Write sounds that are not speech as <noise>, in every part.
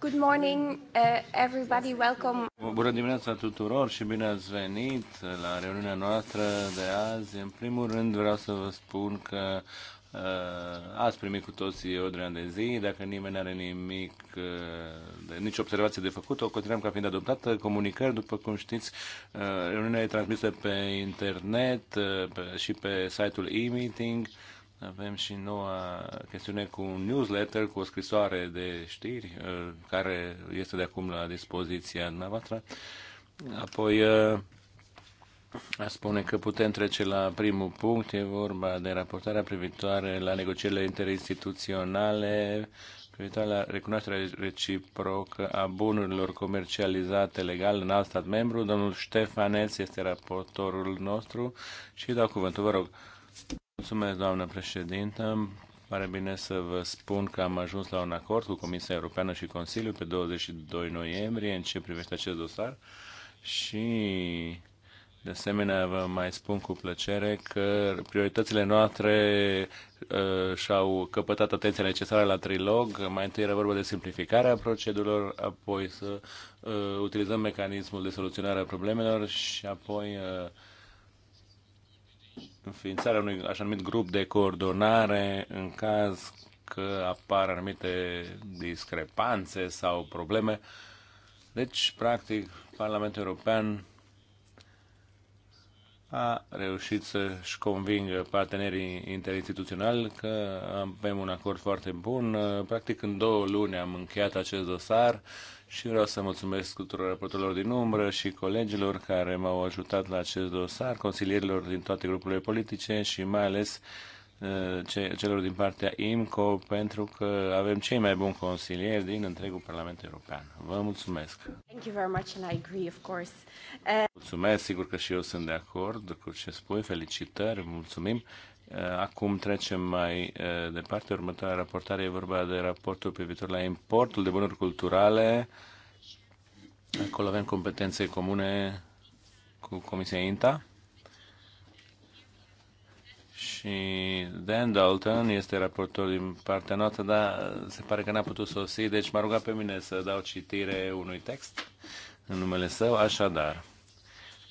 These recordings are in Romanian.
Good morning, uh, everybody. Welcome. Bună dimineața tuturor și bine ați venit la reuniunea noastră de azi. În primul rând vreau să vă spun că uh, ați primit cu toții ordinea de zi. Dacă nimeni are nimic, uh, de, nici observație de făcut, o continuăm ca fiind adoptată. Comunicări, după cum știți, uh, reuniunea e transmisă pe internet uh, și pe site-ul e-meeting. Uh, avem și noua chestiune cu un newsletter, cu o scrisoare de știri, uh, care este de acum la dispoziția dumneavoastră. Apoi, uh, a spune că putem trece la primul punct, e vorba de raportarea privitoare la negocierile interinstituționale, privitoare la recunoașterea reciprocă a bunurilor comercializate legal în alt stat membru. Domnul Ștefaneț este raportorul nostru și dau cuvântul, vă rog. Mulțumesc, doamnă președintă. Pare bine să vă spun că am ajuns la un acord cu Comisia Europeană și Consiliul pe 22 noiembrie în ce privește acest dosar și de asemenea vă mai spun cu plăcere că prioritățile noastre uh, și-au căpătat atenția necesară la trilog. Mai întâi era vorba de simplificarea procedurilor, apoi să uh, utilizăm mecanismul de soluționare a problemelor și apoi uh, înființarea unui așa numit grup de coordonare în caz că apar anumite discrepanțe sau probleme. Deci, practic, Parlamentul European a reușit să-și convingă partenerii interinstituționali că avem un acord foarte bun. Practic, în două luni am încheiat acest dosar și vreau să mulțumesc tuturor raportorilor din umbră și colegilor care m-au ajutat la acest dosar, consilierilor din toate grupurile politice și mai ales uh, celor din partea IMCO, pentru că avem cei mai buni consilieri din întregul Parlament European. Vă mulțumesc! Thank you very much and I agree, of course. Uh... Mulțumesc, sigur că și eu sunt de acord cu ce spui, felicitări, mulțumim Eh, acum trecem mai eh, departe. Următoarea raportare e vorba de raportul privitor la importul de bunuri culturale. Acolo avem competențe comune cu Comisia INTA. Și Dan Dalton este raportor din partea noastră, dar se pare că n-a putut sosi, deci m-a rugat pe mine să dau citire unui text în numele său, așadar.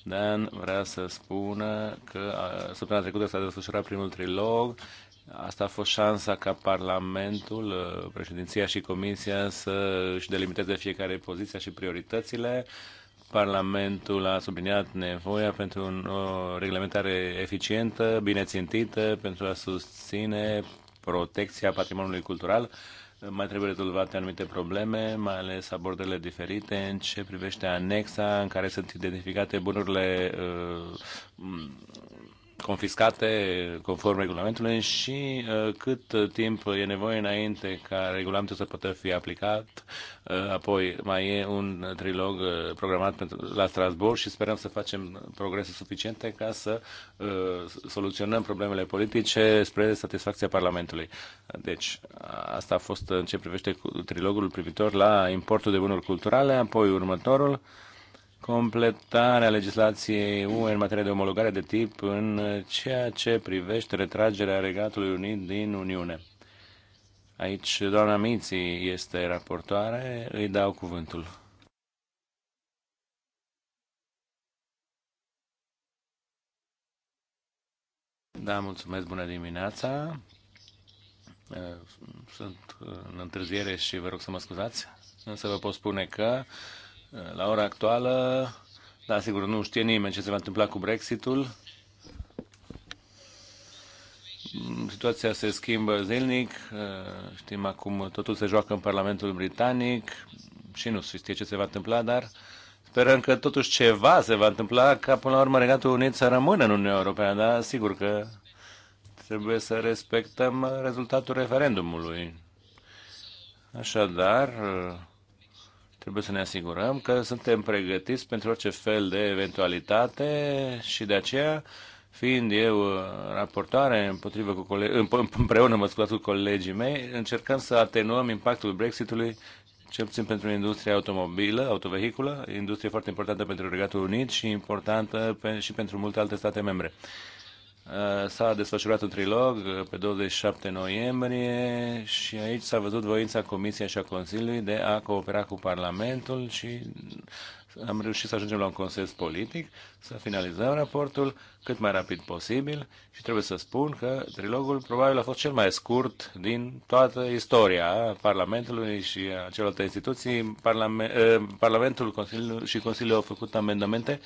Dan vrea să spună că săptămâna trecută s-a desfășurat primul trilog. Asta a fost șansa ca Parlamentul, uh, președinția și Comisia să își delimiteze fiecare poziția și prioritățile. Parlamentul a subliniat nevoia pentru o reglementare eficientă, bine țintită, pentru a susține protecția patrimoniului cultural mai trebuie rezolvate anumite probleme, mai ales abordările diferite în ce privește anexa în care sunt identificate bunurile uh, confiscate conform regulamentului și uh, cât timp e nevoie înainte ca regulamentul să poată fi aplicat. Uh, apoi mai e un trilog uh, programat pentru, la Strasbourg și sperăm să facem progrese suficiente ca să soluționăm problemele politice spre satisfacția Parlamentului. Deci asta a fost în ce privește trilogul privitor la importul de bunuri culturale, apoi următorul completarea legislației UE în materie de omologare de tip în ceea ce privește retragerea Regatului Unit din Uniune. Aici doamna Miții este raportoare, îi dau cuvântul. Da, mulțumesc, bună dimineața. Sunt în întârziere și vă rog să mă scuzați, însă vă pot spune că uh, la ora actuală, da, sigur, nu știe nimeni ce se va întâmpla cu Brexitul. Mm, situația se schimbă zilnic, eh, știm acum totul se joacă în Parlamentul Britanic și nu se știe ce se va întâmpla, dar sperăm că totuși ceva se va întâmpla ca până la urmă Regatul Unit să rămână în Uniunea Europeană, dar sigur că trebuie să respectăm rezultatul referendumului. Așadar, eh, Trebuie să ne asigurăm că suntem pregătiți pentru orice fel de eventualitate și de aceea, fiind eu uh, raportoare împotrivă cu colegi, împreună mă scuzați cu colegii mei, încercăm să atenuăm impactul Brexitului cel puțin pentru industria automobilă, autovehiculă, industrie foarte importantă pentru Regatul Unit și importantă pe, și pentru multe alte state membre. Uh, s-a desfășurat un trilog uh, pe 27 noiembrie și aici s-a văzut voința Comisiei și a Consiliului de a coopera cu Parlamentul și am reușit să ajungem la un consens politic, să finalizăm raportul cât mai rapid posibil și trebuie să spun că trilogul probabil a fost cel mai scurt din toată istoria Parlamentului și a celorlalte instituții. Parlament, eh, Parlamentul Consiliul și Consiliul au făcut amendamente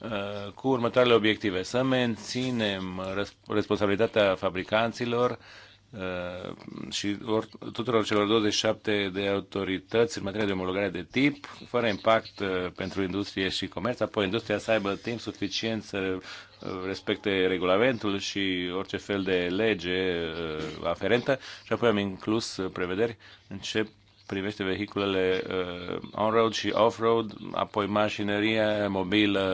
eh, cu următoarele obiective. Să menținem responsabilitatea fabricanților, Uh, și or, tuturor celor 27 de autorități în materie de omologare de tip, fără impact uh, pentru industrie și comerț, apoi industria să aibă timp suficient să uh, respecte regulamentul și orice fel de lege aferentă și apoi am inclus prevederi în ce privește vehiculele uh, on-road și off-road, apoi mașinăria mobilă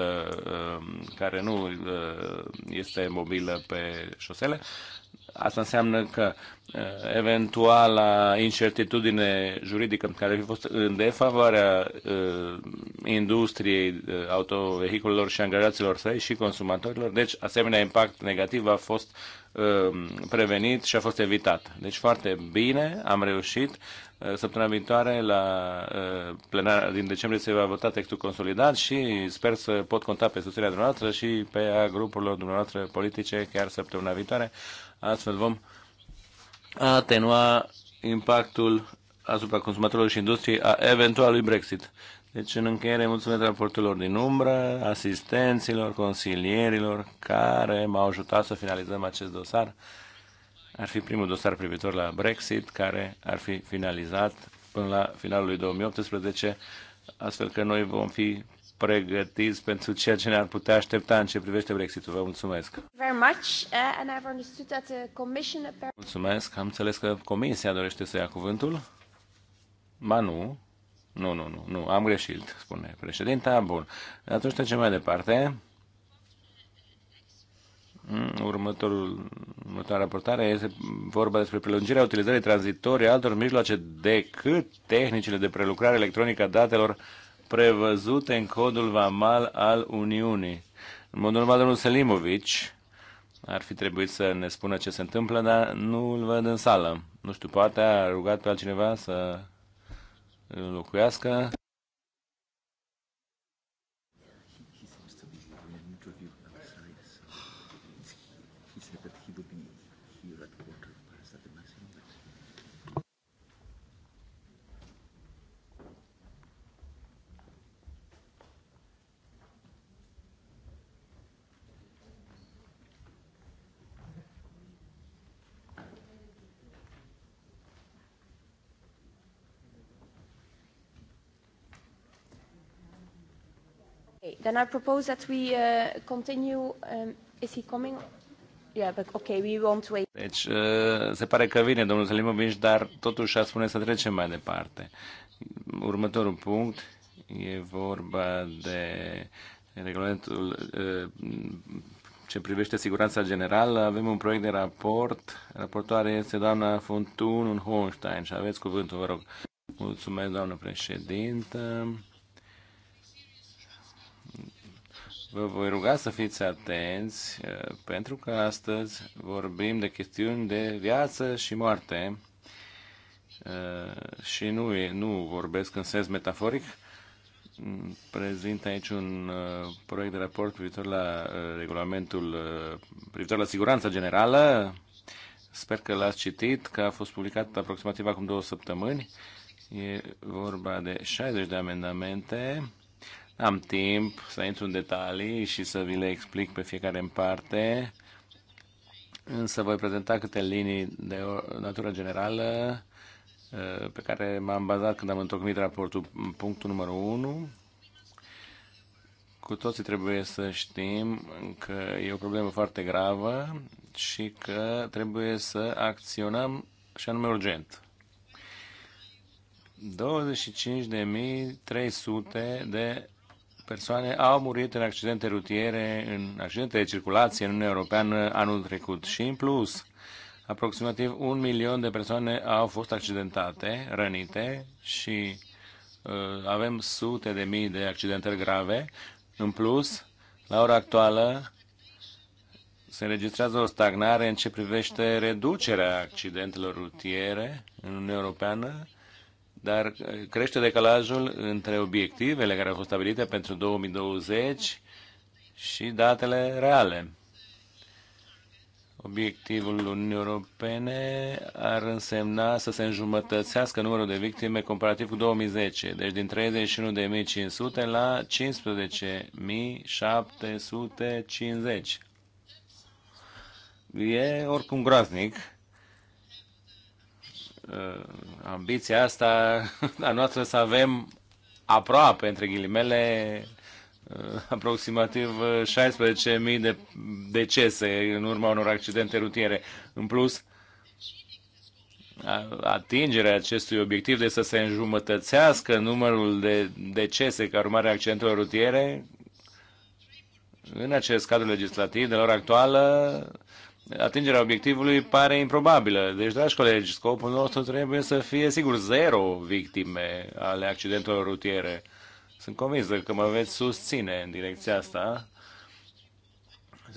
uh, care nu uh, este mobilă pe șosele, Asta înseamnă că uh, eventuala incertitudine juridică care ar fi fost în defavoarea uh, industriei uh, autovehiculelor și angajaților săi și consumatorilor. Deci, asemenea impact negativ a fost uh, prevenit și a fost evitat. Deci, foarte bine, am reușit. Uh, săptămâna viitoare, la uh, plenara din decembrie, se va vota textul consolidat și sper să pot conta pe susținerea dumneavoastră și pe a grupurilor dumneavoastră politice chiar săptămâna viitoare. Astfel vom atenua impactul asupra consumatorilor și industriei a eventualului Brexit. Deci, în încheiere, mulțumesc raportelor din umbră, asistenților, consilierilor care m-au ajutat să finalizăm acest dosar. Ar fi primul dosar privitor la Brexit, care ar fi finalizat până la finalul lui 2018, astfel că noi vom fi pregătiți pentru ceea ce ne-ar putea aștepta în ce privește Brexitul. Vă mulțumesc. Very much, uh, and I've understood that the commission... Mulțumesc. Am înțeles că Comisia dorește să ia cuvântul. Ba nu. Nu, nu, nu, nu. Am greșit, spune președinta. Bun. Atunci trecem mai departe. Mm, următorul, următoarea raportare este vorba despre prelungirea utilizării tranzitorii altor mijloace decât tehnicile de prelucrare electronică a datelor prevăzute în codul vamal al Uniunii. În mod normal, domnul Selimovic ar fi trebuit să ne spună ce se întâmplă, dar nu îl văd în sală. Nu știu, poate a rugat pe altcineva să îl locuiască. Then I propose that we uh, continue. Um, is he coming? Yeah, but okay, we won't wait. Deci, uh, se pare că vine domnul Selimovic, dar totuși a spune să trecem mai departe. Următorul punct e vorba de regulamentul uh, ce privește siguranța generală. Avem un proiect de raport. Raportoare este doamna Fontun în Hohenstein și aveți cuvântul, vă rog. Mulțumesc, doamnă președintă. Vă voi ruga să fiți atenți, uh, pentru că astăzi vorbim de chestiuni de viață și moarte uh, și nu, e, nu vorbesc în sens metaforic. Mm, prezint aici un uh, proiect de raport privitor la regulamentul privitor la siguranța generală. Sper că l-ați citit, că a fost publicat aproximativ acum două săptămâni. E vorba de 60 de amendamente am timp să intru în detalii și să vi le explic pe fiecare în parte, însă voi prezenta câte linii de natură generală uh, pe care m-am bazat când am întocmit raportul. Punctul numărul 1. Cu toții trebuie să știm că e o problemă foarte gravă și că trebuie să acționăm și anume urgent. 25.300 de persoane au murit în accidente rutiere, în accidente de circulație în Uniunea Europeană anul trecut. Și în plus, aproximativ un milion de persoane au fost accidentate, rănite și uh, avem sute de mii de accidentări grave. În plus, la ora actuală se înregistrează o stagnare în ce privește reducerea accidentelor rutiere în Uniunea Europeană dar uh, crește decalajul între obiectivele care au fost stabilite pentru 2020 și datele reale. Obiectivul Uniunii Europene ar însemna să se înjumătățească numărul de victime comparativ cu 2010, deci din 31.500 la 15.750. E oricum groaznic Uh, ambiția asta a <laughs> noastră să avem aproape, între ghilimele, uh, aproximativ 16.000 uh, de decese în urma unor accidente rutiere. În plus, atingerea acestui obiectiv de să se înjumătățească numărul de decese ca urmare a accidentelor rutiere, în acest cadru legislativ, de la ora actuală, atingerea obiectivului pare improbabilă. Deci, dragi colegi, scopul nostru trebuie să fie, sigur, zero victime ale accidentelor rutiere. Sunt convins că mă veți susține în direcția asta.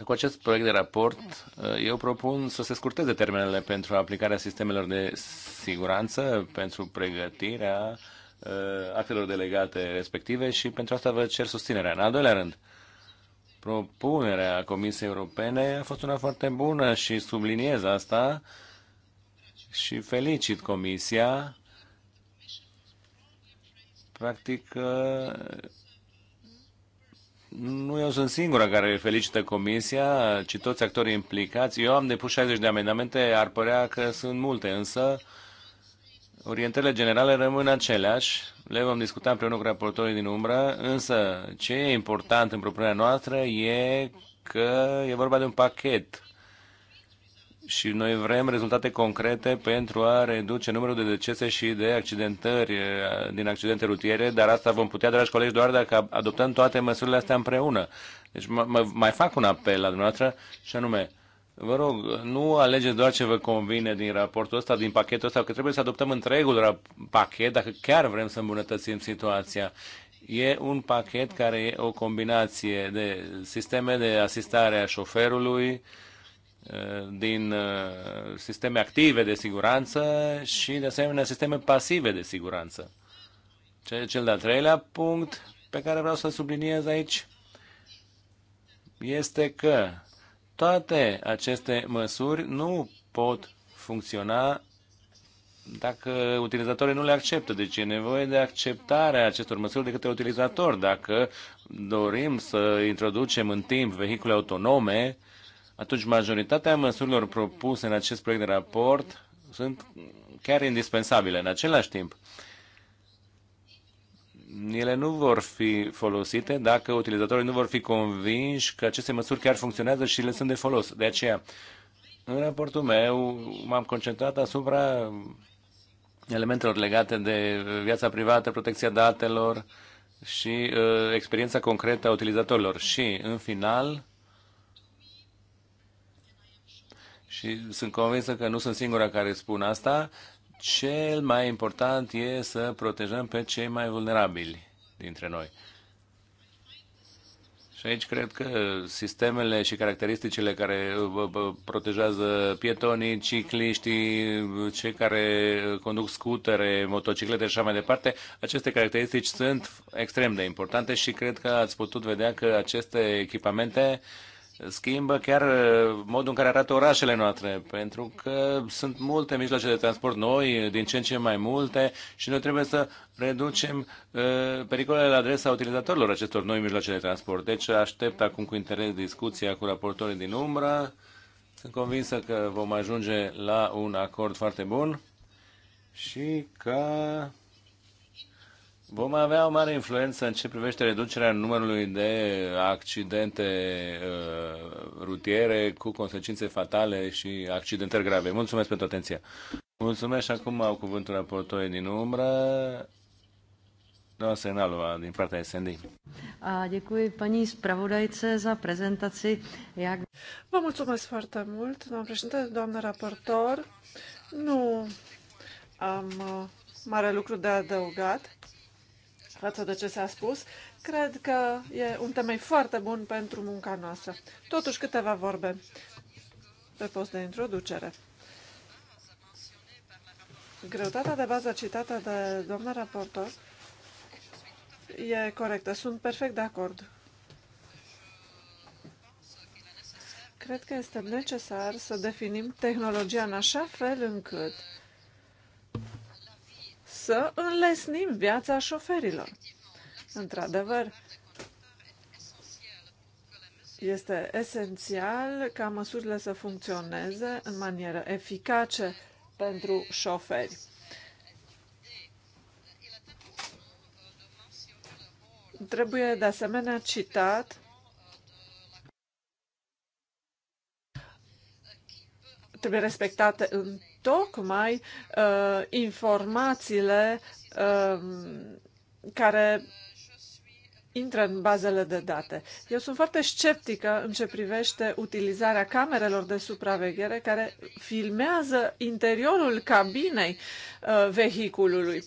Cu acest proiect de raport, eu propun să se scurteze termenele pentru aplicarea sistemelor de siguranță, pentru pregătirea uh, actelor delegate respective și pentru asta vă cer susținerea. În al doilea rând, Propunerea Comisiei Europene a fost una foarte bună și subliniez asta și felicit Comisia. Practic, ă, nu eu sunt singura care felicită comisia, ci toți actorii implicați. Eu am depus 60 de amendamente, ar părea că sunt multe, însă Orientările generale rămân aceleași, le vom discuta împreună cu raportorii din umbră, însă ce e important în propunerea noastră e că e vorba de un pachet și noi vrem rezultate concrete pentru a reduce numărul de decese și de accidentări din accidente rutiere, dar asta vom putea, dragi colegi, doar dacă adoptăm toate măsurile astea împreună. Deci mai fac un apel la dumneavoastră și anume, Vă rog, nu alegeți doar ce vă convine din raportul ăsta, din pachetul ăsta, că trebuie să adoptăm întregul pachet dacă chiar vrem să îmbunătățim situația. E un pachet care e o combinație de sisteme de asistare a șoferului, eh, din eh, sisteme active de siguranță și, de asemenea, sisteme pasive de siguranță. Cel de-al treilea punct pe care vreau să subliniez aici este că toate aceste măsuri nu pot funcționa dacă utilizatorii nu le acceptă. Deci e nevoie de acceptarea acestor măsuri de către utilizator. Dacă dorim să introducem în timp vehicule autonome, atunci majoritatea măsurilor propuse în acest proiect de raport sunt chiar indispensabile. În același timp, uh, ele nu vor fi folosite dacă utilizatorii nu vor fi convinși că aceste măsuri chiar funcționează și le sunt de folos. De aceea, în raportul meu, m-am concentrat asupra elementelor legate de viața privată, protecția datelor și uh, experiența concretă a utilizatorilor. Și, în final, și sunt convinsă că nu sunt singura care spun asta, cel mai important e să protejăm pe cei mai vulnerabili dintre noi. Și aici cred că sistemele și caracteristicile care uh, uh, uh, protejează pietonii, cicliștii, cei care conduc scutere, motociclete și așa mai departe, aceste caracteristici sunt extrem de importante și cred că ați putut vedea că aceste echipamente uh, schimbă chiar uh, modul în care arată orașele noastre, pentru că sunt multe mijloace de transport noi, din ce în ce mai multe, și noi trebuie să reducem uh, pericolele la adresa utilizatorilor acestor noi mijloace de transport. Deci aștept acum cu interes discuția cu raportorii din umbră. Sunt convinsă că vom ajunge la un acord foarte bun și că Vom avea o mare influență în ce privește reducerea numărului de accidente uh, rutiere cu consecințe fatale și accidente grave. Mulțumesc pentru atenție. Mulțumesc și acum au cuvântul raportorii din umbră. Doamna Senalova, din partea SND. A, děkuji paní spravodajce, za prezentaci. Jak... Vă mulțumesc foarte mult, doamna președinte, doamna raportor. Nu am uh, mare lucru de adăugat față de ce s-a spus, cred că e un temei foarte bun pentru munca noastră. Totuși, câteva vorbe pe post de introducere. Greutatea de bază citată de doamna raportor e corectă. Sunt perfect de acord. Cred că este necesar să definim tehnologia în așa fel încât să înlesnim viața șoferilor. Într-adevăr, este esențial ca măsurile să funcționeze în manieră eficace pentru șoferi. Trebuie de asemenea citat trebuie respectate în tocmai uh, informațiile uh, care intră în bazele de date. Eu sunt foarte sceptică în ce privește utilizarea camerelor de supraveghere care filmează interiorul cabinei uh, vehiculului.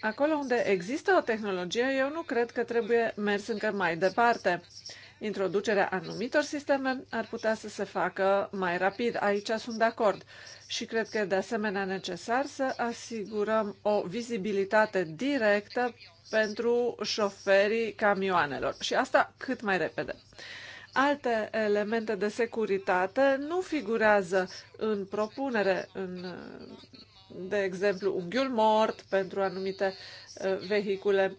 Acolo unde există o tehnologie, eu nu cred că trebuie mers încă mai departe. Uh, Introducerea anumitor sisteme ar putea să se facă mai rapid. Aici sunt de acord și cred că e de asemenea necesar să asigurăm o vizibilitate directă pentru șoferii camioanelor și asta cât mai repede. Alte elemente de securitate nu figurează în propunere, în, de exemplu, unghiul mort pentru anumite eh, vehicule,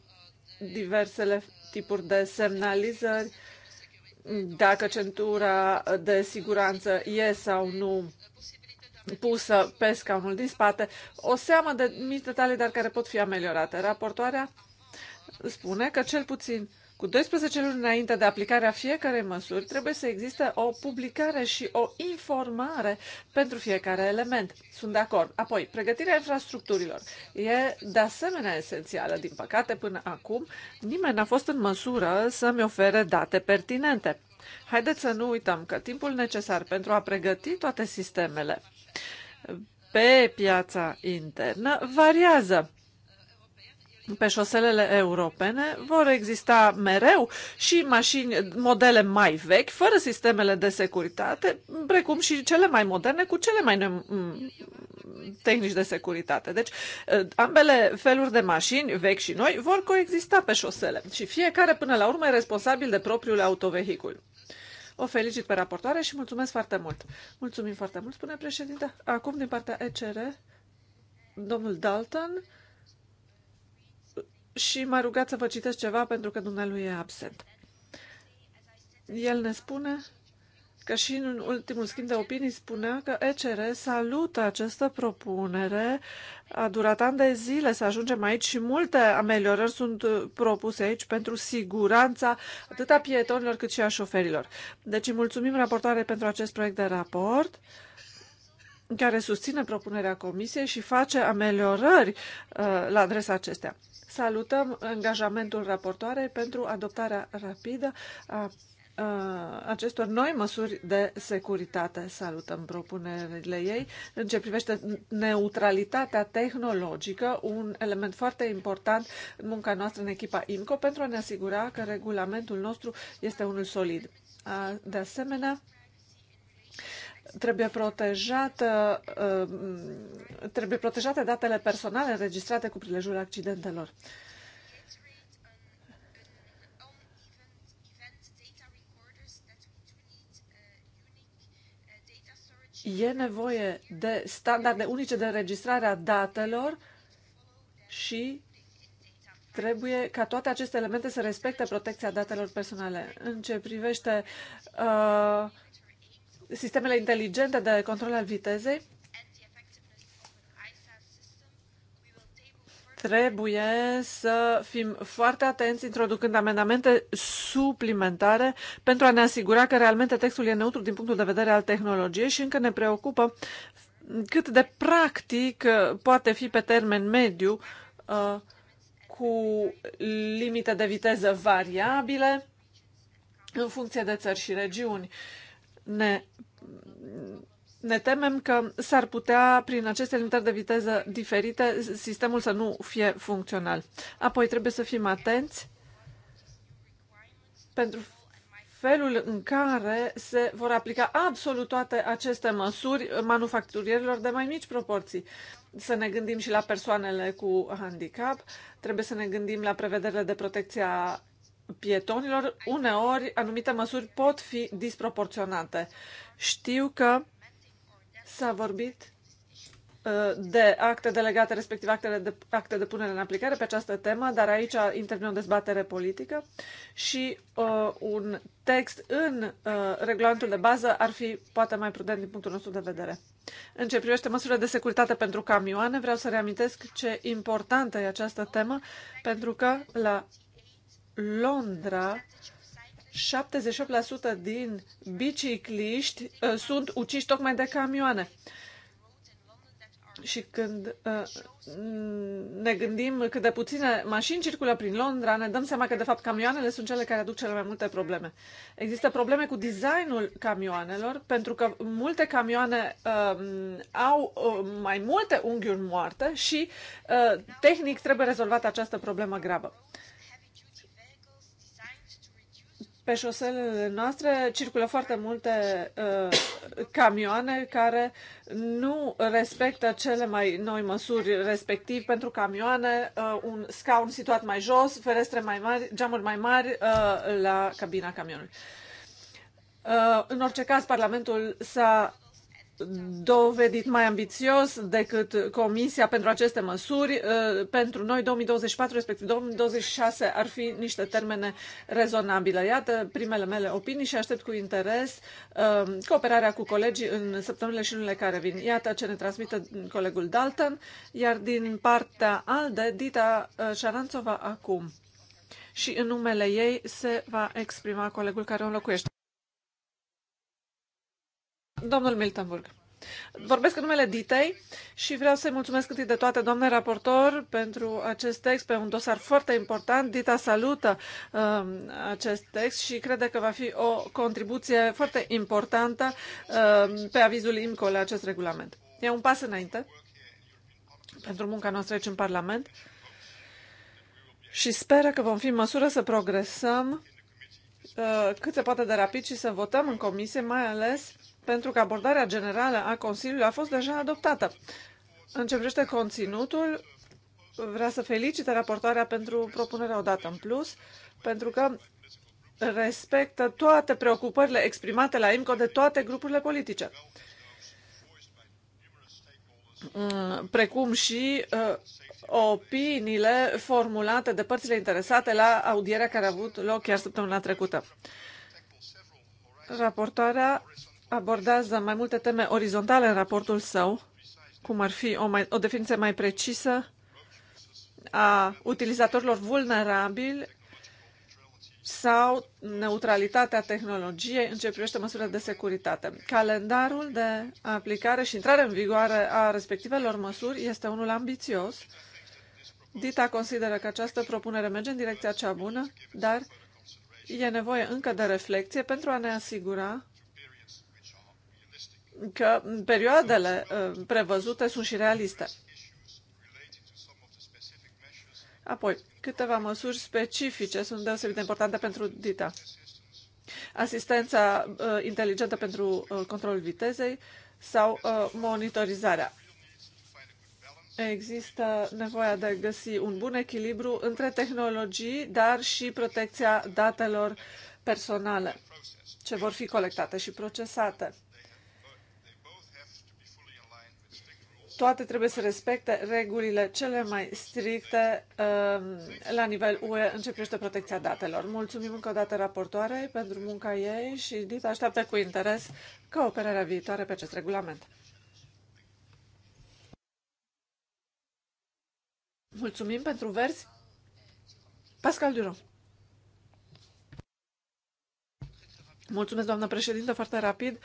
diversele tipuri de semnalizări dacă centura de siguranță e sau nu pusă pe scaunul din spate, o seamă de mici detalii, dar care pot fi ameliorate. Raportoarea spune că cel puțin cu 12 luni înainte de aplicarea fiecarei măsuri, trebuie să existe o publicare și o informare pentru fiecare element. Sunt de acord. Apoi, pregătirea infrastructurilor e de asemenea esențială. Din păcate, până acum, nimeni n-a fost în măsură să-mi ofere date pertinente. Haideți să nu uităm că timpul necesar pentru a pregăti toate sistemele pe piața internă variază pe șoselele europene vor exista mereu și mașini, modele mai vechi, fără sistemele de securitate, precum și cele mai moderne cu cele mai noi tehnici de securitate. Deci, ă, ambele feluri de mașini, vechi și noi, vor coexista pe șosele și fiecare, până la urmă, e responsabil de propriul autovehicul. O felicit pe raportoare și mulțumesc foarte mult. Mulțumim foarte mult, spune președinte. Acum, din partea ECR, domnul Dalton, și m-a rugat să vă citesc ceva pentru că dumnealui e absent. El ne spune că și în ultimul schimb de opinii spunea că ECR salută această propunere. A durat ani de zile să ajungem aici și multe ameliorări sunt uh, propuse aici pentru siguranța atât a pietonilor cât și a șoferilor. Deci îi mulțumim raportoare pentru acest proiect de raport care susține propunerea Comisiei și face ameliorări uh, la adresa acestea. Salutăm angajamentul raportoarei pentru adoptarea rapidă a acestor noi măsuri de securitate. Salutăm propunerile ei în ce privește neutralitatea tehnologică, un element foarte important în munca noastră în echipa IMCO pentru a ne asigura că regulamentul nostru este unul solid. De asemenea, Trebuie, protejată, uh, trebuie protejate datele personale înregistrate cu prilejul accidentelor. E nevoie de standarde unice de înregistrare a datelor și trebuie ca toate aceste elemente să respecte protecția datelor personale. În ce privește uh, sistemele inteligente de control al vitezei trebuie să fim foarte atenți introducând amendamente suplimentare pentru a ne asigura că realmente textul e neutru din punctul de vedere al tehnologiei și încă ne preocupă cât de practic poate fi pe termen mediu uh, cu limite de viteză variabile în funcție de țări și regiuni ne, ne temem că s-ar putea, prin aceste limitări de viteză diferite, sistemul să nu fie funcțional. Apoi trebuie să fim atenți pentru felul în care se vor aplica absolut toate aceste măsuri manufacturierilor de mai mici proporții. Să ne gândim și la persoanele cu handicap, trebuie să ne gândim la prevederile de protecție a pietonilor, uneori anumite măsuri pot fi disproporționate. Știu că s-a vorbit uh, de acte delegate, respectiv actele de, acte de punere în aplicare pe această temă, dar aici intervine o dezbatere politică și uh, un text în uh, regulamentul de bază ar fi poate mai prudent din punctul nostru de vedere. În ce privește măsurile de securitate pentru camioane, vreau să reamintesc ce importantă e această temă, pentru că la Londra, 78% din bicicliști uh, sunt uciși tocmai de camioane. Și când uh, ne gândim cât de puține mașini circulă prin Londra, ne dăm seama că, de fapt, camioanele sunt cele care aduc cele mai multe probleme. Există probleme cu designul camioanelor, pentru că multe camioane uh, au uh, mai multe unghiuri moarte și, uh, tehnic, trebuie rezolvată această problemă gravă. Uh, pe șoselele noastre circulă foarte multe uh, camioane care nu respectă cele mai noi măsuri, respectiv pentru camioane uh, un scaun situat mai jos, ferestre mai mari, geamuri mai mari uh, la cabina camionului. Uh, în orice caz, Parlamentul s-a dovedit mai ambițios decât Comisia pentru aceste măsuri. Uh, pentru noi 2024, respectiv 2026, ar fi niște termene rezonabile. Iată primele mele opinii și aștept cu interes uh, cooperarea cu colegii în săptămânile și lunile care vin. Iată ce ne transmite colegul Dalton, iar din partea ALDE, Dita uh, Șaranțova acum. Și în numele ei se va exprima colegul care o înlocuiește. Domnul Miltenburg. Vorbesc în numele Ditei și vreau să-i mulțumesc întâi de toate, domnule raportor, pentru acest text, pe un dosar foarte important. Dita salută um, acest text și crede că va fi o contribuție foarte importantă um, pe avizul IMCO la acest regulament. E un pas înainte pentru munca noastră aici în Parlament și speră că vom fi în măsură să progresăm uh, cât se poate de rapid și să votăm în comisie, mai ales pentru că abordarea generală a Consiliului a fost deja adoptată. În ce privește conținutul, vrea să felicite raportarea pentru propunerea odată în plus, pentru că respectă toate preocupările exprimate la IMCO de toate grupurile politice, mm, precum și uh, opiniile formulate de părțile interesate la audierea care a avut loc chiar săptămâna trecută. Raportarea abordează mai multe teme orizontale în raportul său, cum ar fi o, mai, o definiție mai precisă a utilizatorilor vulnerabili sau neutralitatea tehnologiei în ce privește măsurile de securitate. Calendarul de aplicare și intrare în vigoare a respectivelor măsuri este unul ambițios. Dita consideră că această propunere merge în direcția cea bună, dar e nevoie încă de reflexie pentru a ne asigura că perioadele uh, prevăzute sunt și realiste. Apoi, câteva măsuri specifice sunt deosebit de importante pentru DITA. Asistența uh, inteligentă pentru uh, controlul vitezei sau uh, monitorizarea. Există nevoia de a găsi un bun echilibru între tehnologii, dar și protecția datelor personale ce vor fi colectate și procesate. toate trebuie să respecte regulile cele mai stricte um, la nivel UE în ce privește protecția datelor. Mulțumim încă o dată raportoarei pentru munca ei și Dita așteaptă cu interes cooperarea viitoare pe acest regulament. Mulțumim pentru verzi. Pascal Duron. Mulțumesc, doamnă președintă, foarte rapid.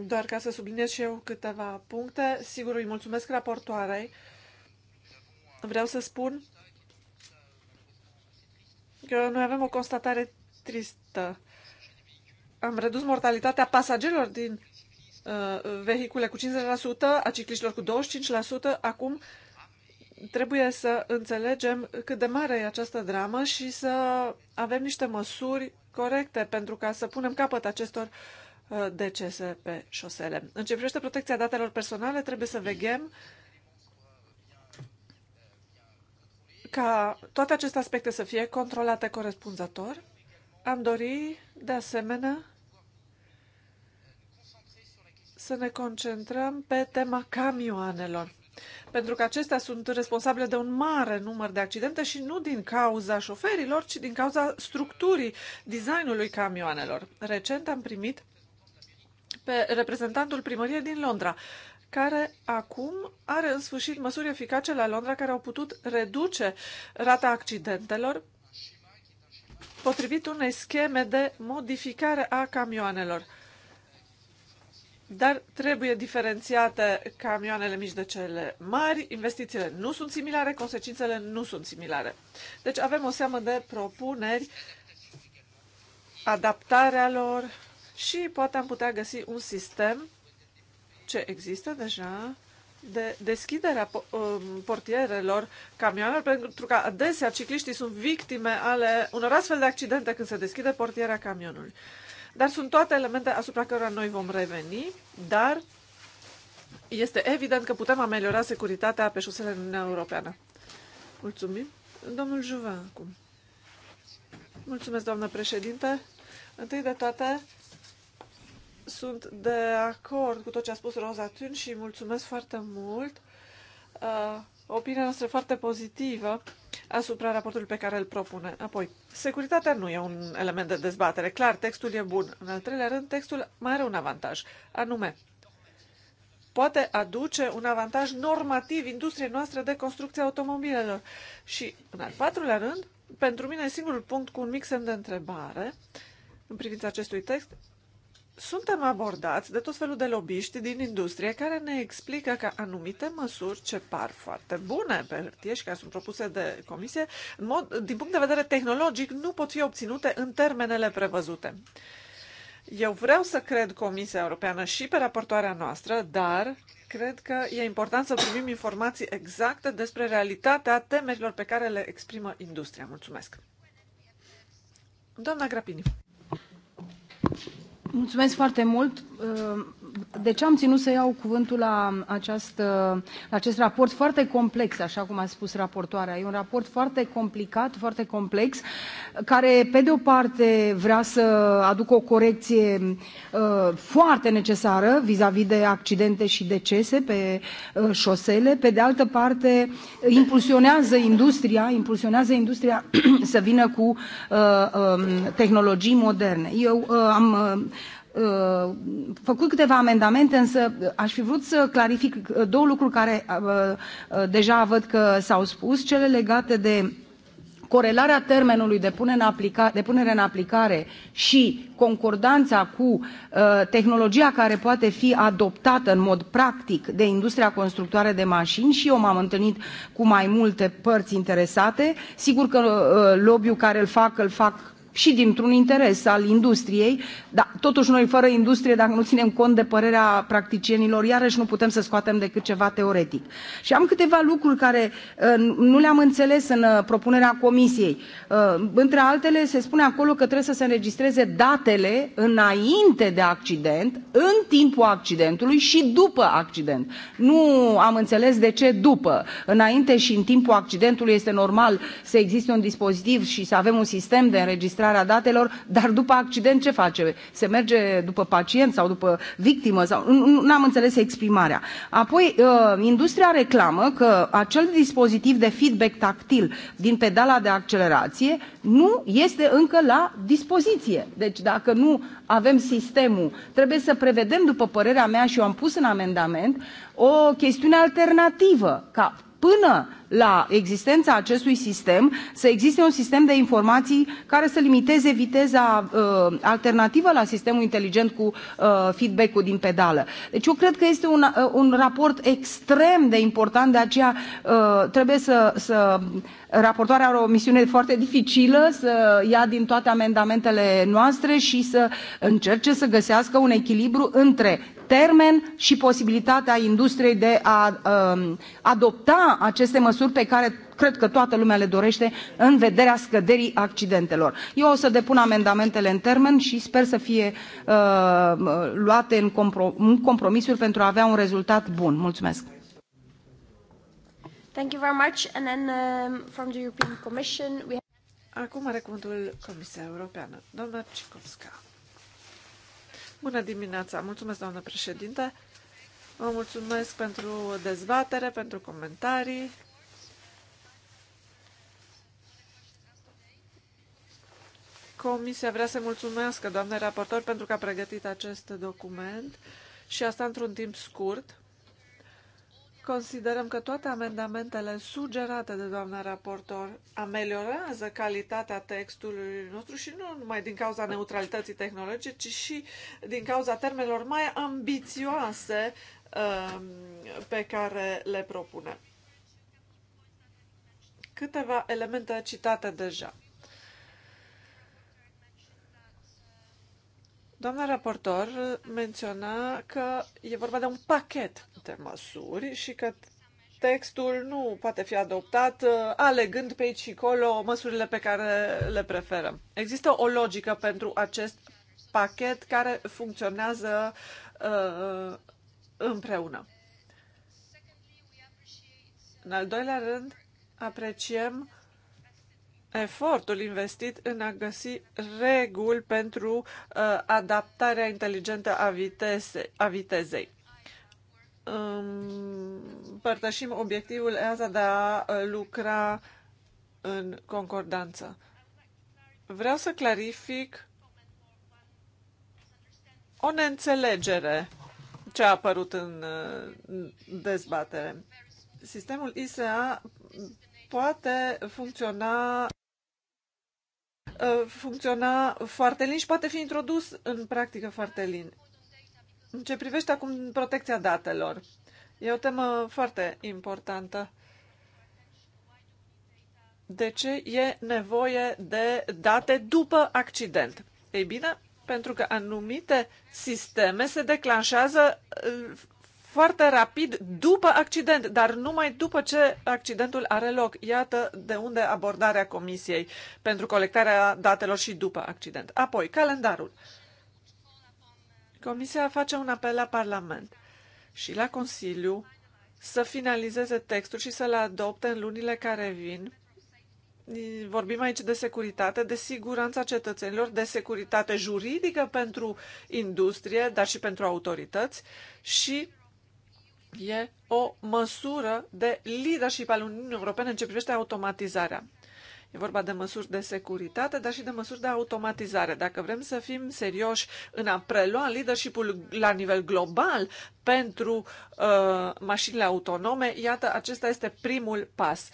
Doar ca să subliniez și eu câteva puncte, sigur îi mulțumesc raportoarei. Vreau să spun că noi avem o constatare tristă. Am redus mortalitatea pasagerilor din uh, vehicule cu 50%, a cicliștilor cu 25%. Acum trebuie să înțelegem cât de mare e această dramă și să avem niște măsuri corecte pentru ca să punem capăt acestor uh, Uh, decese pe șosele. În ce privește protecția datelor personale, trebuie să veghem ca toate aceste aspecte să fie controlate corespunzător. Am dori, de asemenea, să ne concentrăm pe tema camioanelor. Pentru că acestea sunt responsabile de un mare număr de accidente și nu din cauza șoferilor, ci din cauza structurii, designului camioanelor. Recent am primit pe reprezentantul primăriei din Londra, care acum are în sfârșit măsuri eficace la Londra care au putut reduce rata accidentelor potrivit unei scheme de modificare a camioanelor. Dar trebuie diferențiate camioanele mici de cele mari, investițiile nu sunt similare, consecințele nu sunt similare. Deci avem o seamă de propuneri, adaptarea lor, și poate am putea găsi un sistem ce există deja de deschiderea um, portierelor camioanelor, pentru că adesea cicliștii sunt victime ale unor astfel de accidente când se deschide portiera camionului. Dar sunt toate elemente asupra cărora noi vom reveni, dar este evident că putem ameliora securitatea pe șosele în Uniunea Europeană. Mulțumim. Domnul Juvan, acum. Mulțumesc, doamnă președinte. Întâi de toate, sunt de acord cu tot ce a spus Roza Thun și mulțumesc foarte mult. Uh, opinia noastră foarte pozitivă asupra raportului pe care îl propune. Apoi, securitatea nu e un element de dezbatere. Clar, textul e bun. În al treilea rând, textul mai are un avantaj, anume, poate aduce un avantaj normativ industriei noastre de construcție automobilelor. Și, în al patrulea rând, pentru mine singurul punct cu un mix de întrebare în privința acestui text suntem abordați de tot felul de lobiști din industrie care ne explică că anumite măsuri ce par foarte bune pe hârtie și care sunt propuse de comisie, mod, din punct de vedere tehnologic, nu pot fi obținute în termenele prevăzute. Eu vreau să cred Comisia Europeană și pe raportoarea noastră, dar cred că e important să primim informații exacte despre realitatea temerilor pe care le exprimă industria. Mulțumesc! Doamna Grapini. Mulțumesc foarte mult. Ă, de ce am ținut să iau cuvântul la, această, la acest raport foarte complex, așa cum a spus raportoarea. E un raport foarte complicat, foarte complex, care, pe de o parte, vrea să aducă o corecție uh, foarte necesară vis-a-vis -vis de accidente și decese pe uh, șosele, pe de altă parte, impulsionează industria, impulsionează industria <clears throat> să vină cu uh, um, tehnologii moderne. Eu uh, am uh, Uh, făcut câteva amendamente, însă aș fi vrut să clarific uh, două lucruri care uh, deja văd că s-au spus, cele legate de corelarea termenului de punere în aplicare și concordanța cu tehnologia care poate fi adoptată în mod practic de industria constructoare de mașini și eu m-am întâlnit cu mai multe părți interesate. Sigur că lobby-ul care îl fac, îl fac și dintr-un interes al industriei, dar totuși noi fără industrie, dacă nu ținem cont de părerea practicienilor, iarăși nu putem să scoatem decât ceva teoretic. Și am câteva lucruri care uh, nu le-am înțeles în uh, propunerea comisiei. Uh, între altele, se spune acolo că trebuie să se înregistreze datele înainte de accident, în timpul accidentului și după accident. Nu am înțeles de ce după. Înainte și în timpul accidentului este normal să existe un dispozitiv și să avem un sistem de înregistrare prelucrarea datelor dar după accident ce face? se merge după pacient sau după victimă? sau nu am înțeles exprimarea. apoi uh, industria reclamă că acel dispozitiv de feedback tactil din pedala de accelerație nu este încă la dispoziție. deci dacă nu avem sistemul trebuie să prevedem după părerea mea și eu am pus în amendament o chestiune alternativă ca până la existența acestui sistem să existe un sistem de informații care să limiteze viteza uh, alternativă la sistemul inteligent cu uh, feedback-ul din pedală. Deci eu cred că este un, uh, un raport extrem de important, de aceea uh, trebuie să, să raportoarea are o misiune foarte dificilă să ia din toate amendamentele noastre și să încerce să găsească un echilibru între termen și posibilitatea industriei de a um, adopta aceste măsuri măsuri pe care cred că toată lumea le dorește în vederea scăderii accidentelor. eu o să depun amendamentele în termen și sper să fie uh, luate în, comprom în compromisuri pentru a avea un rezultat bun. mulțumesc. Thank you very much. And then um, from the European Commission, we have... Acum are cuvântul Comisia Europeană, doamna Cicovska. Bună dimineața! Mulțumesc, doamnă președinte! Vă mulțumesc pentru dezbatere, pentru comentarii. Comisia vrea să mulțumească doamnei raportor pentru că a pregătit acest document și asta într-un timp scurt. Considerăm că toate amendamentele sugerate de doamna raportor ameliorează calitatea textului nostru și nu numai din cauza neutralității tehnologice, ci și din cauza termenilor mai ambițioase uh, pe care le propune. Câteva elemente citate deja. Doamna raportor menționa că e vorba de un pachet de măsuri și că textul nu poate fi adoptat uh, alegând pe aici și acolo măsurile pe care le preferăm. Există o logică pentru acest pachet care funcționează uh, împreună. În al doilea rând, apreciem efortul investit în a găsi reguli pentru uh, adaptarea inteligentă a, vitese, a vitezei. Împărtășim obiectivul EASA de a uh, lucra în concordanță. Vreau să clarific o neînțelegere ce a apărut în uh, dezbatere. Sistemul ISA poate funcționa Uh, funcționa foarte lin și poate fi introdus în practică foarte lin. În ce privește acum protecția datelor, e o temă foarte importantă. De ce e nevoie de date după accident? Ei bine, pentru că anumite sisteme se declanșează uh, foarte rapid după accident, dar numai după ce accidentul are loc. Iată de unde abordarea Comisiei pentru colectarea datelor și după accident. Apoi, calendarul. Comisia face un apel la Parlament și la Consiliu să finalizeze textul și să-l adopte în lunile care vin. Vorbim aici de securitate, de siguranța cetățenilor, de securitate juridică pentru industrie, dar și pentru autorități și E o măsură de leadership al Uniunii Europene în ce privește automatizarea. E vorba de măsuri de securitate, dar și de măsuri de automatizare. Dacă vrem să fim serioși în a prelua leadership-ul la nivel global pentru uh, mașinile autonome, iată, acesta este primul pas.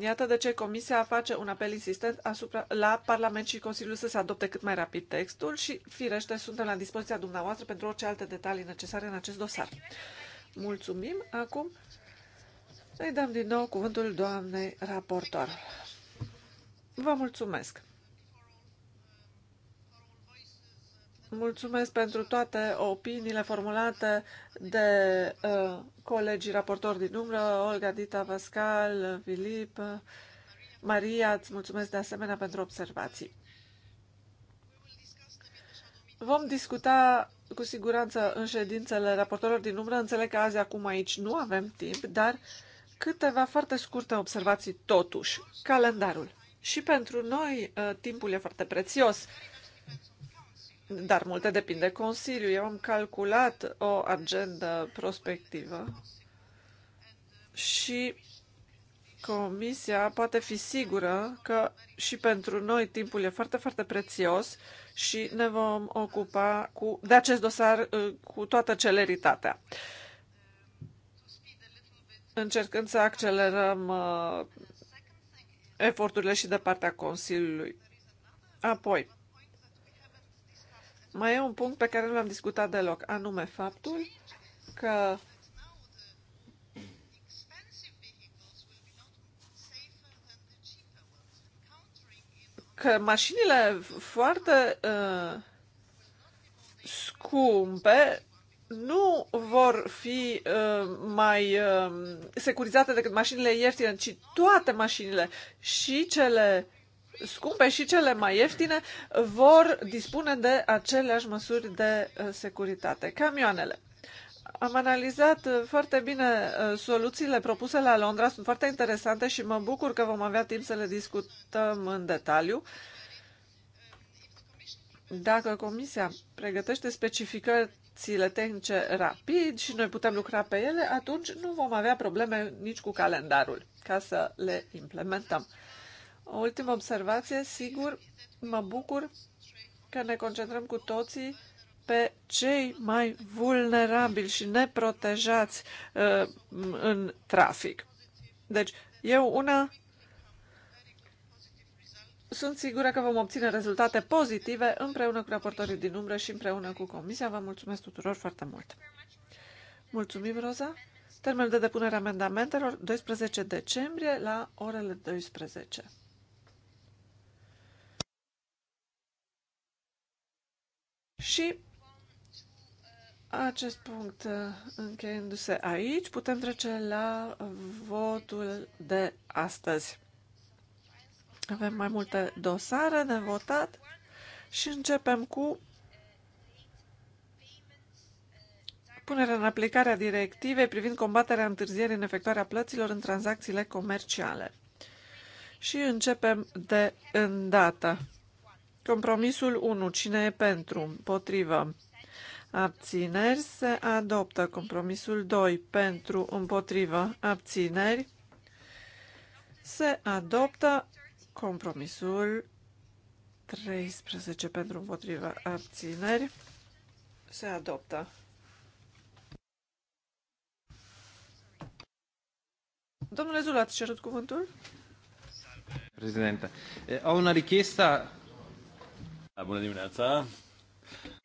Iată de ce Comisia face un apel insistent asupra, la Parlament și Consiliul să se adopte cât mai rapid textul și, firește, suntem la dispoziția dumneavoastră pentru orice alte detalii necesare în acest dosar. Mulțumim. Acum îi dăm din nou cuvântul doamnei raportor. Vă mulțumesc. Mulțumesc pentru toate opiniile formulate de uh, colegii raportori din umbră, Olga, Dita, Vascal, Filip, Maria, îți mulțumesc de asemenea pentru observații. Vom discuta cu siguranță în ședințele raportorilor din umbră. Înțeleg că azi acum aici nu avem timp, dar câteva foarte scurte observații totuși. Calendarul. Și pentru noi uh, timpul e foarte prețios, dar multe depinde de Consiliu. Eu am calculat o agendă prospectivă și Comisia poate fi sigură că și pentru noi timpul e foarte, foarte prețios și ne vom ocupa cu, de acest dosar uh, cu toată celeritatea, încercând să accelerăm uh, eforturile și de partea Consiliului. Apoi, mai e un punct pe care nu l-am discutat deloc, anume faptul că că mașinile foarte uh, scumpe nu vor fi uh, mai uh, securizate decât mașinile ieftine, ci toate mașinile și cele scumpe și cele mai ieftine vor dispune de aceleași măsuri de uh, securitate. Camioanele. Am analizat uh, foarte bine uh, soluțiile propuse la Londra, sunt foarte interesante și mă bucur că vom avea timp să le discutăm în detaliu. Dacă Comisia pregătește specificațiile tehnice rapid și noi putem lucra pe ele, atunci nu vom avea probleme nici cu calendarul ca să le implementăm. O ultimă observație, sigur, mă bucur că ne concentrăm cu toții pe cei mai vulnerabili și neprotejați uh, în trafic. Deci, eu una sunt sigură că vom obține rezultate pozitive împreună cu raportorii din umbră și împreună cu Comisia. Vă mulțumesc tuturor foarte mult! Mulțumim, Roza! Termenul de depunere amendamentelor, 12 decembrie la orele 12. Și acest punct uh, încheiindu-se aici, putem trece la votul de astăzi. Avem mai multe dosare de votat și începem cu punerea în aplicare a directivei privind combaterea întârzierii în efectuarea plăților în tranzacțiile comerciale. Și începem de îndată. Compromisul 1. Cine e pentru? Potrivă abțineri se adoptă. Compromisul 2 pentru împotrivă abțineri se adoptă. Compromisul 13 pentru împotrivă abțineri se adoptă. Domnule Zul, ați cerut cuvântul? Președinte, eh, au una richiesta. Da, bună dimineața!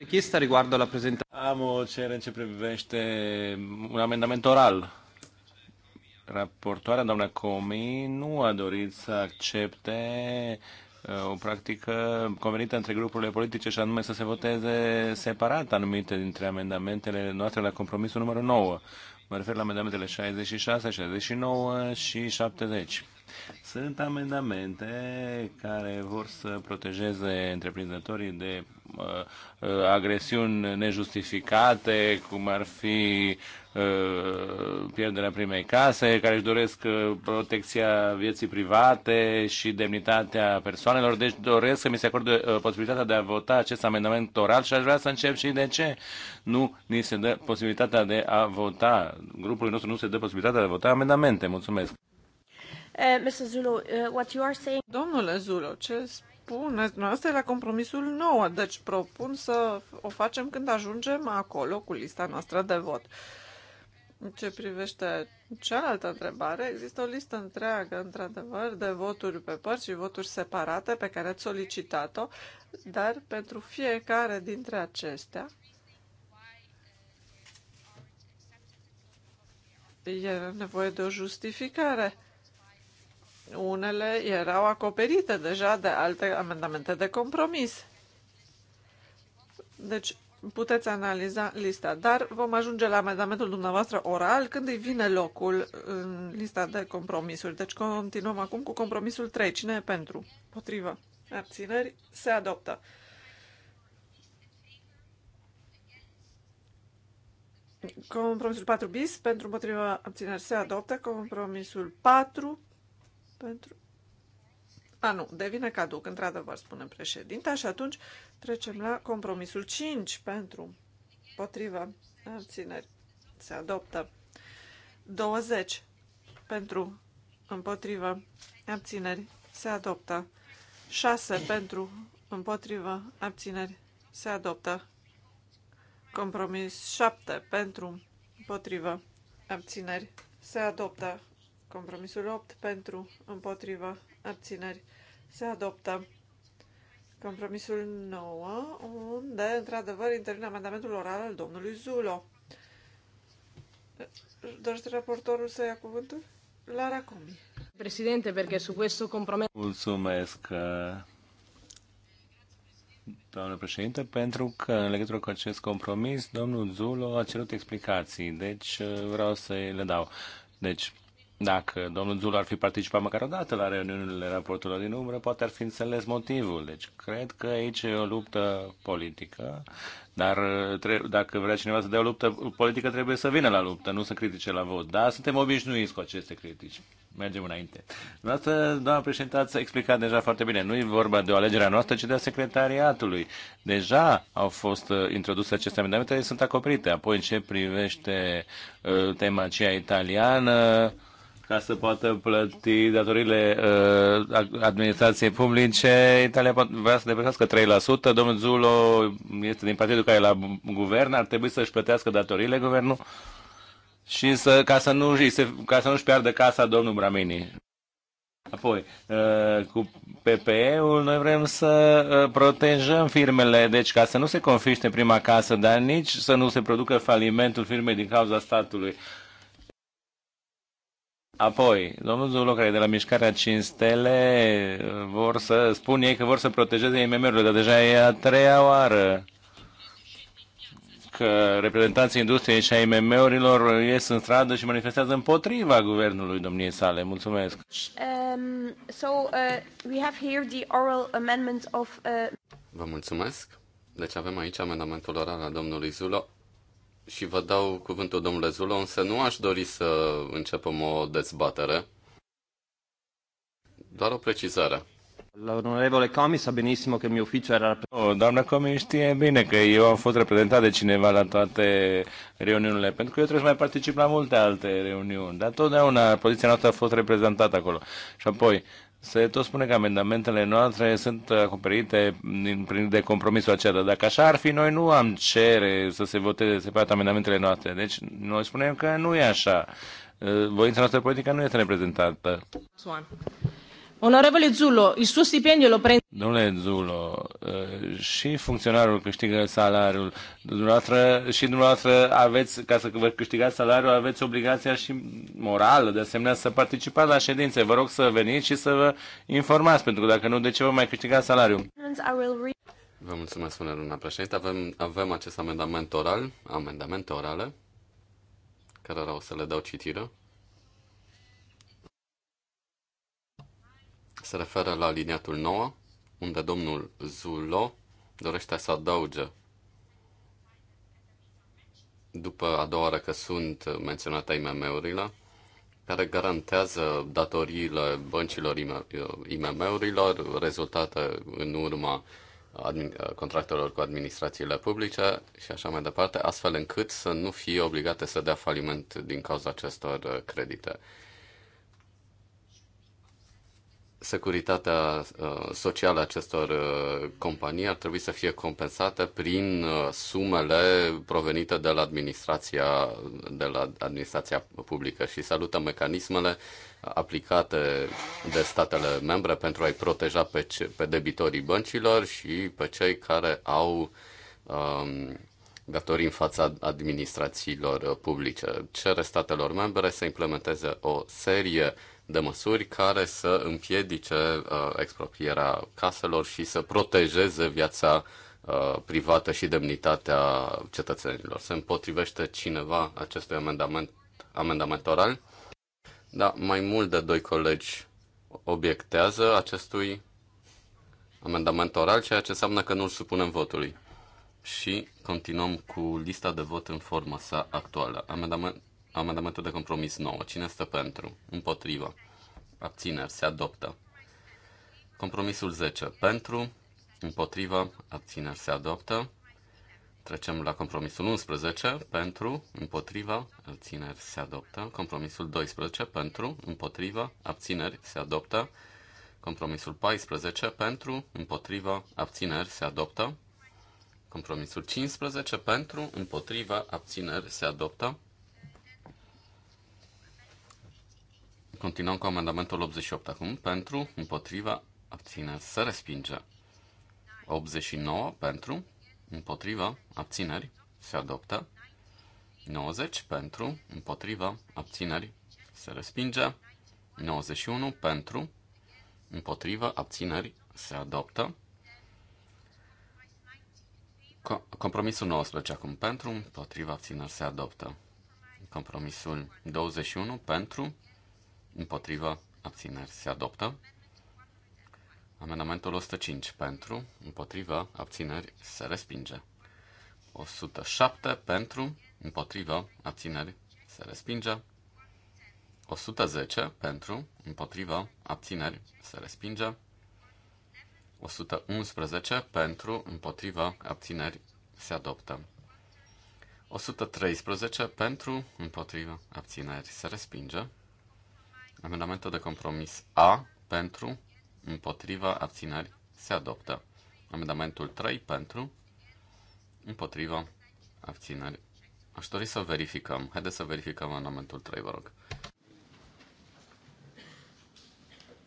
Chista riguardo la presentazione. Am o cerere ce privește un amendament oral. Raportoarea, doamna Comi, nu a dorit să accepte uh, o practică convenită între grupurile politice și anume să se voteze separat anumite dintre amendamentele noastre la compromisul numărul 9. Mă refer la amendamentele 66, 69 și 70. Sunt amendamente care vor să protejeze întreprinzătorii de uh, uh, agresiuni nejustificate, cum ar fi uh, pierderea primei case, care își doresc uh, protecția vieții private și demnitatea persoanelor. Deci doresc să mi se acorde uh, posibilitatea de a vota acest amendament oral și aș vrea să încep și de ce nu ni se dă posibilitatea de a vota. Grupului nostru nu se dă posibilitatea de a vota amendamente. Mulțumesc. Uh, Zulu, uh, Domnule Zulo, ce spuneți dumneavoastră la compromisul nou, deci propun să o facem când ajungem acolo cu lista noastră de vot. În ce privește cealaltă întrebare, există o listă întreagă, într-adevăr, de voturi pe părți și voturi separate pe care ați solicitat-o, dar pentru fiecare dintre acestea e nevoie de o justificare unele erau acoperite deja de alte amendamente de compromis. Deci puteți analiza lista, dar vom ajunge la amendamentul dumneavoastră oral când îi vine locul în lista de compromisuri. Deci continuăm acum cu compromisul 3. Cine e pentru? Potrivă. Abțineri? Se adoptă. Compromisul 4 bis pentru împotriva abțineri se adoptă. Compromisul 4 pentru... A, nu, devine caduc, într-adevăr, spune președinta și atunci trecem la compromisul 5 pentru potrivă abțineri. Se adoptă 20 pentru împotrivă abțineri. Se adoptă 6 pentru împotrivă abțineri. Se adoptă compromis 7 pentru împotrivă abțineri. Se adoptă Compromisul 8 pentru, împotrivă, abțineri se adoptă. Compromisul 9, unde, într-adevăr, intervine amendamentul oral al domnului Zulo. Dorește raportorul să ia cuvântul? Lara Comi. Președinte, perché su questo compromesso... Mulțumesc, uh, doamnă președinte, pentru că în legătură cu acest compromis, domnul Zulo a cerut explicații, deci uh, vreau să le dau. Deci, dacă domnul Zul ar fi participat măcar o dată la reuniunile raportului din umbră, poate ar fi înțeles motivul. Deci cred că aici e o luptă politică, dar dacă vrea cineva să dea o luptă politică, trebuie să vină la luptă, nu să critique la vot. Da, suntem obișnuiți cu aceste critici. Mergem înainte. Noastră, doamna președinte, ați explicat deja foarte bine. Nu e vorba de o alegere a noastră, ci de a secretariatului. Deja au fost uh, introduse aceste amendamente, sunt acoperite. Apoi, în ce privește uh, tema aceea italiană, ca să poată plăti datorile uh, administrației publice. Italia vrea să depășească 3%. Domnul Zulo este din partidul care e la guvern, ar trebui să-și plătească datorile guvernul și să, ca să nu, ca să nu-și piardă casa domnul Bramini. Apoi, uh, cu PPE-ul noi vrem să uh, protejăm firmele, deci ca să nu se confiște prima casă, dar nici să nu se producă falimentul firmei din cauza statului. Apoi, domnul care de la Mișcarea 5 Stele vor să spun ei că vor să protejeze IMM-urile, dar deja e a treia oară că reprezentanții industriei și a IMM-urilor ies în stradă și manifestează împotriva guvernului domniei sale. Mulțumesc. Um, so, uh, we have here the oral amendment of, uh... Vă mulțumesc. Deci avem aici amendamentul oral al domnului Zulo și vă dau cuvântul domnule Zulo, însă nu aș dori să începem o dezbatere. Doar o precizare. L'onorevole Comi sa benissimo che il mio ufficio era... Oh, doamna Comi știe bine că eu am fost reprezentat de cineva la toate reuniunile, pentru că eu trebuie să mai particip la multe alte reuniuni, dar totdeauna poziția noastră a fost reprezentată acolo. Și apoi, se tot spune că amendamentele noastre sunt acoperite de compromisul acela. Dacă așa ar fi, noi nu am cere să se voteze separat amendamentele noastre. Deci noi spunem că nu e așa. Voința noastră politică nu este reprezentată. Onorevole Zullo, il suo stipendio lo prende... Domnule Zullo, eh, și funcționarul câștigă salariul. Dumneavoastră, și dumneavoastră aveți, ca să vă câștigați salariul, aveți obligația și morală, de asemenea, să participați la ședințe. Vă rog să veniți și să vă informați, pentru că dacă nu, de ce vă mai câștigați salariul? Vă mulțumesc, spune doamna președinte. Avem, avem acest amendament oral, amendamente orale, care o să le dau citire. se referă la liniatul 9, unde domnul Zulo dorește să adauge după a doua oară că sunt menționate IMM-urile, care garantează datoriile băncilor IMM-urilor rezultate în urma contractelor cu administrațiile publice și așa mai departe, astfel încât să nu fie obligate să dea faliment din cauza acestor credite securitatea uh, socială a acestor uh, companii ar trebui să fie compensată prin uh, sumele provenite de la administrația, de la administrația publică și salută mecanismele aplicate de statele membre pentru a-i proteja pe, ce, pe debitorii băncilor și pe cei care au um, datorii în fața administrațiilor publice. Cere statelor membre să implementeze o serie de măsuri care să împiedice uh, expropierea caselor și să protejeze viața uh, privată și demnitatea cetățenilor. Se împotrivește cineva acestui amendament, amendament oral? Da, mai mult de doi colegi obiectează acestui amendament oral, ceea ce înseamnă că nu îl supunem votului. Și continuăm cu lista de vot în forma sa actuală. Amendament, Amendamentul de compromis 9. Cine este pentru? Împotrivă. Abțineri. Se adoptă. Compromisul 10. Pentru. Împotrivă. Abțineri. Se adoptă. Trecem la compromisul 11. Pentru. Împotrivă. Abțineri. Se adoptă. Compromisul 12. Pentru. Împotrivă. Abțineri. Se adoptă. Compromisul 14. Pentru. Împotrivă. Abțineri. Se adoptă. Compromisul 15. Pentru. Împotrivă. Abțineri. Se adoptă. Continuăm cu amendamentul 88 acum. Pentru, împotriva, abțineri, se respinge. 89 pentru, împotriva, abțineri, se adoptă. 90 pentru, împotriva, abțineri, se respinge. 91 pentru, împotriva, abțineri, se adoptă. Co compromisul 19 acum pentru, împotriva, abțineri, se adoptă. Compromisul 21 pentru, Împotrivă, abțineri se adoptă. Amendamentul 105 pentru, împotrivă, abțineri se respinge. 107 pentru, împotrivă, abțineri se respinge. 110 pentru, împotrivă, abțineri se respinge. 111 pentru, împotrivă, abțineri se adoptă. 113 pentru, împotrivă, abțineri se respinge. Amendamentul de compromis A pentru, împotriva, abțineri, se adoptă. Amendamentul 3 pentru, împotriva, abțineri. Aș dori să verificăm. Haideți să verificăm amendamentul 3, vă rog.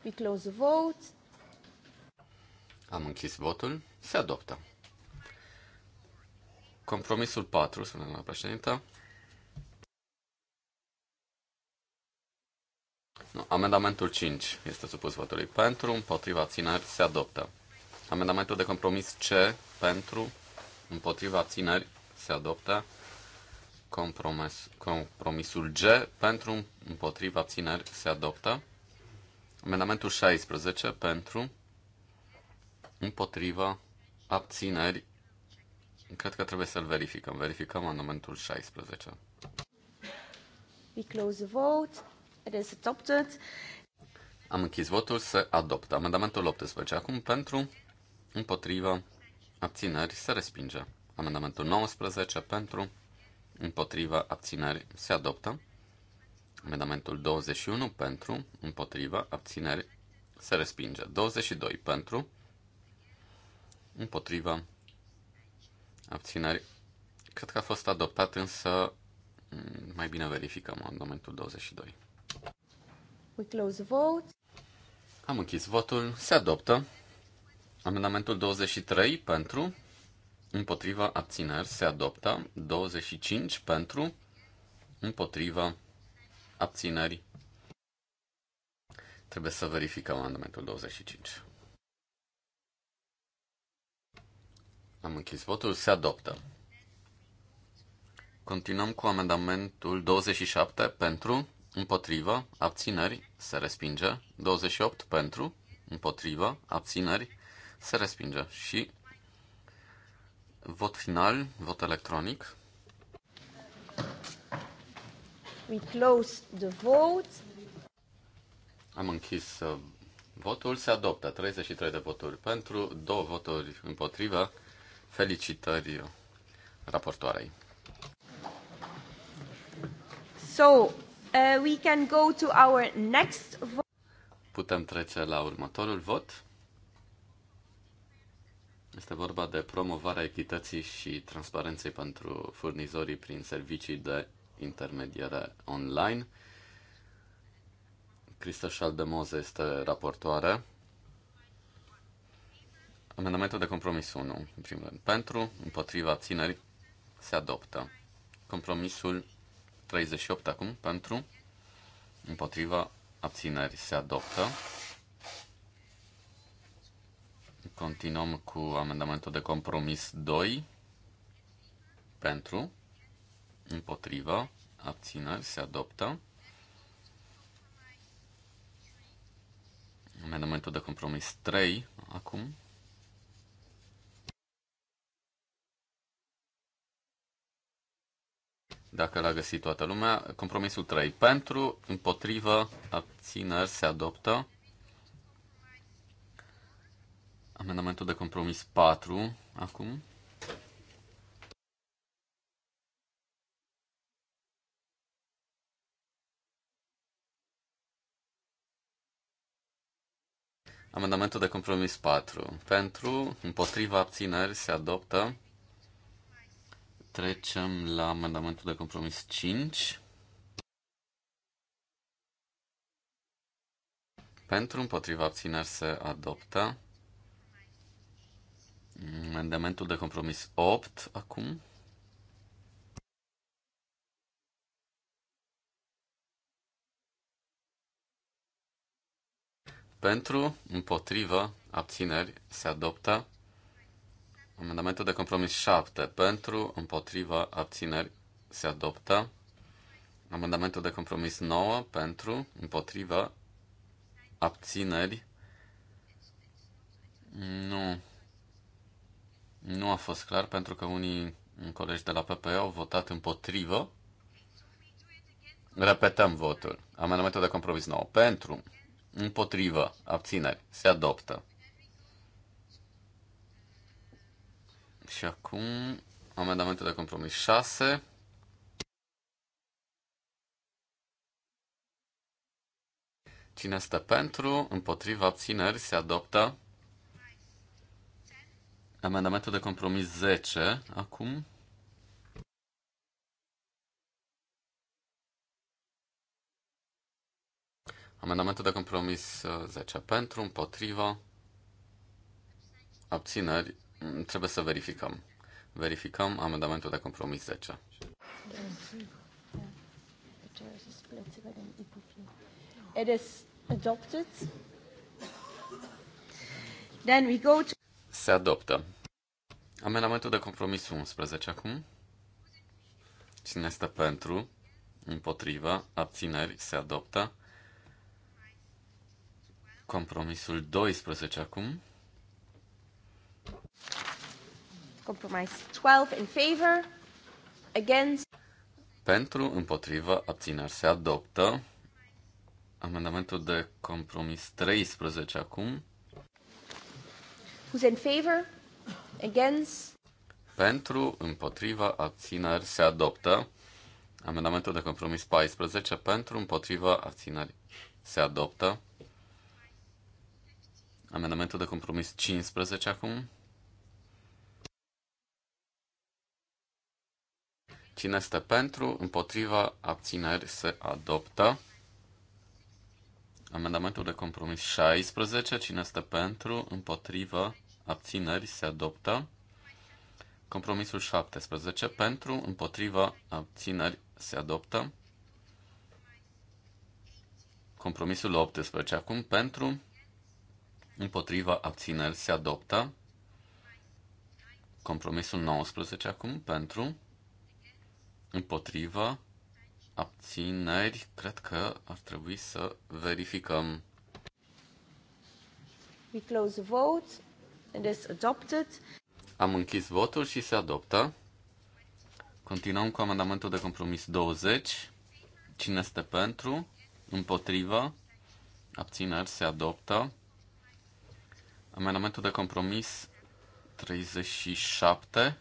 We close the vote. Am închis votul. Se adoptă. Compromisul 4, spune la președinte. Nu. Amendamentul 5 este supus votului pentru, împotriva țineri se adoptă. Amendamentul de compromis C pentru, împotriva țineri se adoptă. Compromis, compromisul G pentru, împotriva țineri se adoptă. Amendamentul 16 pentru, împotriva abțineri. Cred că trebuie să-l verificăm. Verificăm amendamentul 16. We close the vote. It is adopted. Am închis votul, să adoptă. Amendamentul 18 acum pentru, împotriva, abțineri, se respinge. Amendamentul 19 pentru, împotriva, abțineri, se adoptă. Amendamentul 21 pentru, împotriva, abțineri, se respinge. 22 pentru, împotriva, abțineri. Cred că a fost adoptat, însă mm, mai bine verificăm amendamentul 22. We close vote. Am închis votul. Se adoptă. Amendamentul 23 pentru, împotriva abțineri se adoptă. 25 pentru, împotriva abțineri. Trebuie să verificăm amendamentul 25. Am închis votul. Se adoptă. Continuăm cu amendamentul 27 pentru, împotrivă, abțineri, se respinge. 28 pentru, împotrivă, abțineri, se respinge. Și vot final, vot electronic. We close the vote. Am închis uh, votul. Se adoptă 33 de voturi pentru, 2 voturi împotrivă. Felicitări raportoarei. So, Uh, we can go to our next Putem trece la următorul vot. Este vorba de promovarea echității și transparenței pentru furnizorii prin servicii de intermediere online. Crista Șaldemoze este raportoare. Amendamentul de compromis 1, în primul rând. Pentru, împotriva, țineri, se adoptă. Compromisul 38 acum pentru, împotriva abțineri se adoptă. Continuăm cu amendamentul de compromis 2 pentru, împotriva, abțineri se adoptă. Amendamentul de compromis 3 acum Dacă l-a găsit toată lumea, compromisul 3. Pentru, împotrivă, abțineri se adoptă. Amendamentul de compromis 4 acum. Amendamentul de compromis 4. Pentru, împotriva abțineri se adoptă. Trecem la amendamentul de compromis 5. Pentru împotriva abțineri se adoptă amendamentul de compromis 8 acum. Pentru împotriva abțineri se adoptă Amendamentul de compromis 7 pentru, împotriva, abțineri se adoptă. Amendamentul de compromis 9 pentru, împotriva, abțineri. Nu. Nu a fost clar pentru că unii colegi de la PPE au votat împotrivă. Repetăm votul. Amendamentul de compromis 9 pentru, împotrivă, abțineri se adoptă. Și acum amendamentul de compromis 6. Cine este pentru, împotriva abțineri, se adoptă amendamentul de compromis 10. Acum Amendamentul de compromis 10 uh, pentru, împotriva, abțineri Trebuie să verificăm. Verificăm amendamentul de compromis 10. It is adopted. Then we go to... Se adoptă. Amendamentul de compromis 11 acum. Cine este pentru? Împotriva? Abțineri? Se adoptă. Compromisul 12 acum. Compromise 12 in favor, against. Pentru, împotrivă, abțineri se adoptă. Amendamentul de compromis 13 acum. Who's in favor? Against? Pentru, împotriva, abțineri se adoptă. Amendamentul de compromis 14 pentru, împotriva, abțineri se adoptă. Amendamentul de compromis 15 acum. Cine este pentru, împotriva, abțineri, se adoptă. Amendamentul de compromis 16. Cine este pentru, împotriva, abțineri, se adoptă. Compromisul 17. Pentru, împotriva, abțineri, se adoptă. Compromisul 18. Acum, pentru, împotriva, abțineri, se adoptă. Compromisul 19. Acum, pentru, împotrivă, abțineri, cred că ar trebui să verificăm. We close the vote and it's adopted. Am închis votul și se adoptă. Continuăm cu amendamentul de compromis 20. Cine este pentru? Împotrivă? Abțineri se adoptă. Amendamentul de compromis 37.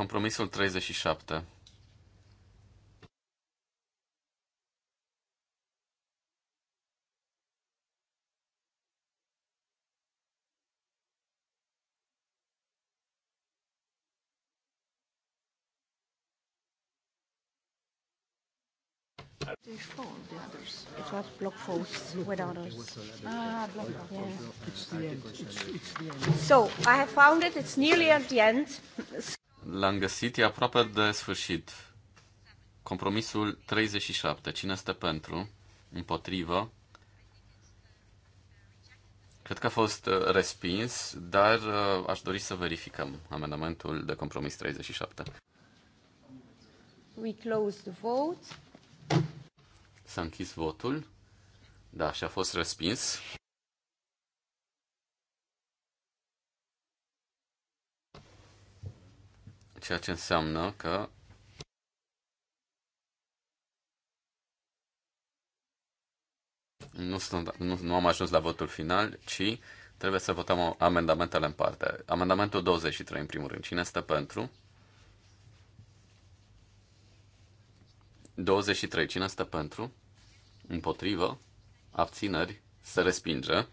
Compromisul 37. It was block votes with others. Ah, block yeah. It's the end. It's, it's the end. So I have found it. It's nearly at the end. L-am găsit, e aproape de sfârșit. Compromisul 37. Cine este pentru? Împotrivă? Cred că a fost uh, respins, dar uh, aș dori să verificăm amendamentul de compromis 37. We close the vote. S-a închis votul. Da, și a fost respins. ceea ce înseamnă că nu, sunt, nu, nu am ajuns la votul final, ci trebuie să votăm amendamentele în parte. Amendamentul 23, în primul rând. Cine stă pentru? 23. Cine stă pentru? Împotrivă? Abțineri? Se respinge.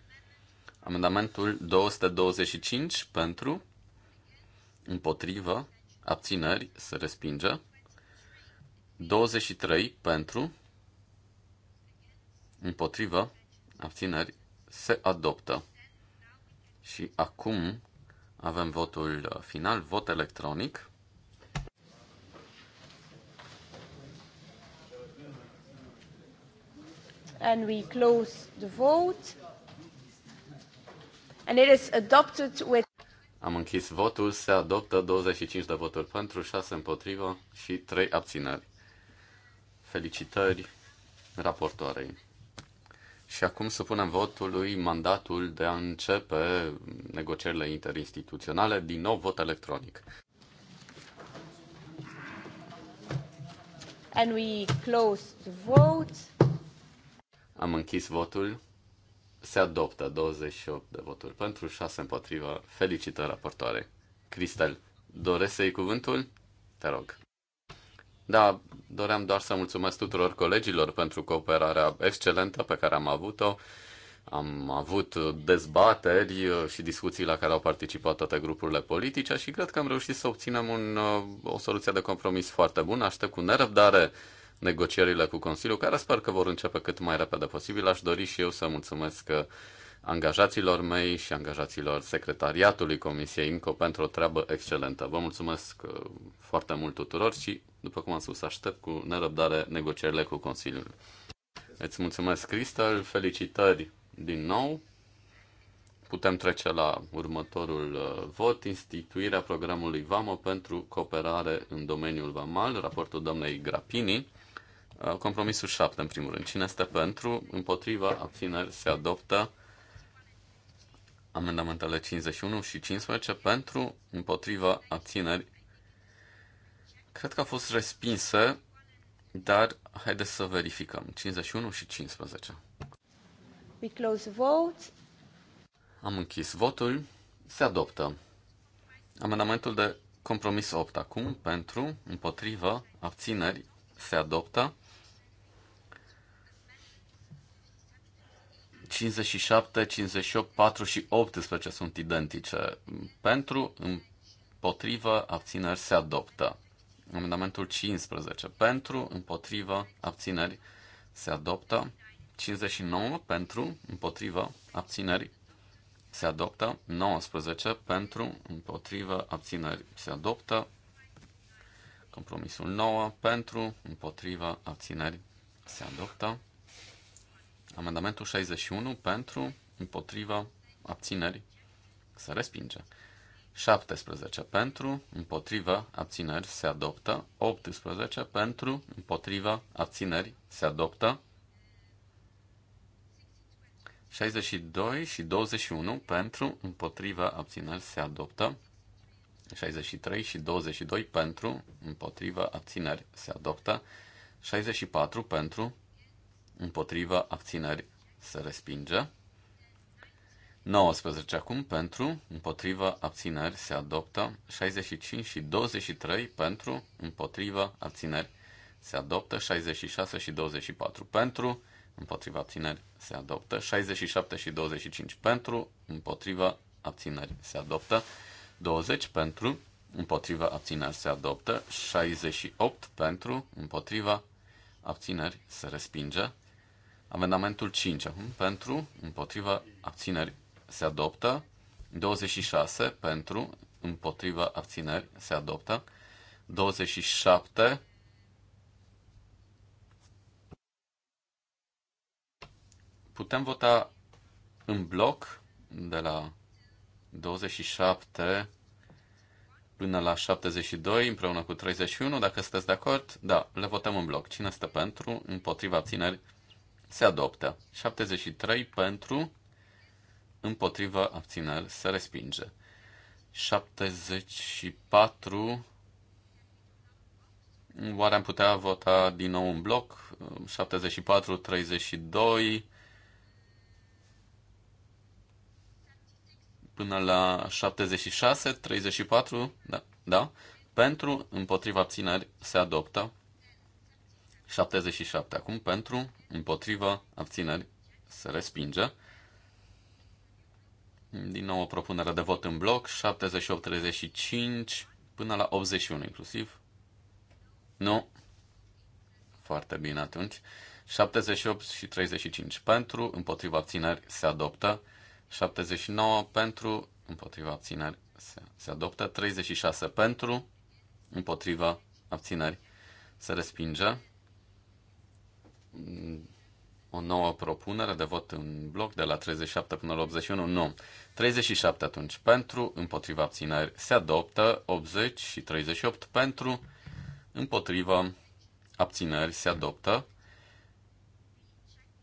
Amendamentul 225 pentru? Împotrivă? abțineri, se respinge. 23 pentru, împotrivă, abțineri, se adoptă. Și acum avem votul final, vot electronic. And we close the vote. And it is adopted with am închis votul, se adoptă 25 de voturi pentru, 6 împotrivă și 3 abțineri. Felicitări raportoarei. Și acum supunem votului mandatul de a începe negocierile interinstituționale, din nou vot electronic. And we close the vote. Am închis votul se adoptă 28 de voturi pentru, 6 împotriva. Felicitări raportoare. Cristel, doresc să iei cuvântul? Te rog. Da, doream doar să mulțumesc tuturor colegilor pentru cooperarea excelentă pe care am avut-o. Am avut dezbateri și discuții la care au participat toate grupurile politice și cred că am reușit să obținem un, o soluție de compromis foarte bună. Aștept cu nerăbdare uh, negocierile cu Consiliul, care sper că vor începe cât mai repede posibil. Aș dori și eu să mulțumesc angajaților mei și angajaților secretariatului Comisiei INCO pentru o treabă excelentă. Vă mulțumesc uh, foarte mult tuturor și, după cum am spus, aștept cu nerăbdare negocierile cu Consiliul. Îți mulțumesc, Cristal, felicitări din nou. Putem trece la următorul uh, vot, instituirea programului VAMO pentru cooperare în domeniul VAMAL, raportul doamnei Grapini. Uh, compromisul 7, în primul rând. Cine este pentru? Împotriva? Abțineri? Se adoptă. Amendamentele 51 și 15 pentru, împotriva, abțineri. Cred că a fost respinse, dar haideți să verificăm. 51 și 15. We close vote. Am închis votul. Se adoptă. Amendamentul de compromis 8 acum pentru, împotriva, abțineri se adoptă. 57, 58, 4 și 18 sunt identice. Pentru, împotrivă, abțineri se adoptă. Amendamentul 15. Pentru, împotrivă, abțineri se adoptă. 59 pentru, împotrivă, abțineri se adoptă. 19 pentru, împotrivă, abțineri se adoptă. Compromisul 9 pentru, împotrivă, abțineri se adoptă. Amendamentul 61 pentru, împotriva, abțineri, se respinge. 17 pentru, împotriva, abțineri, se adoptă. 18 pentru, împotriva, abțineri, se adoptă. 62 și 21 pentru, împotriva, abțineri, se adoptă. 63 și 22 pentru, împotriva, abțineri, se adoptă. 64 pentru, împotriva, abținări se respinge. 19 acum pentru, împotriva, abținări se adoptă. 65 și 23 pentru, împotriva, abținări se adoptă. 66 și 24 pentru, împotriva, abținări se adoptă. 67 și 25 pentru, împotriva, abținări se adoptă. 20 pentru, împotriva, abținări se adoptă. 68 pentru, împotriva, abținări se respinge. Amendamentul 5 acum pentru, împotriva abțineri se adoptă. 26 pentru, împotriva abțineri se adoptă. 27 putem vota în bloc de la 27 până la 72 împreună cu 31, dacă sunteți de acord, da, le votăm în bloc. Cine este pentru, împotriva abțineri, se adoptă. 73 pentru, împotriva abțineri, se respinge. 74 Oare am putea vota din nou un bloc? 74, 32 până la 76, 34, da, da. Pentru, împotriva abțineri, se adoptă. 77 acum pentru, împotriva, abțineri, se respinge. Din nou o propunere de vot în bloc, 78-35 până la 81 inclusiv. Nu. Foarte bine atunci. 78 și 35 pentru, împotriva abțineri se adoptă. 79 pentru, împotriva abțineri se, se adoptă. 36 pentru, împotriva abțineri se respinge o nouă propunere de vot în bloc de la 37 până la 81? Nu. 37 atunci pentru, împotriva abțineri se adoptă, 80 și 38 pentru, împotriva abțineri se adoptă.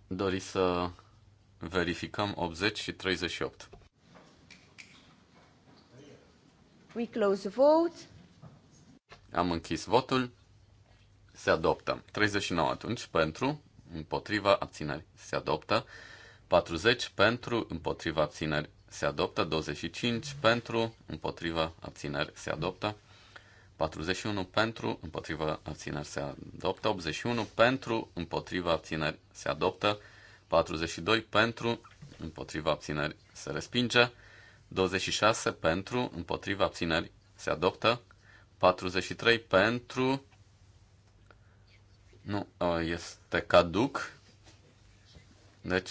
Dori să verificăm 80 și 38. We close the vote. Am închis votul. Se adoptă. 39 atunci pentru, împotriva abțineri se adoptă, 40 pentru, împotriva abțineri se adoptă, 25 pentru, împotriva abțineri se adoptă, 41 pentru, împotriva abțineri se adoptă, 81 pentru, împotriva abțineri se adoptă, 42 pentru, împotriva abțineri se respinge, 26 pentru, împotriva abțineri se adoptă, 43 pentru, nu, este caduc. Deci,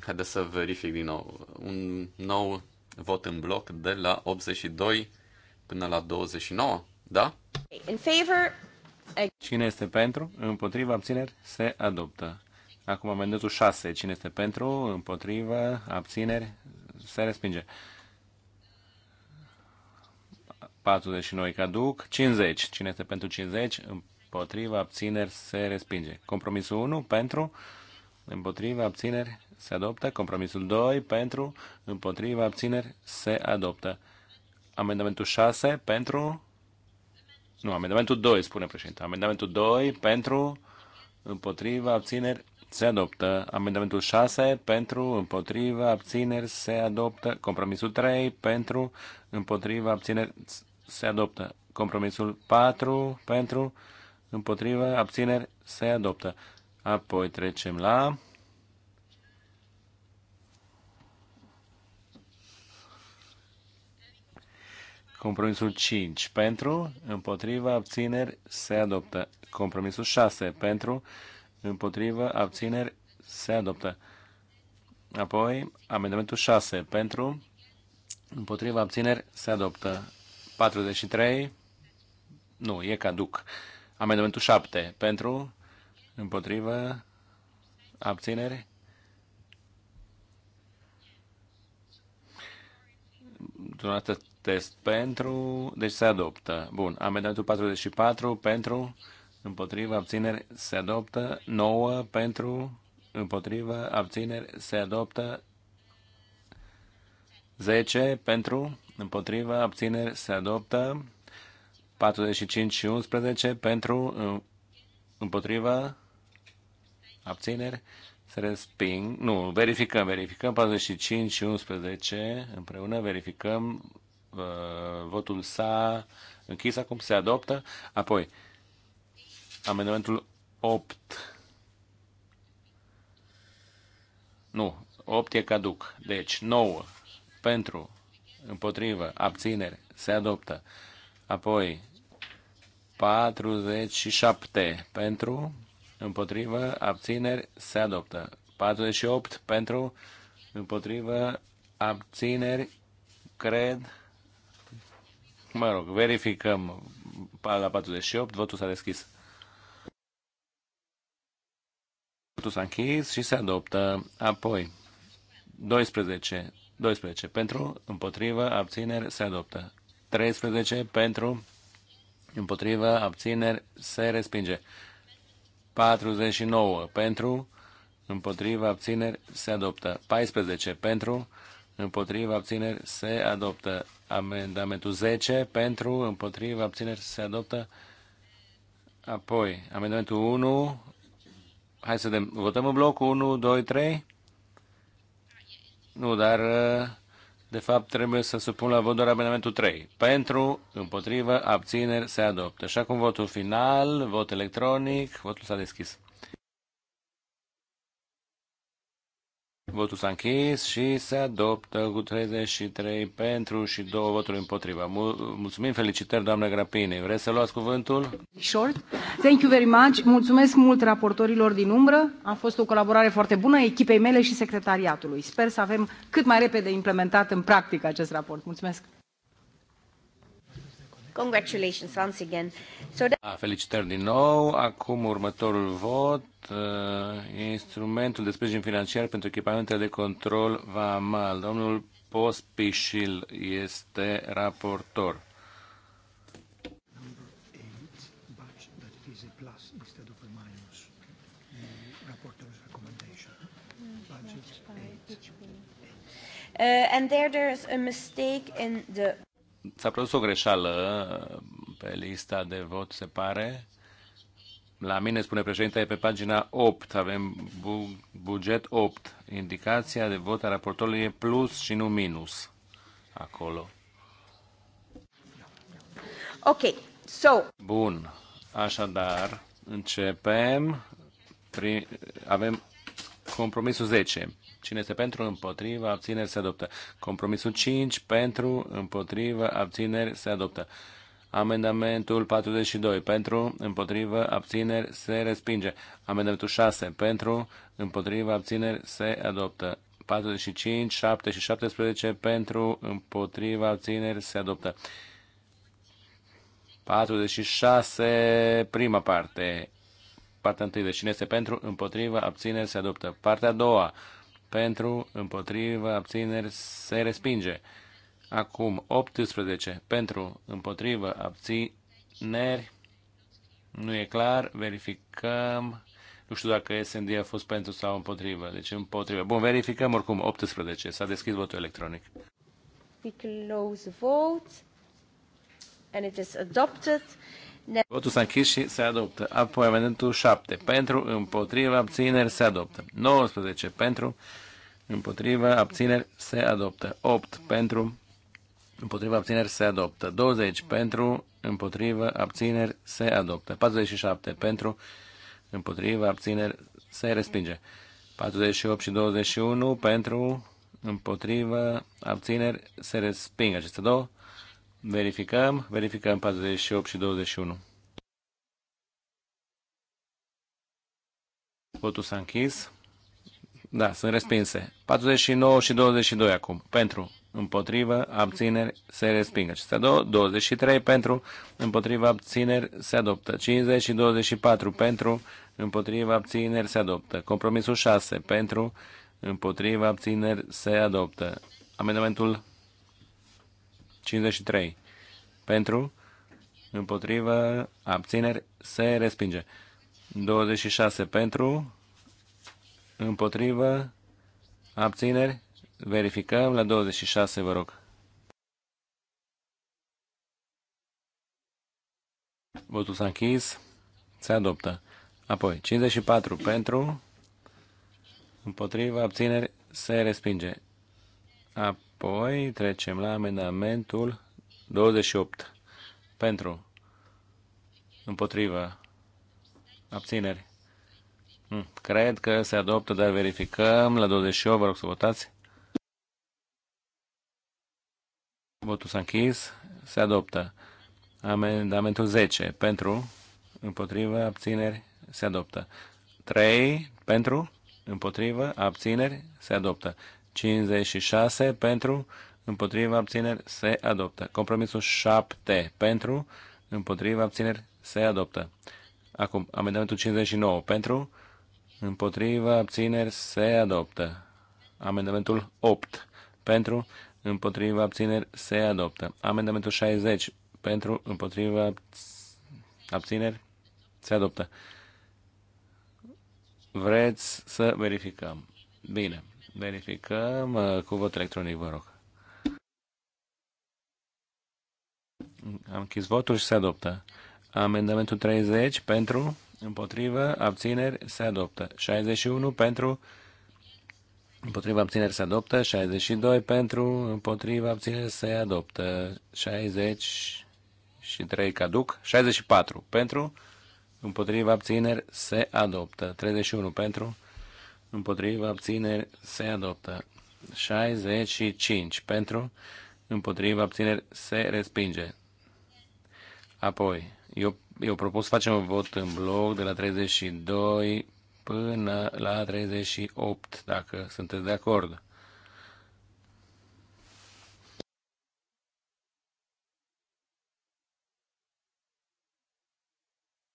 haideți să verific din nou. Un nou vot în bloc de la 82 până la 29, da? In favor... Cine este pentru? Împotriva abțineri? Se adoptă. Acum amendatul 6. Cine este pentru? Împotriva abțineri? Se respinge. 49 caduc. 50. Cine este pentru 50? împotriva, abțineri, se respinge. Compromisul 1 pentru, împotriva, abțineri, se adoptă. Compromisul 2 pentru, împotriva, abțineri, se adoptă. Amendamentul 6 pentru, nu, amendamentul 2, spune președinte. Amendamentul 2 pentru, împotriva, abțineri, se adoptă. Amendamentul 6 pentru, împotriva, abțineri, se adoptă. Compromisul 3 pentru, împotriva, abțineri, se adoptă. Compromisul 4 pentru, împotrivă, abțineri, se adoptă. Apoi trecem la... Compromisul 5. Pentru, împotrivă, abțineri, se adoptă. Compromisul 6. Pentru, împotrivă, abțineri, se adoptă. Apoi, amendamentul 6. Pentru, împotrivă, abțineri, se adoptă. 43. Nu, e caduc. Amendamentul 7. Pentru? Împotrivă? Abțineri? Dumneavoastră test pentru, deci se adoptă. Bun, amendamentul 44 pentru, împotrivă, abțineri, se adoptă. 9 pentru, împotrivă, abțineri, se adoptă. 10 pentru, împotrivă, abțineri, se adoptă. 45 și 11 pentru uh, împotriva abțineri se resping. Nu, verificăm, verificăm 45 și 11 împreună, verificăm uh, votul s-a închis acum, se adoptă. Apoi, amendamentul 8 nu, 8 e caduc, deci 9 pentru, împotrivă, abțineri se adoptă. Apoi, 47 pentru, împotrivă, abțineri, se adoptă. 48 pentru, împotrivă, abțineri, cred, mă rog, verificăm la 48, votul s-a deschis. Votul s-a închis și se adoptă. Apoi, 12, 12 pentru, împotrivă, abțineri, se adoptă. 13 pentru, Împotrivă, abțineri, se respinge. 49 pentru, împotrivă, abțineri, se adoptă. 14 pentru, împotrivă, abțineri, se adoptă. Amendamentul 10 pentru, împotrivă, abțineri, se adoptă. Apoi, amendamentul 1, hai să vedem, votăm în bloc 1, 2, 3? Nu, dar uh, de fapt, trebuie să supun la vot doar amendamentul 3. Pentru, împotrivă, abțineri, se adoptă. Și acum votul final, vot electronic, votul s-a deschis. Votul s-a închis și se adoptă cu 33 pentru și două voturi împotriva. Mulțumim, felicitări, doamnă Grapini. Vreți să luați cuvântul? Short. Thank you very much. Mulțumesc mult raportorilor din umbră. A fost o colaborare foarte bună echipei mele și secretariatului. Sper să avem cât mai repede implementat în practică acest raport. Mulțumesc. Congratulations once again. So da, Felicitări din nou. Acum următorul vot. Uh, instrumentul de sprijin financiar pentru echipamentele de control VAMAL. Domnul Pospișil este raportor. Uh, and there there is a mistake in the s-a produs o greșeală uh, pe lista de vot, se pare. La mine, spune președinte, e pe pagina 8. Avem bu- buget 8. Indicația de vot a raportorului e plus și nu minus acolo. Ok, so... Bun, așadar, începem. Prim, avem compromisul 10. Cine este pentru, împotriva, abțineri, se adoptă. Compromisul 5, pentru, împotriva, abțineri, se adoptă. Amendamentul 42, pentru, împotriva, abțineri, se respinge. Amendamentul 6, pentru, împotriva, abțineri, se adoptă. 45, 7 și 17, pentru, împotriva, abțineri, se adoptă. 46, prima parte. Partea întâi, de deci cine este pentru, împotriva, abțineri, se adoptă. Partea a doua, pentru, împotriva, abțineri, se respinge. Acum, 18 pentru, împotriva, abțineri, nu e clar, verificăm, nu știu dacă SND a fost pentru sau împotrivă, deci împotrivă. Bun, verificăm oricum, 18, s-a deschis votul electronic. We close vote and it is adopted. Votul s-a închis și se adoptă. Apoi amendamentul 7. Pentru, împotriva, abțineri, se adoptă. 19. Pentru, împotriva, abțineri, se adoptă. 8. Pentru, împotriva, abțineri, se adoptă. 20. Pentru, împotriva, abțineri, se adoptă. 47. Pentru, împotriva, abțineri, se respinge. 48 și 21. Pentru, împotriva, abțineri, se resping. Aceste două Verificăm, verificăm 48 și 21. Votul s-a închis. Da, sunt respinse. 49 și 22 acum. Pentru, împotrivă, abțineri, se respingă. Și se adoptă 23 pentru, împotrivă, abțineri, se adoptă. 50 și 24 pentru, împotrivă, abțineri, se adoptă. Compromisul 6 pentru, împotrivă, abțineri, se adoptă. Amendamentul 53. Pentru, împotrivă, abțineri, se respinge. 26. Pentru, împotrivă, abțineri, verificăm la 26, vă rog. Votul s-a închis. Se adoptă. Apoi, 54 pentru, împotriva, abțineri, se respinge. A, Apoi trecem la amendamentul 28. Pentru. Împotrivă. Abțineri. Hm, cred că se adoptă, dar verificăm. La 28, vă rog să votați. Votul s-a închis. Se adoptă. Amendamentul 10. Pentru. Împotrivă. Abțineri. Se adoptă. 3. Pentru. Împotrivă. Abțineri. Se adoptă. 56 pentru, împotriva abțineri se adoptă. Compromisul 7 pentru, împotriva abțineri se adoptă. Acum, amendamentul 59 pentru, împotriva abțineri se adoptă. Amendamentul 8 pentru, împotriva abțineri se adoptă. Amendamentul 60 pentru, împotriva abțineri se adoptă. Vreți să verificăm. Bine. Verificăm uh, cu vot electronic, vă rog. Am închis votul și se adoptă. Amendamentul 30 pentru, împotrivă, abțineri, se adoptă. 61 pentru, împotriva abțineri, se adoptă. 62 pentru, împotriva abțineri, se adoptă. 60 și 3 caduc. 64 pentru, împotriva abțineri, se adoptă. 31 pentru, împotriva abțineri se adoptă. 65 pentru, împotriva abțineri se respinge. Apoi, eu, eu propus să facem un vot în bloc de la 32 până la 38, dacă sunteți de acord.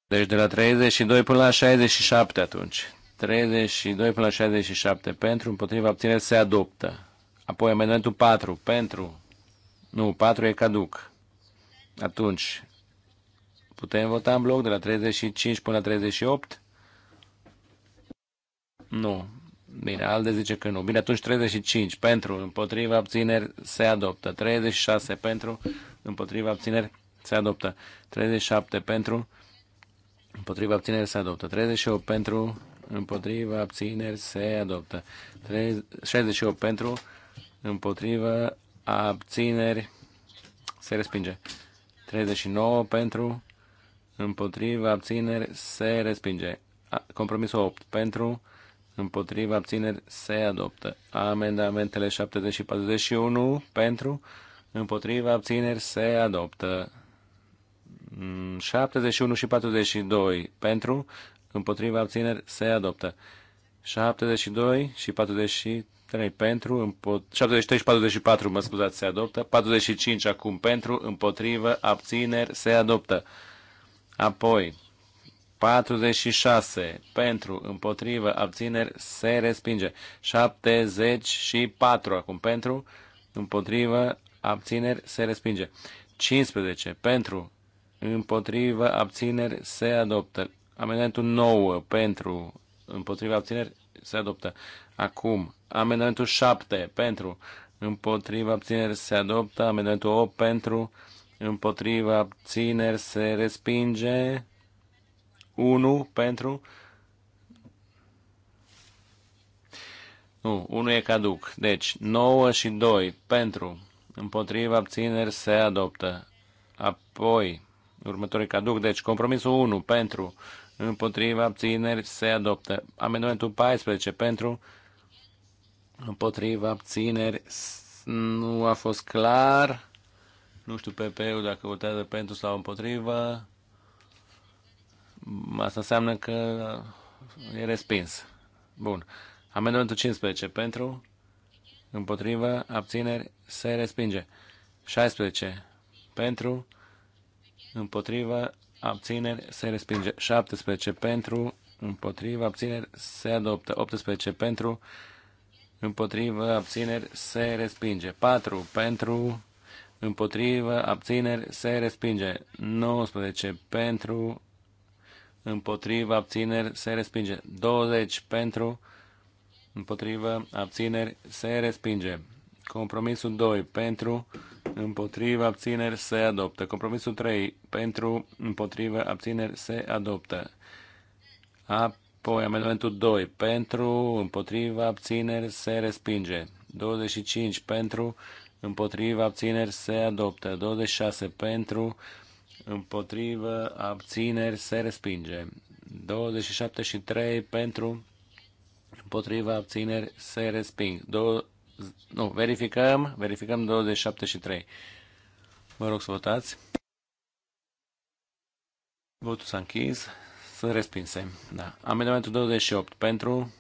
Deci de la 32 până la 67 atunci. 32 până la 67 pentru, împotriva abțineri se adoptă. Apoi amendamentul 4 pentru, nu, 4 e caduc. Atunci, putem vota în bloc de la 35 până la 38? Nu. Bine, Alde zice că nu. Bine, atunci 35 pentru, împotriva abțineri se adoptă. 36 pentru, împotriva abțineri se adoptă. 37 pentru, împotriva abțineri se adoptă. 38 pentru, împotriva, abțineri, se adoptă. 68 pentru, împotriva, abțineri, se respinge. 39 pentru, împotriva, abțineri, se respinge. Compromisul 8 pentru, împotriva, abțineri, se adoptă. Amendamentele 70 și 41 pentru, împotriva, abțineri, se adoptă. 71 mm, și 42 pentru, împotriva abțineri se adoptă. 72 și 43 pentru, împot... 73 și 44, mă scuzați, se adoptă. 45 acum pentru, împotrivă, abțineri se adoptă. Apoi, 46 pentru, împotrivă, abțineri se respinge. 74 acum pentru, împotrivă, abțineri se respinge. 15 pentru, împotrivă, abțineri se adoptă. Amendamentul 9 pentru împotriva abțineri se adoptă. Acum, amendamentul 7 pentru împotriva abțineri se adoptă. Amendamentul 8 pentru împotriva abțineri se respinge. 1 pentru Nu, 1 e caduc. Deci, 9 și 2 pentru împotriva abțineri se adoptă. Apoi, următorii caduc. Deci, compromisul 1 pentru împotriva abțineri se adoptă. Amendamentul 14 pentru împotriva abțineri nu a fost clar. Nu știu PP-ul dacă votează pentru sau împotriva. Asta înseamnă că e respins. Bun. Amendamentul 15 pentru împotriva abțineri se respinge. 16 pentru împotriva abțineri, se respinge. 17 pentru, împotriva, abțineri, se adoptă. 18 pentru, împotriva, abțineri, se respinge. 4 pentru, împotriva, abțineri, se respinge. 19 pentru, împotriva, abțineri, se respinge. 20 pentru, împotriva, abțineri, se respinge. Compromisul 2 pentru, împotriva abțineri se adoptă. Compromisul 3 pentru împotriva abțineri se adoptă. Apoi amendamentul 2 pentru împotriva abțineri se respinge. 25 pentru împotriva abțineri se adoptă. 26 pentru împotriva abțineri se respinge. 27 și 3 pentru împotriva abțineri se resping. Nu, verificăm, verificăm 27 și 3. Vă rog să votați. Votul s-a închis. Sunt respinse. Da. Amendamentul 28 pentru,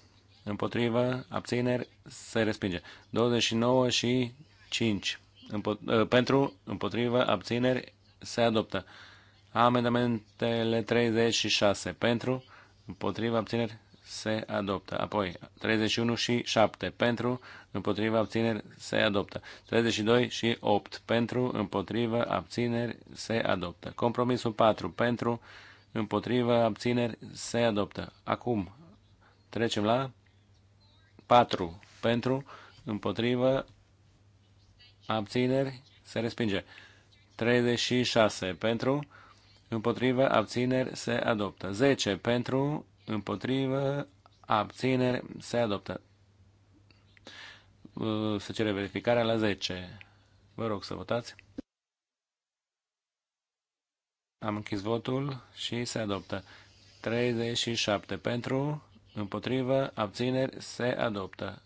împotrivă, abțineri, se respinge. 29 și 5 împot- ă, pentru, împotrivă, abțineri, se adoptă. Amendamentele 36 pentru, împotrivă, abțineri, se adoptă. Apoi 31 și 7 pentru, împotriva abțineri se adoptă. 32 și 8 pentru, împotriva abțineri se adoptă. Compromisul 4 pentru, împotriva abțineri se adoptă. Acum trecem la 4 pentru, împotriva abțineri se respinge. 36 pentru, împotriva abțineri se adoptă. 10 pentru, împotrivă, abțineri, se adoptă. Se cere verificarea la 10. Vă rog să votați. Am închis votul și se adoptă. 37 pentru, împotrivă, abțineri, se adoptă.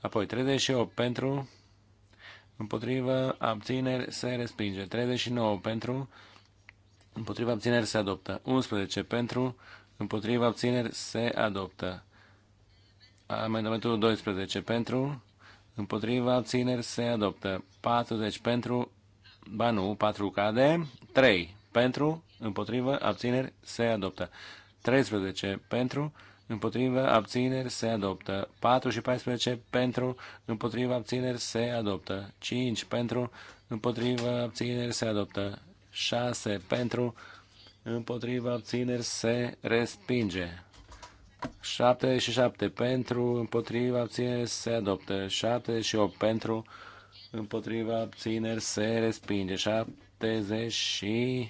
Apoi 38 pentru, împotrivă, abțineri, se respinge. 39 pentru, împotrivă, abțineri, se adoptă. 11 pentru, împotriva abțineri se adoptă. Amendamentul 12 pentru, împotriva abțineri se adoptă. 40 pentru, ba nu, 4 cade, 3 pentru, împotriva abțineri se adoptă. 13 pentru, împotriva abțineri se adoptă. 4 și 14 pentru, împotriva abțineri se adoptă. 5 pentru, împotriva abțineri se adoptă. 6 pentru, împotriva abțineri se respinge. 77 pentru, împotriva abțineri se adoptă. 78 pentru, împotriva abțineri se respinge. 70 și...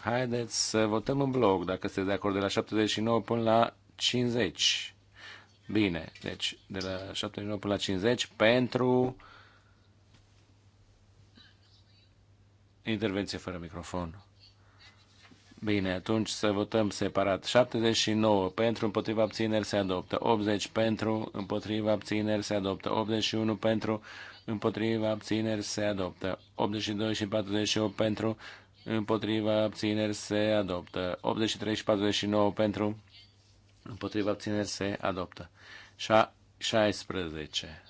Haideți să votăm în bloc, dacă sunteți de acord, de la 79 până la 50. Bine, deci de la 79 până la 50 pentru intervenție fără microfon. Bine, atunci să votăm separat. 79 pentru, împotriva abțineri se adoptă. 80 pentru, împotriva abțineri se adoptă. 81 pentru, împotriva abțineri se adoptă. 82 și 48 pentru, împotriva abțineri se adoptă. 83 și 49 pentru, împotriva abțineri se adoptă. 16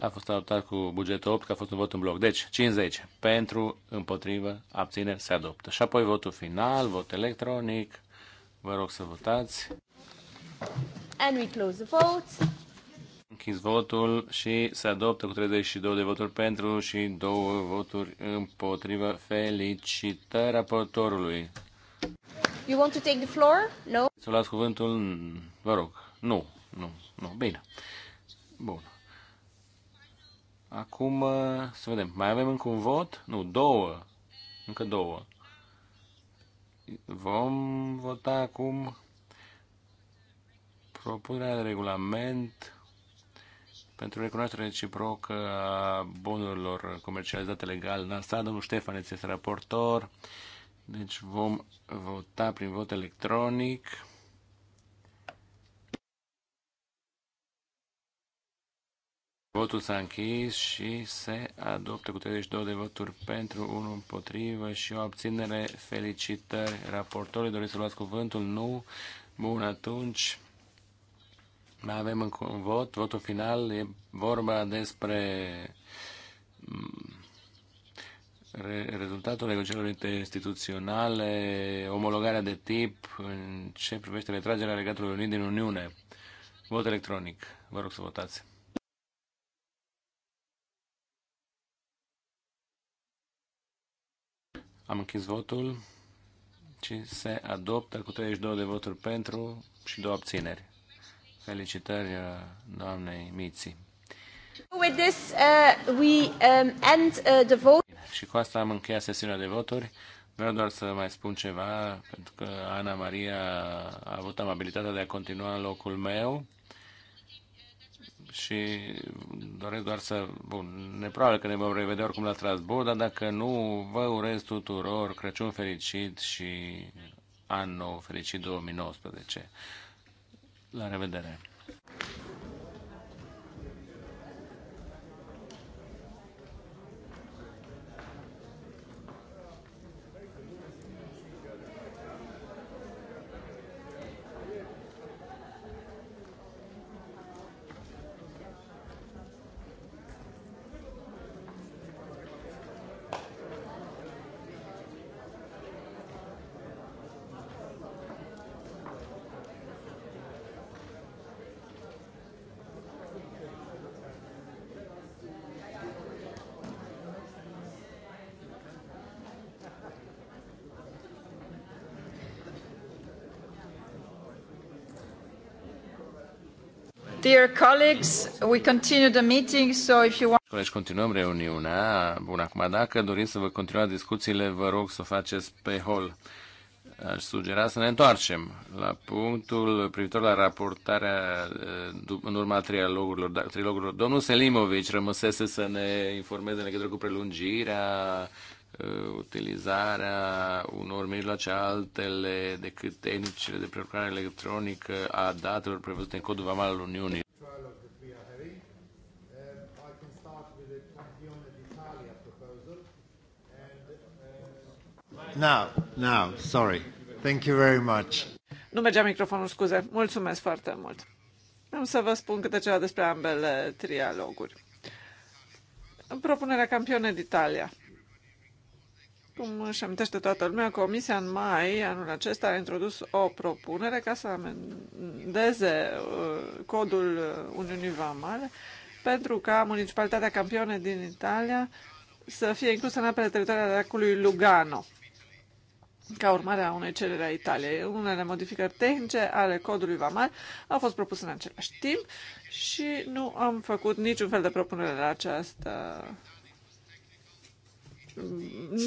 a fost adoptat cu bugetul 8, că a fost un vot în bloc. Deci, 50 pentru, împotrivă, abțineri, se adoptă. Și apoi votul final, vot electronic. Vă rog să votați. And we close the vote. Închis votul și se adoptă cu 32 de voturi pentru și două voturi împotrivă. Felicitări raportorului. You want to take the floor? No? Să luați cuvântul? Vă rog. Nu, nu, nu. Bine. Bun. Acum, uh, să vedem, mai avem încă un vot? Nu, două. Încă două. Vom vota acum propunerea de regulament pentru recunoașterea reciprocă a bunurilor comercializate legal în asta. Domnul Ștefan este raportor. Deci vom vota prin vot electronic. Votul s-a închis și se adoptă cu 32 de voturi pentru, 1 împotrivă și o abținere. Felicitări raportorii. Doriți să luați cuvântul? Nu? Bun, atunci mai avem încă un vot. Votul final e vorba despre mm, rezultatul negocierilor instituționale, omologarea de tip în ce privește retragerea Regatului Unit din Uniune. Vot electronic. Vă rog să votați. Am închis votul și se adoptă cu 32 de voturi pentru și două abțineri. Felicitări uh, doamnei Miții. With this, uh, we, um, end, uh, the vote. Și cu asta am încheiat sesiunea de voturi. Vreau doar să mai spun ceva, pentru că Ana Maria a avut amabilitatea de a continua în locul meu și doresc doar să... Bun, ne probabil că ne vom revedea oricum la Strasbourg, dar dacă nu, vă urez tuturor Crăciun fericit și an nou fericit 2019. La revedere! Colegi, continuăm reuniunea. Bun, acum dacă doriți să vă continuați discuțiile, vă rog să o faceți pe hol. Aș sugera să ne întoarcem la punctul privitor la raportarea eh, în urma trilogurilor. Da, trilogurilor. Domnul Selimovici rămăsese să ne informeze în legătură cu prelungirea eh, utilizarea unor mijloace altele decât tehnicile de prelucrare electronică a datelor prevăzute în codul vamal al Uniunii. Now, now, sorry. Thank you very much. Nu mergea microfonul, scuze. Mulțumesc foarte mult. Am să vă spun câte ceva despre ambele trialoguri. Propunerea campionei d'Italia. Cum își amintește toată lumea, Comisia în mai anul acesta a introdus o propunere ca să amendeze uh, codul Uniunii Vamale pentru ca municipalitatea campione din Italia să fie inclusă în apele teritoriale lacului Lugano ca urmare a unei cereri a Italiei. Unele modificări tehnice ale codului VAMAL au fost propuse în același timp și nu am făcut niciun fel de propunere la această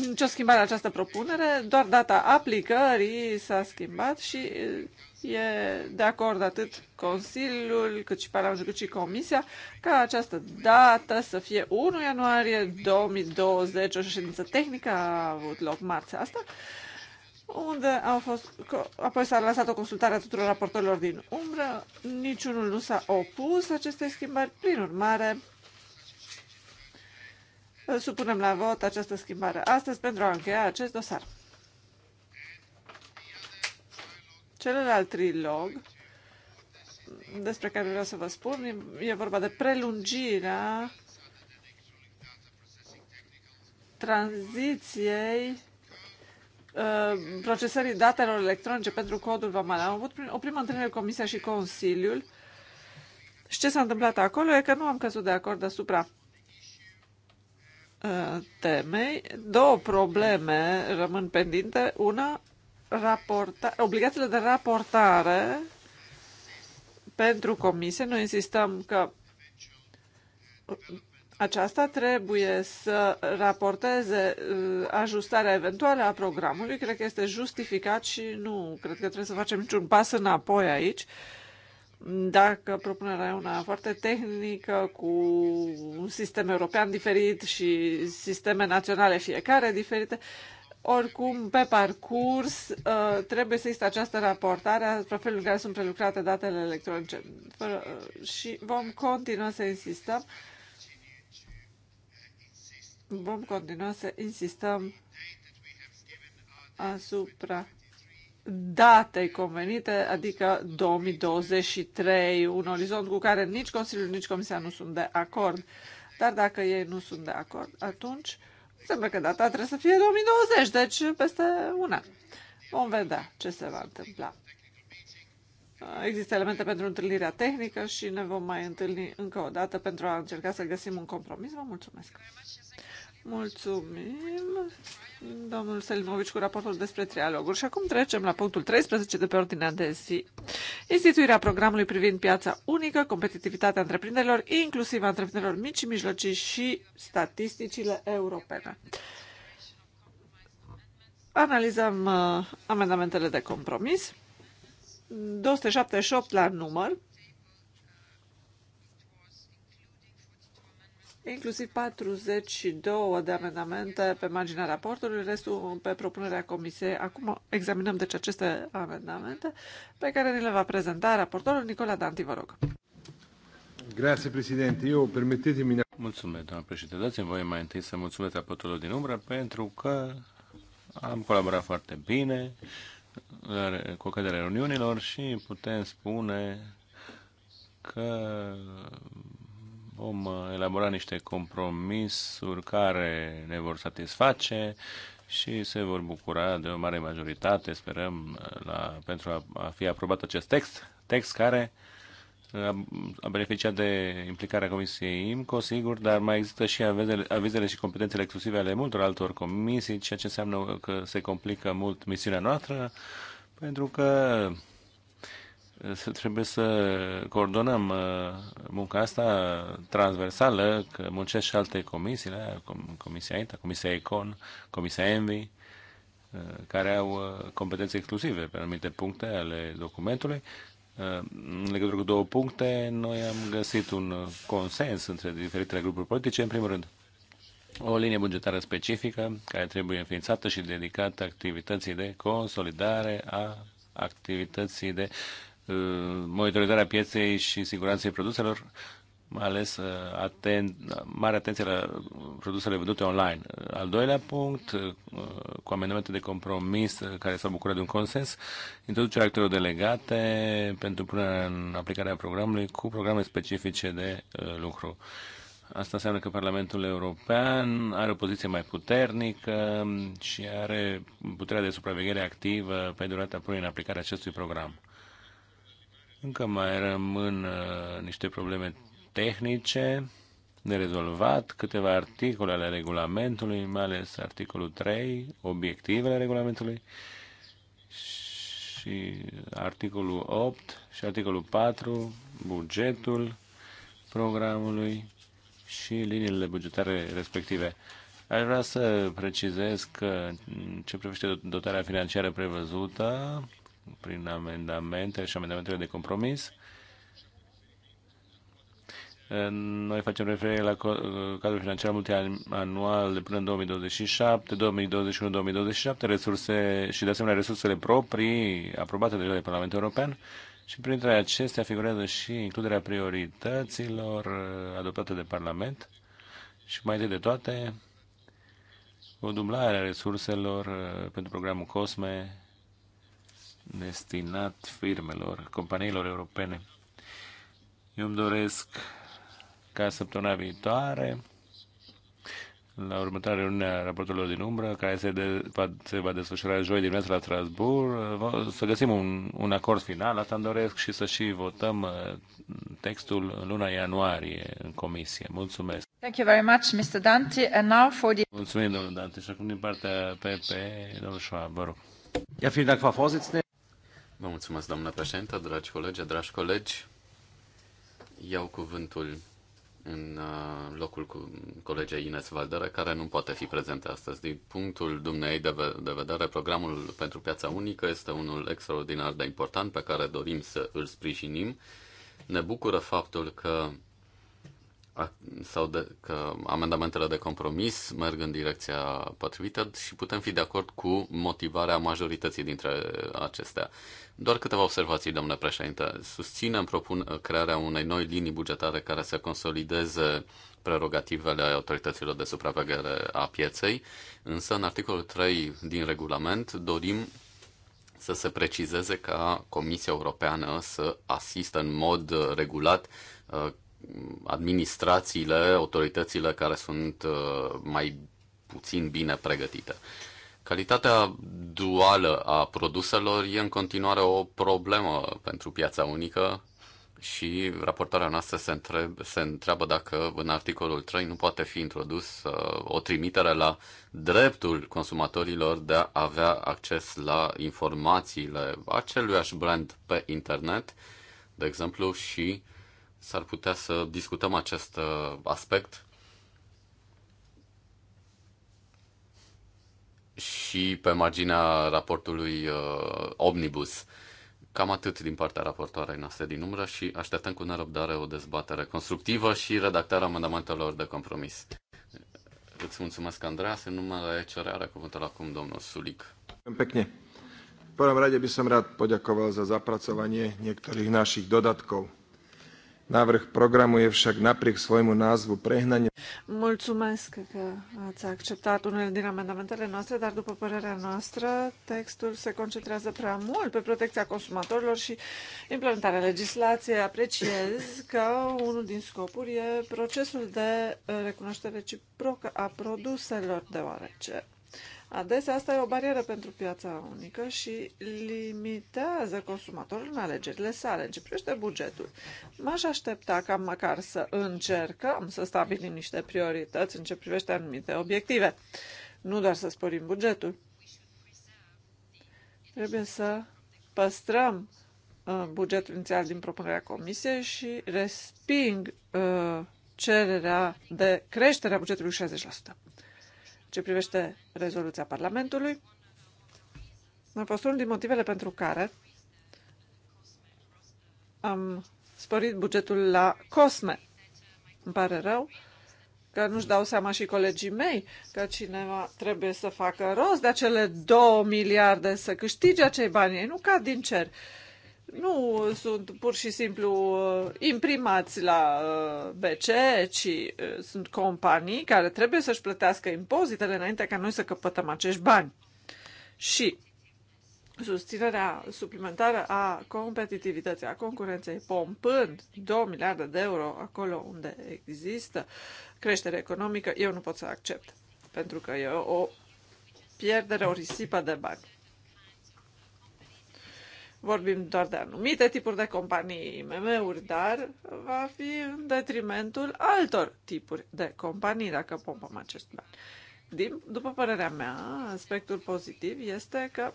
nicio schimbare la această propunere, doar data aplicării s-a schimbat și e de acord atât Consiliul, cât și Parlamentul, cât și Comisia, ca această dată să fie 1 ianuarie 2020, o ședință tehnică a avut loc marțea asta unde au fost, apoi s-a lansat o consultare a tuturor raportorilor din umbră, niciunul nu s-a opus acestei schimbări, prin urmare, supunem la vot această schimbare astăzi pentru a încheia acest dosar. Celălalt trilog despre care vreau să vă spun e vorba de prelungirea tranziției Uh, procesării datelor electronice pentru codul VAMAL. Am avut o primă întâlnire cu Comisia și Consiliul și ce s-a întâmplat acolo e că nu am căzut de acord asupra uh, temei. Două probleme rămân pendinte. Una, raporta- obligațiile de raportare pentru comisie. Noi insistăm că aceasta trebuie să raporteze uh, ajustarea eventuală a programului. Cred că este justificat și nu cred că trebuie să facem niciun pas înapoi aici. Dacă propunerea e una foarte tehnică, cu un sistem european diferit și sisteme naționale fiecare diferite, oricum, pe parcurs, uh, trebuie să există această raportare asupra felului în care sunt prelucrate datele electronice. Uh, și vom continua să insistăm vom continua să insistăm asupra datei convenite, adică 2023, un orizont cu care nici Consiliul, nici Comisia nu sunt de acord. Dar dacă ei nu sunt de acord, atunci înseamnă că data trebuie să fie 2020, deci peste un an. Vom vedea ce se va întâmpla. Există elemente pentru întâlnirea tehnică și ne vom mai întâlni încă o dată pentru a încerca să găsim un compromis. Vă mulțumesc! Mulțumim, domnul Selimovici, cu raportul despre trialoguri. Și acum trecem la punctul 13 de pe ordinea de zi. Instituirea programului privind piața unică, competitivitatea întreprinderilor, inclusiv a întreprinderilor mici și mijlocii și statisticile europene. Analizăm uh, amendamentele de compromis. 278 la număr inclusiv 42 de amendamente pe marginea raportului, restul pe propunerea comisiei. Acum examinăm deci aceste amendamente pe care ni le va prezenta raportorul Nicola Danti, vă rog. Grazie, Presidente. Eu, permettetemi... Mulțumesc, doamna președinte. Dați-mi voie mai întâi să mulțumesc raportorul din umbră pentru că am colaborat foarte bine cu căderea reuniunilor și putem spune că vom uh, elabora niște compromisuri care ne vor satisface și se vor bucura de o mare majoritate, sperăm, uh, la, pentru a, a fi aprobat acest text, text care uh, a, a beneficiat de implicarea Comisiei IMCO, sigur, dar mai există și avizele, avizele și competențele exclusive ale multor altor comisii, ceea ce înseamnă că se complică mult misiunea noastră, pentru că trebuie să coordonăm uh, munca asta transversală, că muncesc și alte comisii, Comisia INTA, Comisia ECON, Comisia ENVI, uh, care au uh, competențe exclusive pe anumite puncte ale documentului. În legătură cu două puncte, noi am găsit un consens între diferitele grupuri politice. În primul rând, o linie bugetară specifică care trebuie înființată și dedicată activității de consolidare a activității de uh, Uh, monitorizarea pieței și siguranței produselor, mai ales uh, aten, mare atenție la produsele vândute online. Al doilea punct, uh, cu amendamente de compromis care s-au bucurat de un consens, introducerea actelor delegate pentru punerea în aplicarea programului cu programe specifice de lucru. Asta înseamnă că Parlamentul European are o poziție mai puternică și are puterea de supraveghere activă pe durata punerii în aplicare acestui program. Încă mai rămân uh, niște probleme tehnice de rezolvat, câteva articole ale regulamentului, mai ales articolul 3, obiectivele regulamentului și articolul 8 și articolul 4, bugetul programului și liniile bugetare respective. Aș vrea să precizez că ce privește dotarea financiară prevăzută, prin amendamente și amendamentele de compromis. Noi facem referire la cadrul financiar multianual de până în 2027, 2021, 2027, resurse și de asemenea resursele proprii aprobate deja de Parlamentul European și printre acestea figurează și includerea priorităților uh, adoptate de Parlament și mai de toate o dublare a resurselor uh, pentru programul COSME destinat firmelor, companiilor europene. Eu îmi doresc ca săptămâna viitoare, la următoarea reuniune a raportelor din umbră, care se, de, va, se va desfășura joi dimineața la Strasbourg, să găsim un, un acord final. Asta îmi doresc și să și votăm uh, textul în luna ianuarie în comisie. Mulțumesc! Thank you very much, Mr. Dante. And now for the... Mulțumim, domnul Dante. Și acum din partea PP, domnul Schwab, vă rog. Ja, vielen Dank, Frau Vorsitzende. Vă mulțumesc, doamnă președintă, dragi colegi, dragi colegi. Iau cuvântul în uh, locul cu colegia Ines Valdere, care nu poate fi prezentă astăzi. Din punctul dumnei de, de vedere, programul pentru piața unică este unul extraordinar de important pe care dorim să îl sprijinim. Ne bucură faptul că sau de, că amendamentele de compromis merg în direcția potrivită și putem fi de acord cu motivarea majorității dintre acestea. Doar câteva observații, domnule președinte. Susținem propun crearea unei noi linii bugetare care să consolideze prerogativele autorităților de supraveghere a pieței, însă în articolul 3 din regulament dorim să se precizeze ca Comisia Europeană să asistă în mod regulat uh, administrațiile, autoritățile care sunt uh, mai puțin bine pregătite. Calitatea duală a produselor e în continuare o problemă pentru piața unică și raportarea noastră se, întreb, se întreabă dacă în articolul 3 nu poate fi introdus uh, o trimitere la dreptul consumatorilor de a avea acces la informațiile aceluiași brand pe internet, de exemplu, și uh, s-ar putea să discutăm acest uh, aspect și pe marginea raportului uh, Omnibus. Cam atât din partea raportoarei noastre din umbră și așteptăm cu nerăbdare o dezbatere constructivă și redactarea amendamentelor de compromis. Îți mulțumesc, Andreea. În numele ECR are cuvântul acum domnul Sulic. Pekne. V prvom rade by som rád poďakoval za zapracovanie niektorých našich dodatkov. Návrh programu je však napriek svojmu názvu Mulțumesc că ați acceptat unele din amendamentele noastre, dar după părerea noastră, textul se concentrează prea mult pe protecția consumatorilor și implementarea legislației. Apreciez că unul din scopuri e procesul de recunoaștere reciprocă a produselor, deoarece Adesea asta e o barieră pentru piața unică și limitează consumatorul în alegerile sale. În ce privește bugetul, m-aș aștepta ca măcar să încercăm să stabilim niște priorități în ce privește anumite obiective. Nu doar să sporim bugetul. Trebuie să păstrăm uh, bugetul inițial din propunerea comisiei și resping uh, cererea de creștere a bugetului 60% ce privește rezoluția Parlamentului, a fost unul din motivele pentru care am sporit bugetul la COSME. Îmi pare rău că nu-și dau seama și colegii mei că cineva trebuie să facă rost de acele două miliarde, să câștige acei bani. Ei nu cad din cer. Uh, nu sunt pur și simplu uh, imprimați la uh, BC, ci uh, sunt companii care trebuie să-și plătească impozitele înainte ca noi să căpătăm acești bani. Și susținerea suplimentară a competitivității, a concurenței, pompând 2 miliarde de euro acolo unde există creștere economică, eu nu pot să accept, pentru că e o pierdere, o risipă de bani. Vorbim doar de anumite tipuri de companii, IMM-uri, dar va fi în detrimentul altor tipuri de companii dacă pompăm acest bani. Din, după părerea mea, aspectul pozitiv este că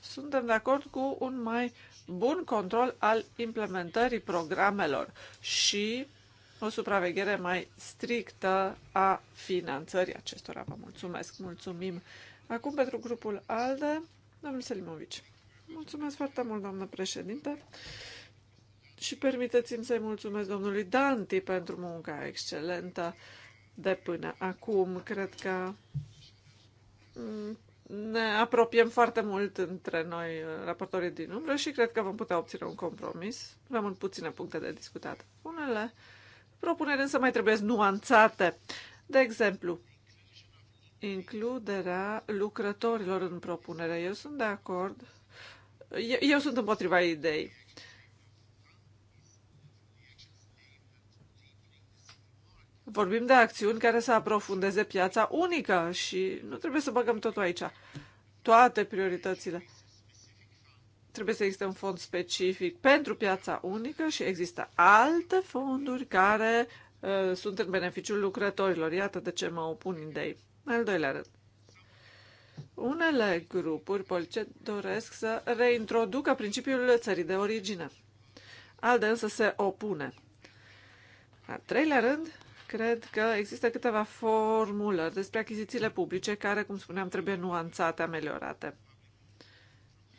suntem de acord cu un mai bun control al implementării programelor și o supraveghere mai strictă a finanțării acestora. Vă mulțumesc, mulțumim. Acum pentru grupul ALDE, domnul Selimovici. Mulțumesc foarte mult, doamnă președinte. Și permiteți-mi să-i mulțumesc domnului Danti pentru munca excelentă de până acum. Cred că mm, ne apropiem foarte mult între noi, raportorii din umbră, și cred că vom putea obține un compromis. Rămân puține puncte de discutat. Unele propuneri însă mai trebuie nuanțate. De exemplu, includerea lucrătorilor în propunere. Eu sunt de acord eu, eu sunt împotriva idei. Vorbim de acțiuni care să aprofundeze piața unică și nu trebuie să băgăm totul aici. Toate prioritățile. Trebuie să existe un fond specific pentru piața unică și există alte fonduri care uh, sunt în beneficiul lucrătorilor. Iată de ce mă opun idei. Al doilea rând. Unele grupuri politice doresc să reintroducă principiul țării de origine. Alde însă se opune. Al treilea rând, cred că există câteva formulări despre achizițiile publice care, cum spuneam, trebuie nuanțate, ameliorate.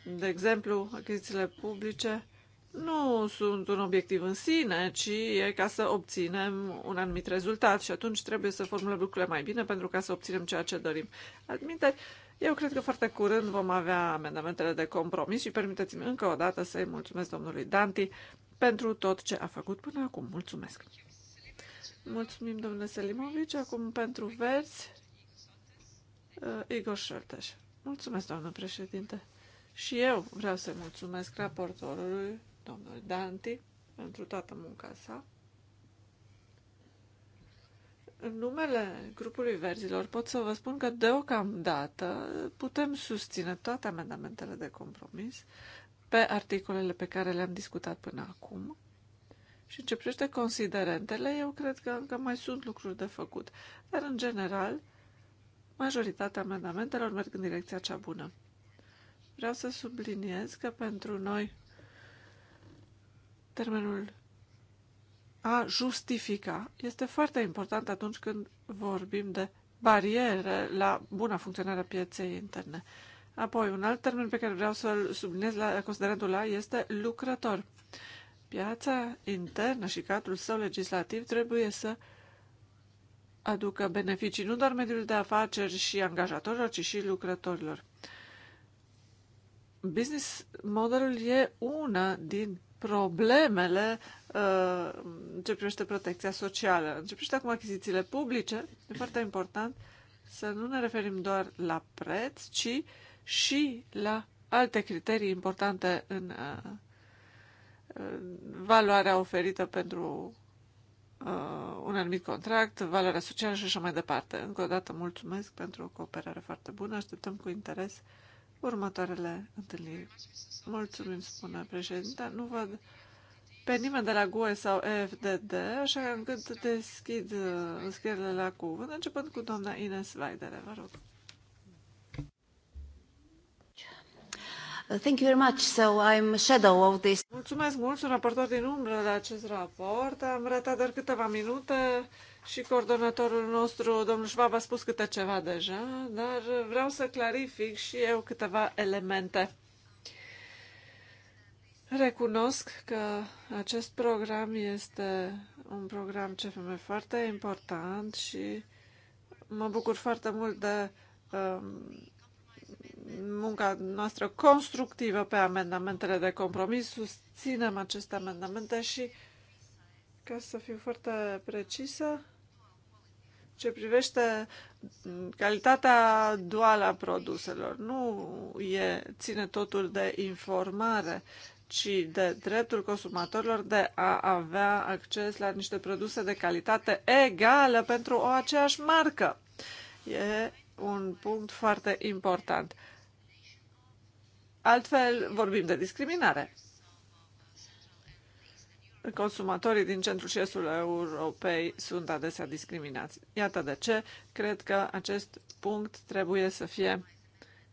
De exemplu, achizițiile publice nu sunt un obiectiv în sine, ci e ca să obținem un anumit rezultat și atunci trebuie să formulăm lucrurile mai bine pentru ca să obținem ceea ce dorim. Adminteri, eu cred că foarte curând vom avea amendamentele de compromis și permiteți-mi încă o dată să-i mulțumesc domnului Danti pentru tot ce a făcut până acum. Mulțumesc! Mulțumim, domnule Selimovici. Acum pentru verzi, uh, Igor Șerteș. Mulțumesc, doamnă președinte. Și eu vreau să mulțumesc raportorului, domnul Danti, pentru toată munca sa. În numele grupului verzilor pot să vă spun că deocamdată putem susține toate amendamentele de compromis pe articolele pe care le-am discutat până acum. Și în ce privește considerentele, eu cred că încă mai sunt lucruri de făcut. Dar, în general, majoritatea amendamentelor merg în direcția cea bună. Vreau să subliniez că pentru noi termenul a justifica. Este foarte important atunci când vorbim de bariere la buna funcționare a pieței interne. Apoi, un alt termen pe care vreau să-l subliniez la considerentul la este lucrător. Piața internă și cadrul său legislativ trebuie să aducă beneficii nu doar mediului de afaceri și angajatorilor, ci și lucrătorilor. Business modelul e una din problemele uh, ce privește protecția socială. În ce privește acum achizițiile publice, e foarte important să nu ne referim doar la preț, ci și la alte criterii importante în uh, valoarea oferită pentru uh, un anumit contract, valoarea socială și așa mai departe. Încă o dată mulțumesc pentru o cooperare foarte bună. Așteptăm cu interes uh, următoarele întâlniri. Mulțumim, spune președinta. Nu văd pe nimeni de la GUE sau fdd așa că încât deschid uh, înscrierile la cuvânt, începând cu doamna Ines Vaidere, vă rog. Thank you very much. So I'm shadow of this. Mulțumesc mult, sunt raportor din umbră la acest raport. Am ratat doar câteva minute și coordonatorul nostru, domnul Schwab, a spus câte ceva deja, dar vreau să clarific și eu câteva elemente. Recunosc că acest program este un program CFM foarte important și mă bucur foarte mult de um, munca noastră constructivă pe amendamentele de compromis. Susținem aceste amendamente și, ca să fiu foarte precisă, ce privește mm, calitatea duală a produselor. Nu e, ține totul de informare, ci de dreptul consumatorilor de a avea acces la niște produse de calitate egală pentru o aceeași marcă. E un punct foarte important. Altfel vorbim de discriminare consumatorii din centrul și estul Europei sunt adesea discriminați. Iată de ce cred că acest punct trebuie să fie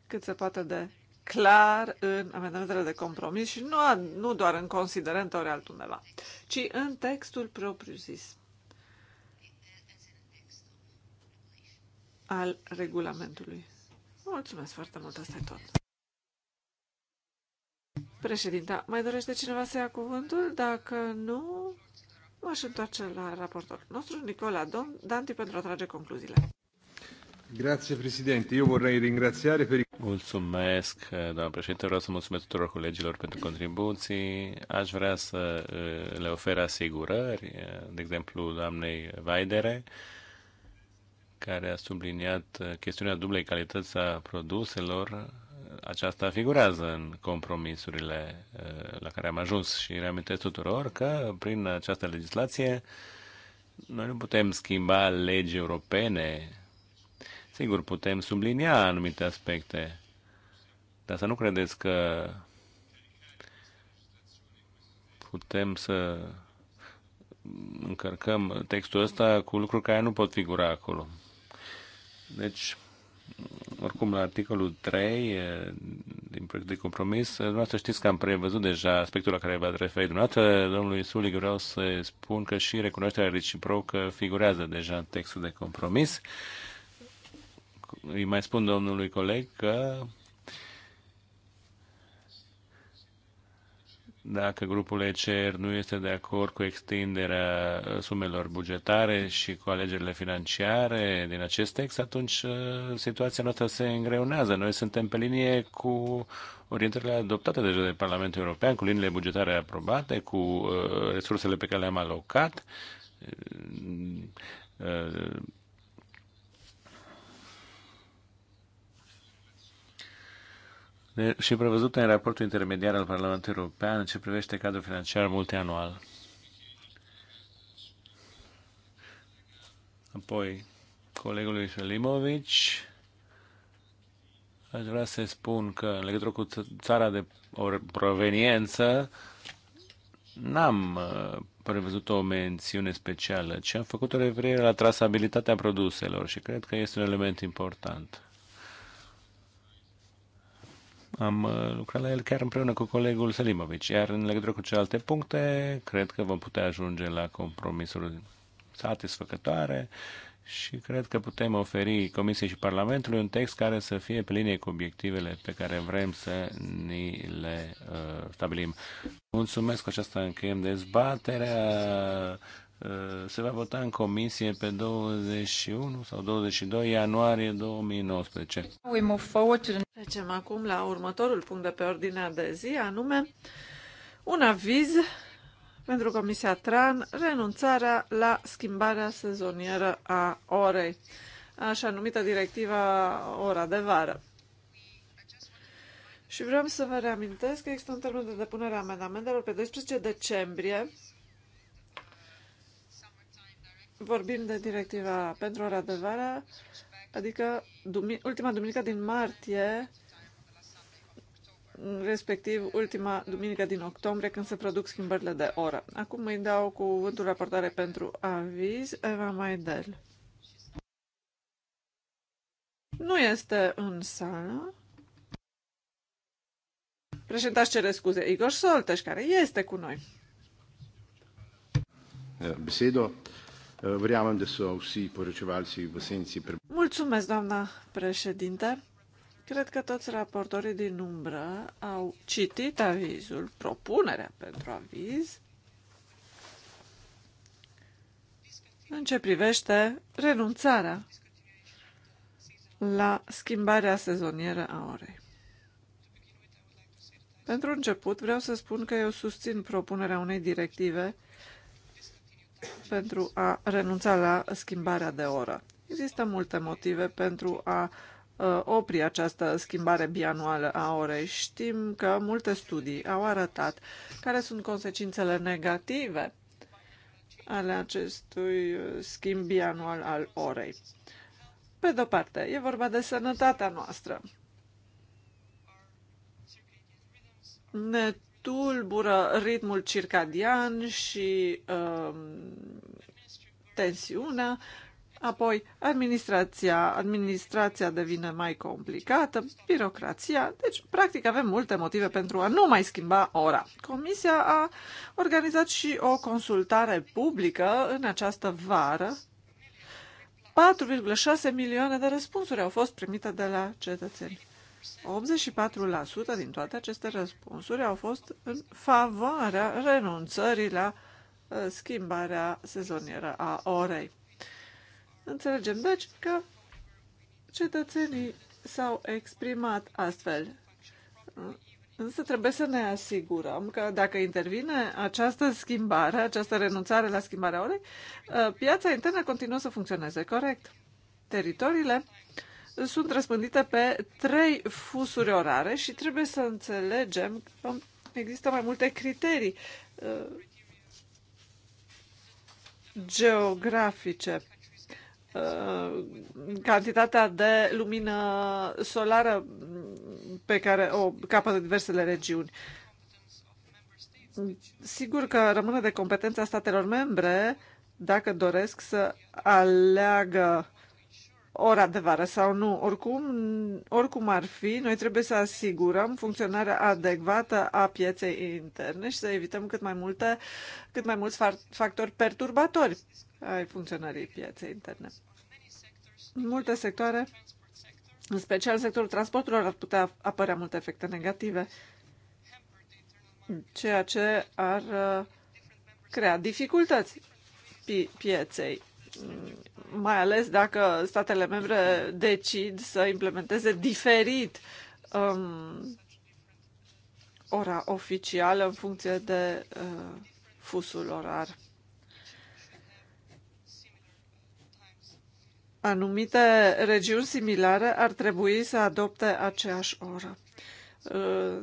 cât se poate de clar în amendamentele de compromis și nu, nu doar în considerente ori altundeva, ci în textul propriu-zis al regulamentului. Mulțumesc foarte mult, asta e tot. Președinta, mai dorește cineva să ia cuvântul? Dacă nu, m-aș întoarce la raportor nostru, Nicola Dom, Danti, pentru a trage concluziile. Grazie, Presidente. Eu vorrei ringraziare per... Mulțumesc, doamnă președinte. Vreau să mulțumesc tuturor colegilor pentru contribuții. Aș vrea să le ofer asigurări, de exemplu, doamnei Vaidere, care a subliniat chestiunea dublei calități a produselor aceasta figurează în compromisurile uh, la care am ajuns și reamintesc tuturor că prin această legislație noi nu putem schimba legi europene. Sigur, putem sublinia anumite aspecte, dar să nu credeți că putem să încărcăm textul ăsta cu lucruri care nu pot figura acolo. Deci, oricum, la articolul 3 din proiectul de compromis, dumneavoastră știți că am prevăzut deja aspectul la care v-ați referit dumneavoastră. Domnului Sulic vreau să spun că și recunoașterea reciprocă figurează deja în textul de compromis. Îi mai spun domnului coleg că dacă grupul ECR nu este de acord cu extinderea uh, sumelor bugetare și cu alegerile financiare din acest text, atunci uh, situația noastră se îngreunează. Noi suntem pe linie cu orientările adoptate deja de Parlamentul European, cu liniile bugetare aprobate, cu uh, resursele pe care le-am alocat și prevăzută în raportul intermediar al Parlamentului European în ce privește cadrul financiar multianual. Apoi, colegului Felimovic, aș vrea să spun că în legătură cu țara de proveniență, n-am uh, prevăzut o mențiune specială, ci am făcut o referire la trasabilitatea produselor și cred că este un element important. Am uh, lucrat la el chiar împreună cu colegul Selimovic, iar în legătură cu celelalte puncte, cred că vom putea ajunge la compromisuri satisfăcătoare și cred că putem oferi Comisiei și Parlamentului un text care să fie pe linie cu obiectivele pe care vrem să ni le uh, stabilim. Mulțumesc, cu aceasta încheiem dezbaterea. Uh, se va vota în comisie pe 21 sau 22 ianuarie 2019. Trecem acum la următorul punct de pe ordinea de zi, anume un aviz pentru Comisia TRAN, renunțarea la schimbarea sezonieră a orei, așa numită directiva ora de vară. Și vreau să vă reamintesc că există un termen de depunere a amendamentelor pe 12 decembrie. Vorbim de directiva pentru ora de vară adică dumi- ultima duminică din martie, respectiv ultima duminică din octombrie, când se produc schimbările de oră. Acum îi dau cuvântul raportare pentru aviz, Eva Maidel. Nu este în sală. Președintaș cere scuze Igor Solteș, care este cu noi. Eh, besedo. Verjamem, da so vsi poročevalci v senci. Mulțumesc, doamna președinte. Cred că toți raportorii din umbră au citit avizul, propunerea pentru aviz, în ce privește renunțarea la schimbarea sezonieră a orei. Pentru început, vreau să spun că eu susțin propunerea unei directive pentru a renunța la schimbarea de oră. Există multe motive pentru a ă, opri această schimbare bianuală a orei. Știm că multe studii au arătat care sunt consecințele negative ale acestui schimb bianual al orei. Pe de-o parte, e vorba de sănătatea noastră. Ne tulbură ritmul circadian și uh, tensiunea, apoi administrația, administrația devine mai complicată, birocrația, deci practic avem multe motive pentru a nu mai schimba ora. Comisia a organizat și o consultare publică în această vară. 4,6 milioane de răspunsuri au fost primite de la cetățeni. 84% din toate aceste răspunsuri au fost în favoarea renunțării la uh, schimbarea sezonieră a orei. Înțelegem, deci, că cetățenii s-au exprimat astfel. Însă trebuie să ne asigurăm că dacă intervine această schimbare, această renunțare la schimbarea orei, uh, piața internă continuă să funcționeze corect. Teritoriile sunt răspândite pe trei fusuri orare și trebuie să înțelegem că există mai multe criterii uh, geografice. Uh, cantitatea de lumină solară pe care o capătă diversele regiuni. Sigur că rămâne de competența statelor membre dacă doresc să aleagă ora de vară sau nu. Oricum, oricum ar fi, noi trebuie să asigurăm funcționarea adecvată a pieței interne și să evităm cât mai, multe, cât mai mulți factori perturbatori ai funcționării pieței interne. În multe sectoare, în special sectorul transporturilor, ar putea apărea multe efecte negative, ceea ce ar uh, crea dificultăți pieței mai ales dacă statele membre decid să implementeze diferit um, ora oficială în funcție de uh, fusul orar. Anumite regiuni similare ar trebui să adopte aceeași oră. Uh,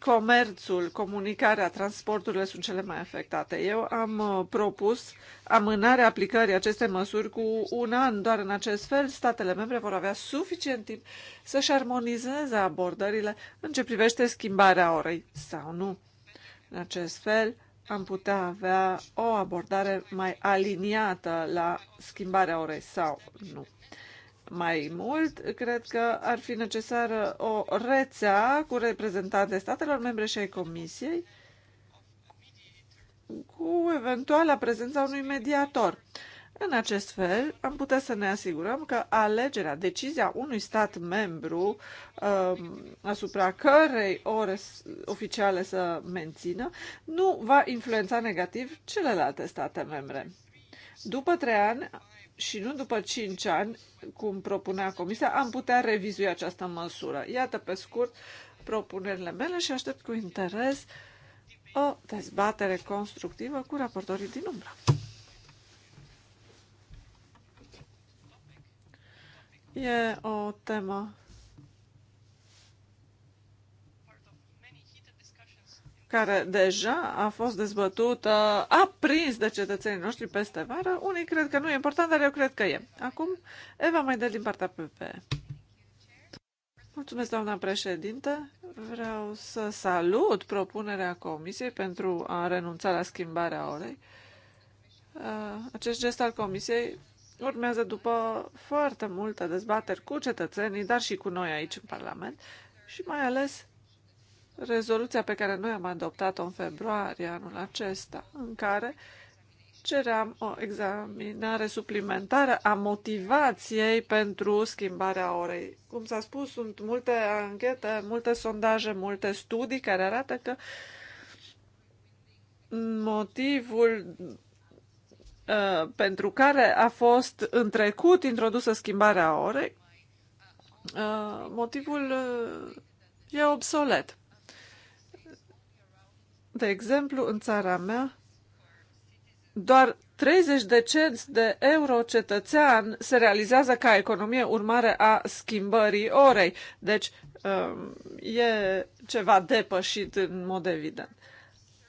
comerțul, comunicarea, transporturile sunt cele mai afectate. Eu am uh, propus amânarea aplicării acestei măsuri cu un an. Doar în acest fel, statele membre vor avea suficient timp să-și armonizeze abordările în ce privește schimbarea orei sau nu. În acest fel, am putea avea o abordare mai aliniată la schimbarea orei sau nu mai mult, cred că ar fi necesară o rețea cu reprezentante statelor membre și ai Comisiei cu eventuala prezența unui mediator. În acest fel, am putea să ne asigurăm că alegerea, decizia unui stat membru um, asupra cărei ore oficiale să mențină, nu va influența negativ celelalte state membre. După trei ani, și nu după 5 ani, cum propunea Comisia, am putea revizui această măsură. Iată, pe scurt, propunerile mele și aștept cu interes o dezbatere constructivă cu raportorii din umbră. E o temă care deja a fost dezbătută, aprins de cetățenii noștri peste vară. Unii cred că nu e important, dar eu cred că e. Acum, Eva mai dă din partea PP. Mulțumesc, doamna președinte. Vreau să salut propunerea Comisiei pentru a renunța la schimbarea orei. Uh, acest gest al Comisiei urmează după foarte multe dezbateri cu cetățenii, dar și cu noi aici în Parlament și mai ales rezoluția pe care noi am adoptat-o în februarie anul acesta, în care ceream o examinare suplimentară a motivației pentru schimbarea orei. Cum s-a spus, sunt multe anchete, multe sondaje, multe studii care arată că motivul uh, pentru care a fost în trecut introdusă schimbarea orei, uh, motivul uh, e obsolet. De exemplu, în țara mea, doar 30 de cenți de euro cetățean se realizează ca economie urmare a schimbării orei. Deci um, e ceva depășit în mod evident.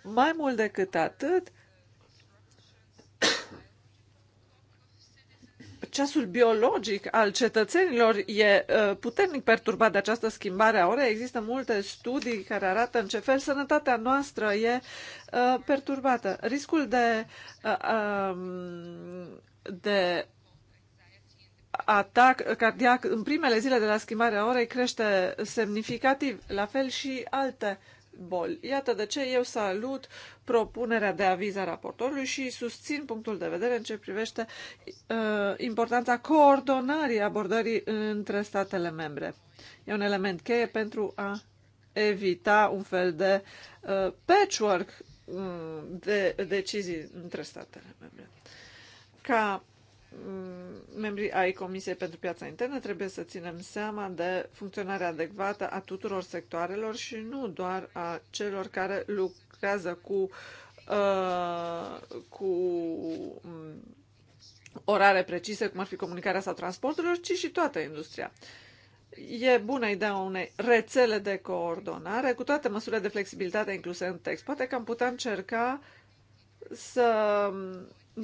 Mai mult decât atât, ceasul biologic al cetățenilor e puternic perturbat de această schimbare a orei. Există multe studii care arată în ce fel sănătatea noastră e perturbată. Riscul de, de atac cardiac în primele zile de la schimbarea orei crește semnificativ, la fel și alte boli. Iată de ce eu salut propunerea de aviz a raportorului și susțin punctul de vedere în ce privește uh, importanța coordonării abordării între statele membre. E un element cheie pentru a evita un fel de uh, patchwork um, de decizii între statele membre. Ca Mm, membrii ai Comisiei pentru Piața Internă trebuie să ținem seama de funcționarea adecvată a tuturor sectoarelor și nu doar a celor care lucrează cu, uh, cu mm, orare precise, cum ar fi comunicarea sau transporturilor, ci și toată industria. E bună ideea unei rețele de coordonare cu toate măsurile de flexibilitate incluse în text. Poate că am putea încerca să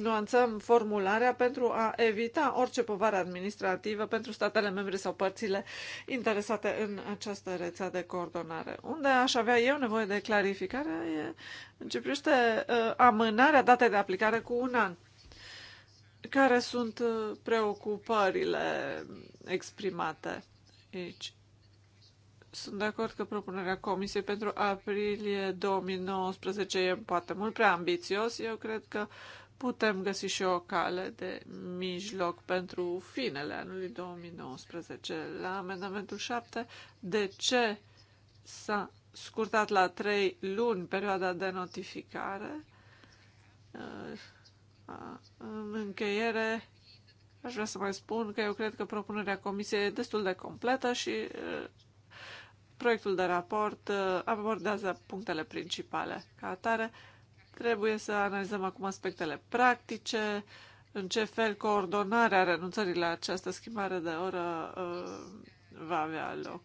nuanțăm formularea pentru a evita orice povară administrativă pentru statele membre sau părțile interesate în această rețea de coordonare. Unde aș avea eu nevoie de clarificare e în ce privește uh, amânarea datei de aplicare cu un an. Care sunt uh, preocupările exprimate aici? Sunt de acord că propunerea Comisiei pentru aprilie 2019 e poate mult prea ambițios. Eu cred că putem găsi și o cale de mijloc pentru finele anului 2019. La amendamentul 7, de ce s-a scurtat la 3 luni perioada de notificare? Uh, în încheiere, aș vrea să mai spun că eu cred că propunerea comisiei e destul de completă și uh, proiectul de raport uh, abordează punctele principale. Ca atare, Trebuie să analizăm acum aspectele practice, în ce fel coordonarea renunțării la această schimbare de oră uh, va avea loc.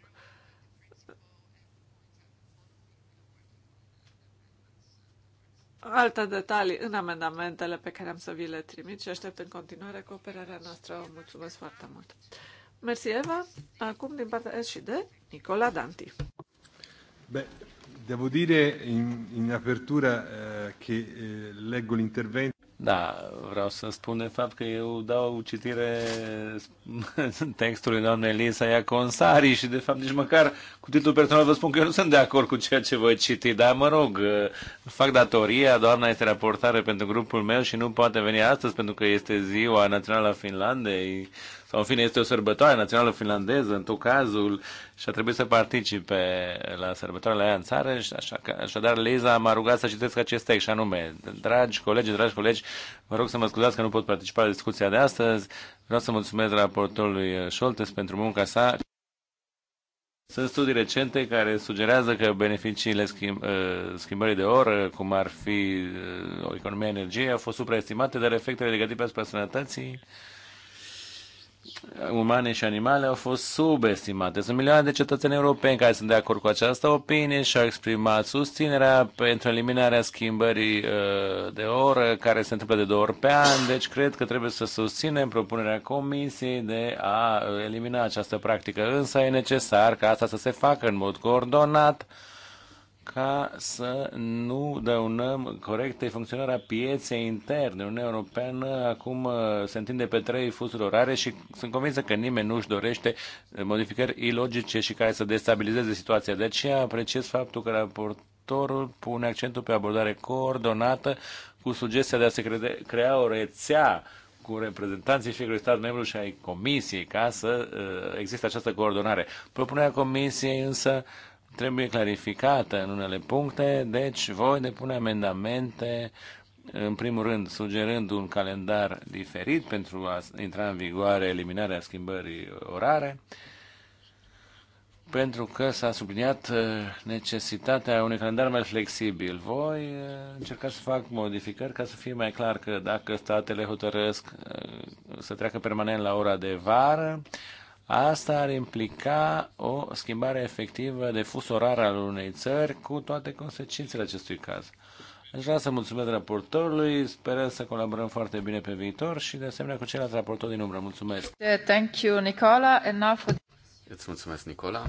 Alte detalii în amendamentele pe care am să vi le trimit și aștept în continuare cooperarea noastră. O mulțumesc foarte mult. Mersi, Eva. Acum, din partea S și D, Nicola Danti. Be- Devo dire in, in apertura uh, che uh, leggo l'intervento. Da, vreau să spun de fapt că eu dau citire mm, <laughs> textului doamnei Elisa Iaconsari și de fapt nici măcar cu titlul personal vă spun că eu nu sunt de acord cu ceea ce voi citi, dar mă rog, eh, fac datoria, doamna este raportare pentru grupul meu și nu poate veni astăzi pentru că este ziua națională a Finlandei sau în fine este o sărbătoare națională finlandeză în tot cazul și a trebuit să participe la sărbătoarea aia în țară și așa, așadar Leiza m-a rugat să citesc acest text și anume, dragi colegi, dragi colegi, vă rog să mă scuzați că nu pot participa la discuția de astăzi, vreau să mulțumesc raportorului Scholtes pentru munca sa. Sunt studii recente care sugerează că beneficiile schimb, uh, schimbării de oră, cum ar fi uh, o economie a energiei, au fost supraestimate, dar efectele negative asupra sănătății umane și animale au fost subestimate. Sunt milioane de cetățeni europeni care sunt de acord cu această opinie și au exprimat susținerea pentru eliminarea schimbării uh, de oră care se întâmplă de două ori pe an. Deci cred că trebuie să susținem propunerea Comisiei de a elimina această practică. Însă e necesar ca asta să se facă în mod coordonat ca să nu dăunăm corectei funcționarea pieței interne. Uniunea Europeană acum uh, se întinde pe trei fusuri orare și sunt convinsă că nimeni nu își dorește uh, modificări ilogice și care să destabilizeze situația. De aceea apreciez faptul că raportorul pune accentul pe abordare coordonată cu sugestia de a se crea o rețea cu reprezentanții fiecărui stat membru și ai comisiei ca să uh, existe această coordonare. Propunerea comisiei însă uh, trebuie clarificată în unele puncte, deci voi depune amendamente, în primul rând sugerând un calendar diferit pentru a intra în vigoare eliminarea schimbării orare, pentru că s-a subliniat uh, necesitatea unui calendar mai flexibil. Voi uh, încerca să fac modificări ca să fie mai clar că dacă statele hotărăsc uh, să treacă permanent la ora de vară, Asta ar implica o schimbare efectivă de fus orar al unei țări cu toate consecințele acestui caz. Aș vrea să mulțumesc raportorului, sperăm să colaborăm foarte bine pe viitor și de asemenea cu ceilalți raportori din umbră. Mulțumesc! Thank you, Nicola. for... Îți mulțumesc, Nicola.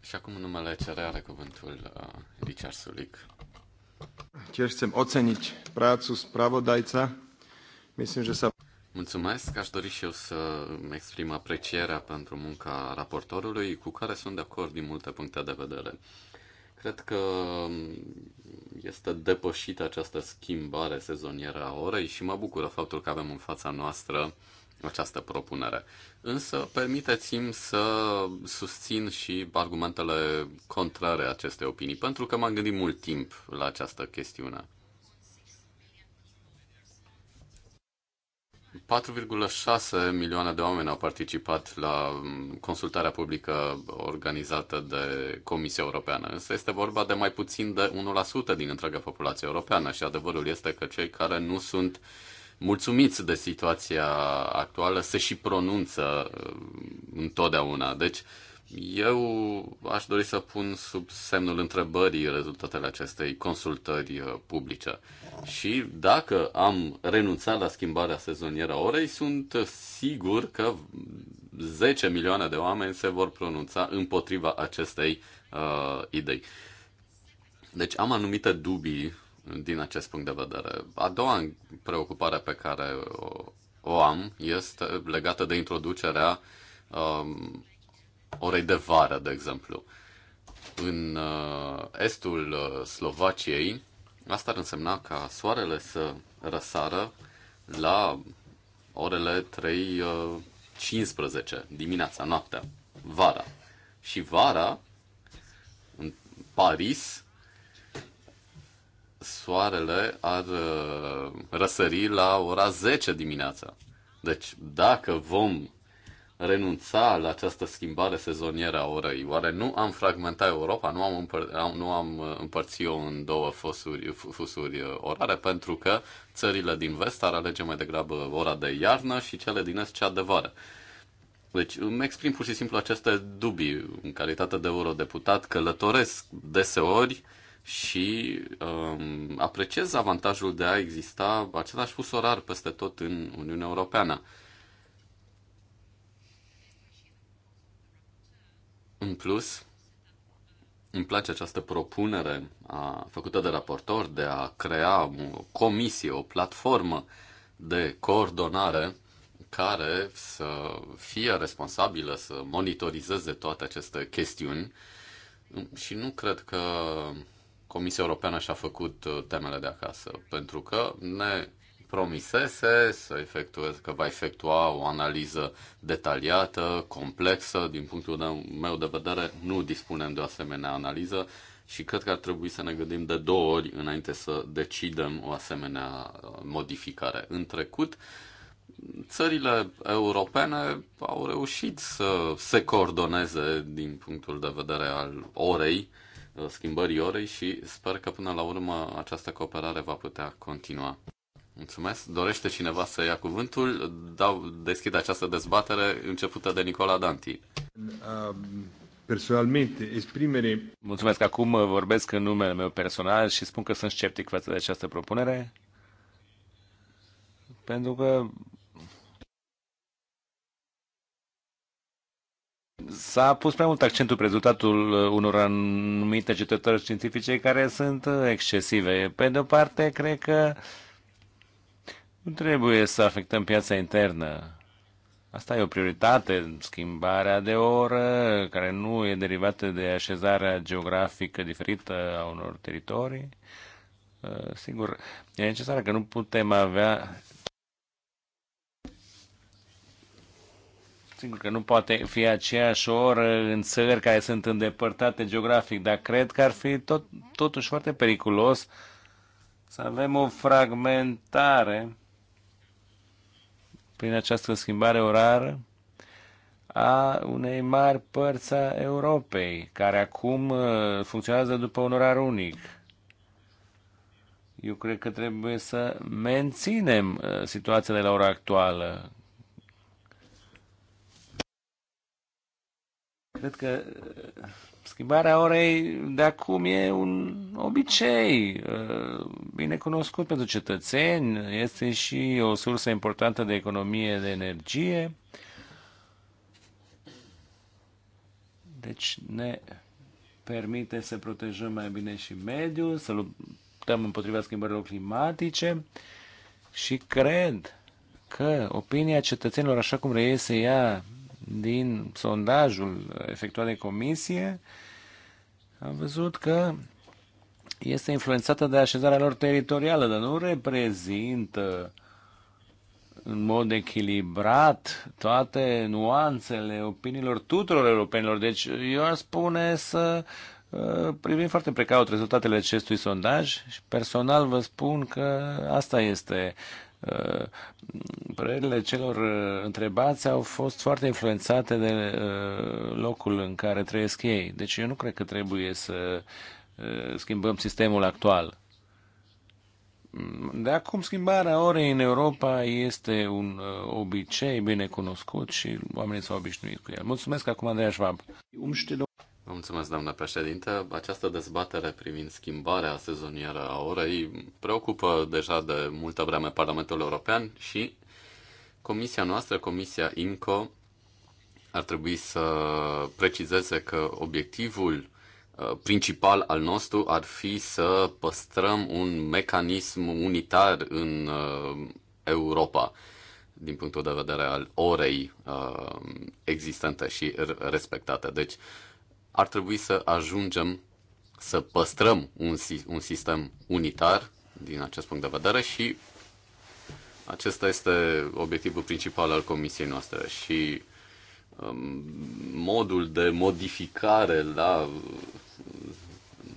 Și acum în numele CR are cuvântul uh, Richard Sulic. Tiež chcem oceniť prácu spravodajca. Myslím, že sa... Mulțumesc, aș dori și eu să exprim aprecierea pentru munca raportorului, cu care sunt de acord din multe puncte de vedere. Cred că este depășită această schimbare sezonieră a orei și mă bucură faptul că avem în fața noastră această propunere. Însă, permiteți-mi să susțin și argumentele contrare acestei opinii, pentru că m-am gândit mult timp la această chestiune. 4,6 milioane de oameni au participat la mm, consultarea publică organizată de Comisia Europeană, însă este vorba de mai puțin de 1% din întreaga populație europeană și adevărul este că cei care nu sunt mulțumiți de situația actuală se și pronunță mm, întotdeauna. Deci, eu aș dori să pun sub semnul întrebării rezultatele acestei consultări uh, publice. Și dacă am renunțat la schimbarea sezonieră a orei, sunt sigur că 10 milioane de oameni se vor pronunța împotriva acestei uh, idei. Deci am anumite dubii din acest punct de vedere. A doua preocupare pe care o, o am este legată de introducerea um, orei de vară, de exemplu. În uh, estul uh, Slovaciei, asta ar însemna ca soarele să răsară la orele 3.15 uh, dimineața, noaptea, vara. Și vara, în Paris, soarele ar răsări la ora 10 dimineața. Deci, dacă vom renunța la această schimbare sezonieră a orei? Oare nu am fragmentat Europa, nu am, împăr- nu am uh, împărțit-o în două fosuri, fusuri uh, orare, pentru că țările din vest ar alege mai degrabă ora de iarnă și cele din est cea de vară. Deci îmi exprim pur și simplu aceste dubii. În calitate de eurodeputat călătoresc deseori și um, apreciez avantajul de a exista același fus orar peste tot în Uniunea Europeană. În plus, îmi place această propunere a, făcută de raportor de a crea o comisie, o platformă de coordonare care să fie responsabilă să monitorizeze toate aceste chestiuni și nu cred că Comisia Europeană și-a făcut uh, temele de acasă, pentru că ne promisese să efectuez, că va efectua o analiză detaliată, complexă. Din punctul meu de vedere, nu dispunem de o asemenea analiză și cred că ar trebui să ne gândim de două ori înainte să decidem o asemenea uh, modificare. În trecut, țările europene au reușit să se coordoneze din punctul de vedere al orei, uh, schimbării orei și sper că până la urmă această cooperare va putea continua. Mulțumesc. Dorește cineva să ia cuvântul? Dau, deschid această dezbatere începută de Nicola Danti. Um, personalmente, exprimere... Mulțumesc. Acum vorbesc în numele meu personal și spun că sunt sceptic față de această propunere. Pentru că S-a pus prea mult accentul pe rezultatul unor anumite cercetări științifice care sunt excesive. Pe de o parte, cred că uh, nu trebuie să afectăm piața internă. Asta e o prioritate, schimbarea de oră, care nu e derivată de așezarea geografică diferită a unor teritorii. Uh, sigur, e necesară că nu putem avea Sigur că nu poate fi aceeași oră în țări care sunt îndepărtate geografic, dar cred că ar fi tot, totuși foarte periculos să avem o fragmentare prin această schimbare orară a unei mari părți a Europei, care acum uh, funcționează după un orar unic. Eu cred că trebuie să menținem uh, situația de la ora actuală. Cred că uh, Schimbarea orei de acum e un obicei uh, bine cunoscut pentru cetățeni, este și o sursă importantă de economie de energie. Deci ne permite să protejăm mai bine și mediul, să luptăm împotriva schimbărilor climatice și cred că opinia cetățenilor, așa cum reiese ea din sondajul efectuat de comisie, am văzut că este influențată de așezarea lor teritorială, dar nu reprezintă în mod echilibrat toate nuanțele opiniilor tuturor europenilor. Deci eu aș spune să uh, privim foarte precaut rezultatele acestui sondaj și personal vă spun că asta este Uh, părerile celor uh, întrebați au fost foarte influențate de uh, locul în care trăiesc ei. Deci eu nu cred că trebuie să schimbăm sistemul actual. Mm, de acum schimbarea orei în Europa este un obicei bine cunoscut și oamenii s-au obișnuit cu el. Mulțumesc acum, Andreea Schwab. Mulțumesc, doamnă președinte. Această dezbatere privind schimbarea sezonieră a orei preocupă deja de multă vreme Parlamentul European și comisia noastră, comisia INCO, ar trebui să precizeze că obiectivul uh, principal al nostru ar fi să păstrăm un mecanism unitar în uh, Europa din punctul de vedere al orei uh, existente și respectate. Deci, ar trebui să ajungem să păstrăm un, un sistem unitar din acest punct de vedere și acesta este obiectivul principal al comisiei noastre și um, modul de modificare la,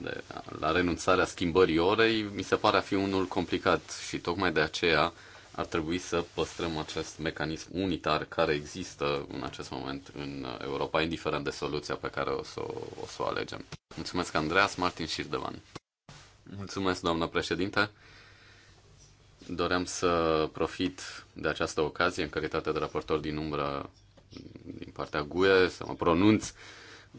de, la renunțarea schimbării orei mi se pare a fi unul complicat și tocmai de aceea ar trebui să păstrăm acest mecanism unitar care există în acest moment în Europa, indiferent de soluția pe care o să o, să o alegem. Mulțumesc, Andreas, Martin Șirdevan. Mulțumesc, doamnă președinte. Doream să profit de această ocazie în calitate de raportor din umbră din partea GUE, să mă pronunț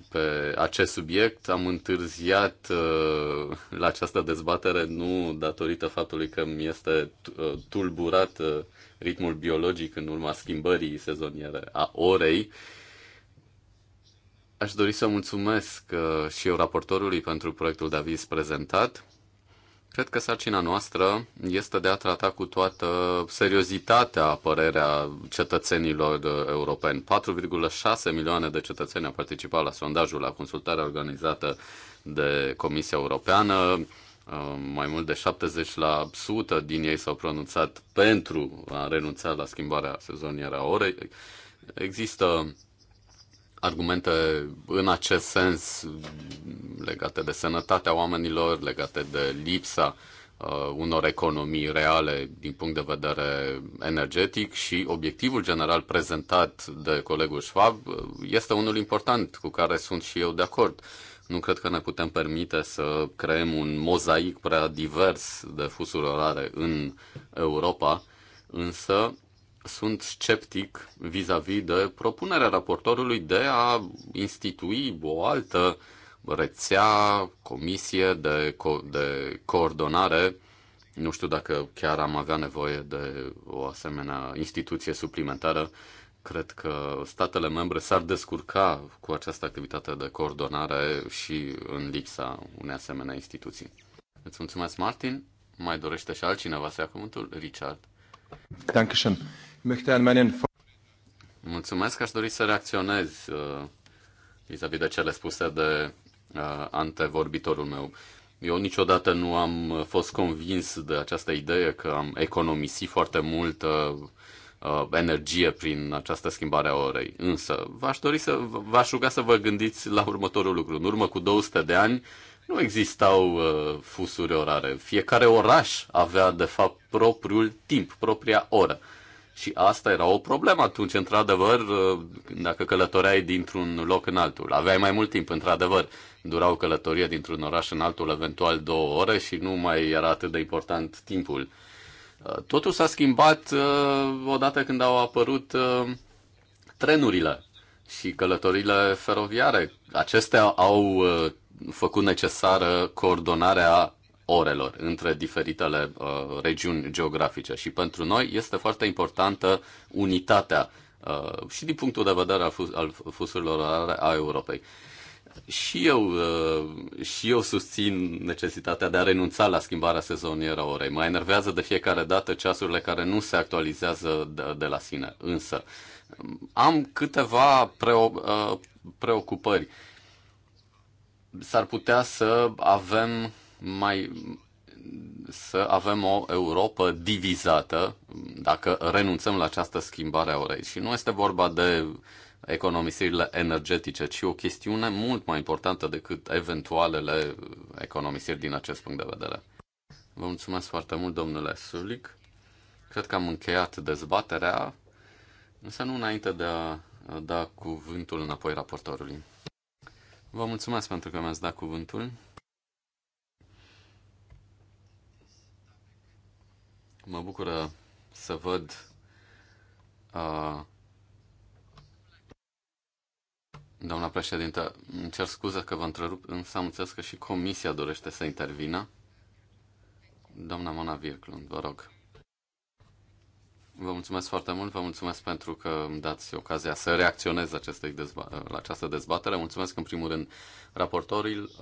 pe acest subiect. Am întârziat uh, la această dezbatere nu datorită faptului că mi este uh, tulburat uh, ritmul biologic în urma schimbării sezoniere a orei. Aș dori să mulțumesc uh, și eu raportorului pentru proiectul de aviz prezentat. Cred că sarcina noastră este de a trata cu toată seriozitatea părerea cetățenilor uh, europeni. 4,6 milioane de cetățeni au participat la sondajul, la consultarea organizată de Comisia Europeană. Uh, mai mult de 70% din ei s-au pronunțat pentru a renunța la schimbarea sezonieră a orei. Există argumente în acest sens legate de sănătatea oamenilor, legate de lipsa uh, unor economii reale din punct de vedere energetic și obiectivul general prezentat de colegul Schwab uh, este unul important cu care sunt și eu de acord. Nu cred că ne putem permite să creăm un mozaic prea divers de fusuri orare în Europa, însă sunt sceptic vis-a-vis -vis de propunerea raportorului de a institui o altă rețea, comisie de, co- de coordonare. Nu știu dacă chiar am avea nevoie de o asemenea instituție suplimentară. Cred că statele membre s-ar descurca cu această activitate de coordonare și în lipsa unei asemenea instituții. Îți mulțumesc, Martin. Mai dorește și altcineva să ia cuvântul? Richard. Dankeschön. Mulțumesc, aș dori să reacționez uh, vis-a-vis -vis de cele spuse de uh, antevorbitorul meu. Eu niciodată nu am uh, fost convins de această idee că am economisit foarte mult uh, energie prin această schimbare a orei. Însă, v-aș dori să v-aș ruga să vă gândiți la următorul lucru. În urmă cu 200 de ani, uh, nu existau uh, fusuri orare. Fiecare oraș avea, de fapt, propriul timp, propria oră. Și asta era o problemă atunci, într-adevăr, uh, dacă călătoreai dintr-un loc în altul. Aveai mai mult timp, într-adevăr. Dura o călătorie dintr-un oraș în altul, eventual două ore, și nu mai era atât de important timpul. Uh, totul s-a schimbat uh, odată când au apărut uh, trenurile și călătorile feroviare. Acestea au uh, făcut necesară coordonarea orelor între diferitele uh, regiuni geografice și pentru noi este foarte importantă unitatea uh, și din punctul de vedere al, fusurilor orare a Europei. Și eu, și eu susțin necesitatea de a renunța la schimbarea sezonieră a orei. Mă enervează de fiecare dată ceasurile care nu se actualizează de, de la sine. Însă, am câteva uh, preocupări. S-ar putea să avem mai să avem o Europa divizată dacă renunțăm la această schimbare a orei. Și nu este vorba de economisirile energetice, ci o chestiune mult mai importantă decât eventualele economisiri din acest punct de vedere. Vă mulțumesc foarte mult, domnule Sulic. Cred că am încheiat dezbaterea. Însă nu înainte de a da cuvântul înapoi raportorului. Vă mulțumesc pentru că mi-ați dat cuvântul. Mă bucură să văd uh, doamna președintă, îmi cer scuze că vă întrerup, însă am înțeles că și comisia dorește să intervină. Doamna Mona Virclund, vă rog. Vă mulțumesc foarte mult, vă mulțumesc pentru că îmi dați ocazia să reacționez aceste dezba- la această dezbatere. Mulțumesc în primul rând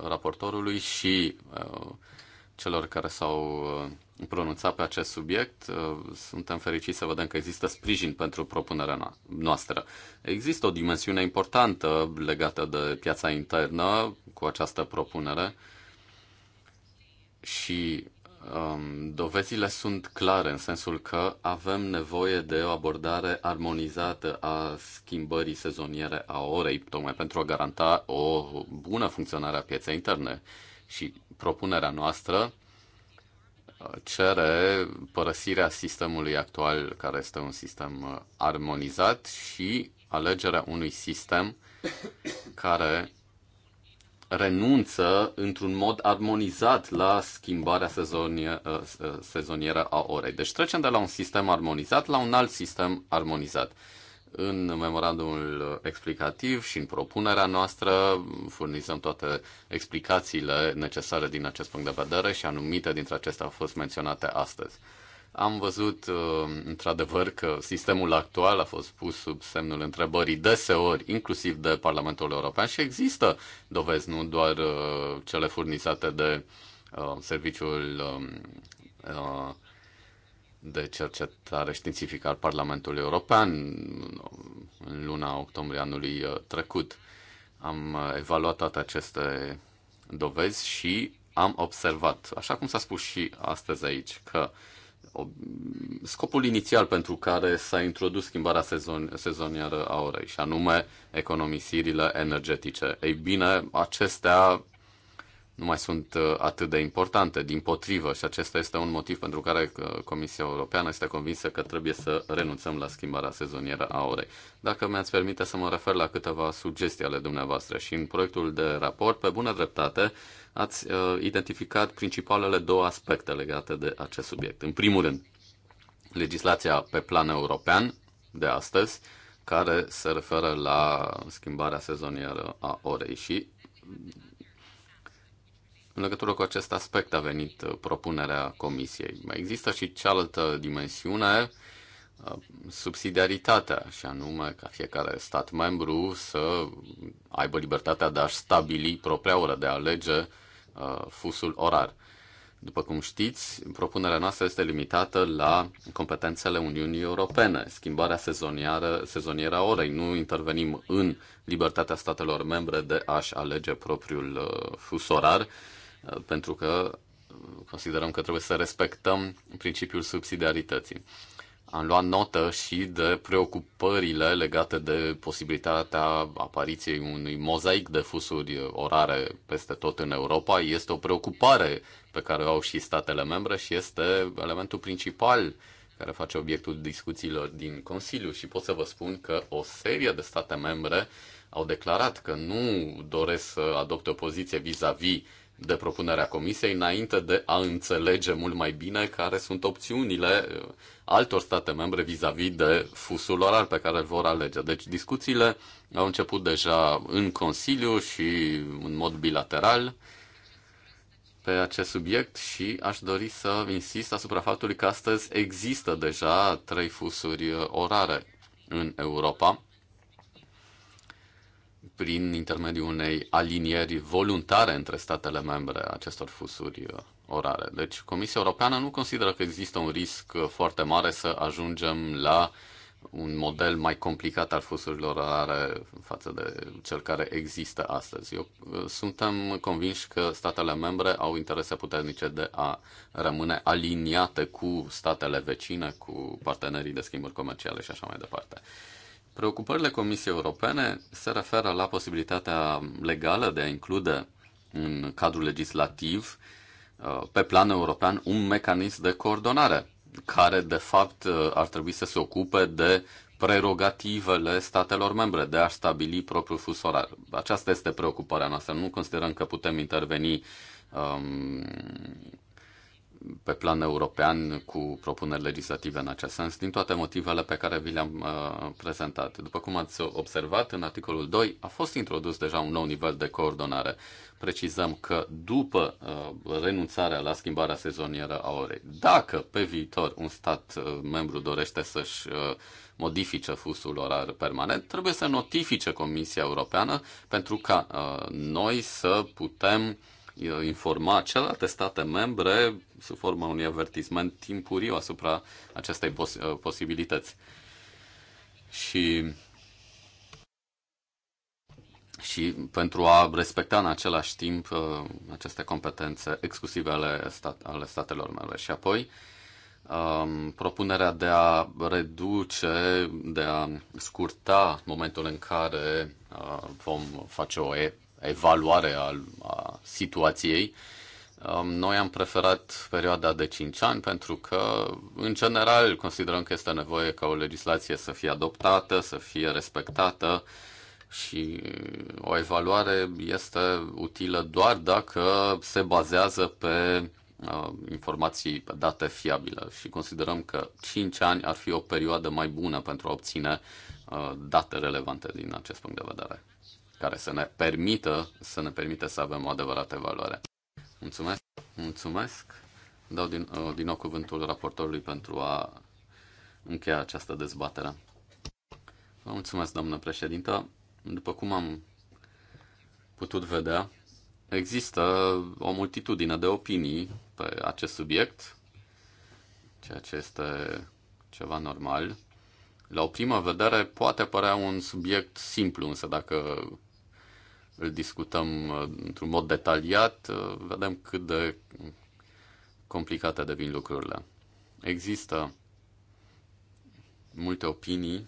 raportorului și uh, celor care s-au uh, pronunțat pe acest subiect. Uh, suntem fericiți să vedem că există sprijin pentru propunerea noastră. Există o dimensiune importantă legată de piața internă cu această propunere și Um, dovezile sunt clare în sensul că avem nevoie de o abordare armonizată a schimbării sezoniere a orei, tocmai pentru a garanta o bună funcționare a pieței interne. Și propunerea noastră uh, cere părăsirea sistemului actual, care este un sistem uh, armonizat, și alegerea unui sistem care renunță într-un mod armonizat la schimbarea sezonie, uh, uh, sezonieră a orei. Deci trecem de la un sistem armonizat la un alt sistem armonizat. În memorandumul explicativ și în propunerea noastră furnizăm toate explicațiile necesare din acest punct de vedere și anumite dintre acestea au fost menționate astăzi. Am văzut, uh, într-adevăr, că sistemul actual a fost pus sub semnul întrebării deseori, inclusiv de Parlamentul European, și există dovezi, nu doar uh, cele furnizate de uh, Serviciul um, de cercetare științifică al Parlamentului European în luna octombrie anului trecut. Am evaluat toate aceste dovezi și am observat, așa cum s-a spus și astăzi aici, că uh, scopul inițial pentru care s-a introdus schimbarea sezon, sezonieră a orei, și anume economisirile energetice. Ei bine, acestea nu mai sunt uh, atât de importante, din potrivă, și acesta este un motiv pentru care uh, Comisia Europeană este convinsă că trebuie să renunțăm la schimbarea sezonieră a orei. Dacă mi-ați permite să mă refer la câteva sugestii ale dumneavoastră și în proiectul de raport, pe bună dreptate, ați uh, identificat principalele două aspecte legate de acest subiect. În primul rând, legislația pe plan european de astăzi, care se referă la schimbarea sezonieră a orei și în legătură cu acest aspect a venit uh, propunerea Comisiei. Mai există și cealaltă dimensiune, uh, subsidiaritatea, și anume ca fiecare stat membru să aibă libertatea de a-și stabili propria oră, de a alege Uh, fusul orar. După cum știți, propunerea noastră este limitată la competențele Uniunii Europene, schimbarea sezonieră, sezonieră a orei. Nu intervenim în libertatea statelor membre de a-și alege propriul uh, fus orar, uh, pentru că considerăm că trebuie să respectăm principiul subsidiarității. Am luat notă și de preocupările legate de posibilitatea apariției unui mozaic de fusuri orare peste tot în Europa. Este o preocupare pe care o au și statele membre și este elementul principal care face obiectul discuțiilor din Consiliu și pot să vă spun că o serie de state membre au declarat că nu doresc să adopte o poziție vis-a-vis -vis de propunerea Comisiei înainte de a înțelege mult mai bine care sunt opțiunile uh, altor state membre vis-a-vis -vis de fusul orar pe care îl vor alege. Deci discuțiile au început deja în Consiliu și în mod bilateral pe acest subiect și aș dori să insist asupra faptului că astăzi există deja trei fusuri uh, orare în Europa prin intermediul unei alinieri voluntare între statele membre acestor fusuri uh, orare. Deci Comisia Europeană nu consideră că există un risc uh, foarte mare să ajungem la un model mai complicat al fusurilor orare față de cel care există astăzi. Eu, uh, suntem convinși că statele membre au interese puternice de a rămâne aliniate cu statele vecine, cu partenerii de schimburi comerciale și așa mai departe. Preocupările Comisiei Europene se referă la posibilitatea legală de a include în cadrul legislativ uh, pe plan european un mecanism de coordonare care de fapt uh, ar trebui să se ocupe de prerogativele statelor membre de a stabili propriul fusorar. Aceasta este preocuparea noastră. Nu considerăm că putem interveni um, pe plan european cu propuneri legislative în acest sens, din toate motivele pe care vi le-am uh, prezentat. După cum ați observat, în articolul 2 a fost introdus deja un nou nivel de coordonare. Precizăm că după uh, renunțarea la schimbarea sezonieră a orei, dacă pe viitor un stat uh, membru dorește să-și uh, modifice fusul orar permanent, trebuie să notifice Comisia Europeană pentru ca uh, noi să putem uh, Uh, informa celelalte state membre sub forma unui avertisment timpuriu asupra acestei pos- uh, posibilități. Și și pentru a respecta în același timp uh, aceste competențe exclusive ale, stat, ale statelor membre Și apoi, um, propunerea de a reduce, de a scurta momentul în care uh, vom face o evaluare a, a situației, um, noi am preferat perioada de 5 ani pentru că, în general, considerăm că este nevoie ca o legislație să fie adoptată, să fie respectată și o evaluare este utilă doar dacă se bazează pe uh, informații, pe date fiabile și considerăm că 5 ani ar fi o perioadă mai bună pentru a obține uh, date relevante din acest punct de vedere care să ne permită să ne permită să avem o adevărată valoare. Mulțumesc! Mulțumesc! Dau din, uh, din nou cuvântul raportorului pentru a încheia această dezbatere. Vă mulțumesc, doamnă președintă. După cum am putut vedea, există o multitudine de opinii pe acest subiect, ceea ce este ceva normal. La o primă vedere poate părea un subiect simplu, însă dacă îl discutăm uh, într-un mod detaliat, uh, vedem cât de complicate devin lucrurile. Există multe opinii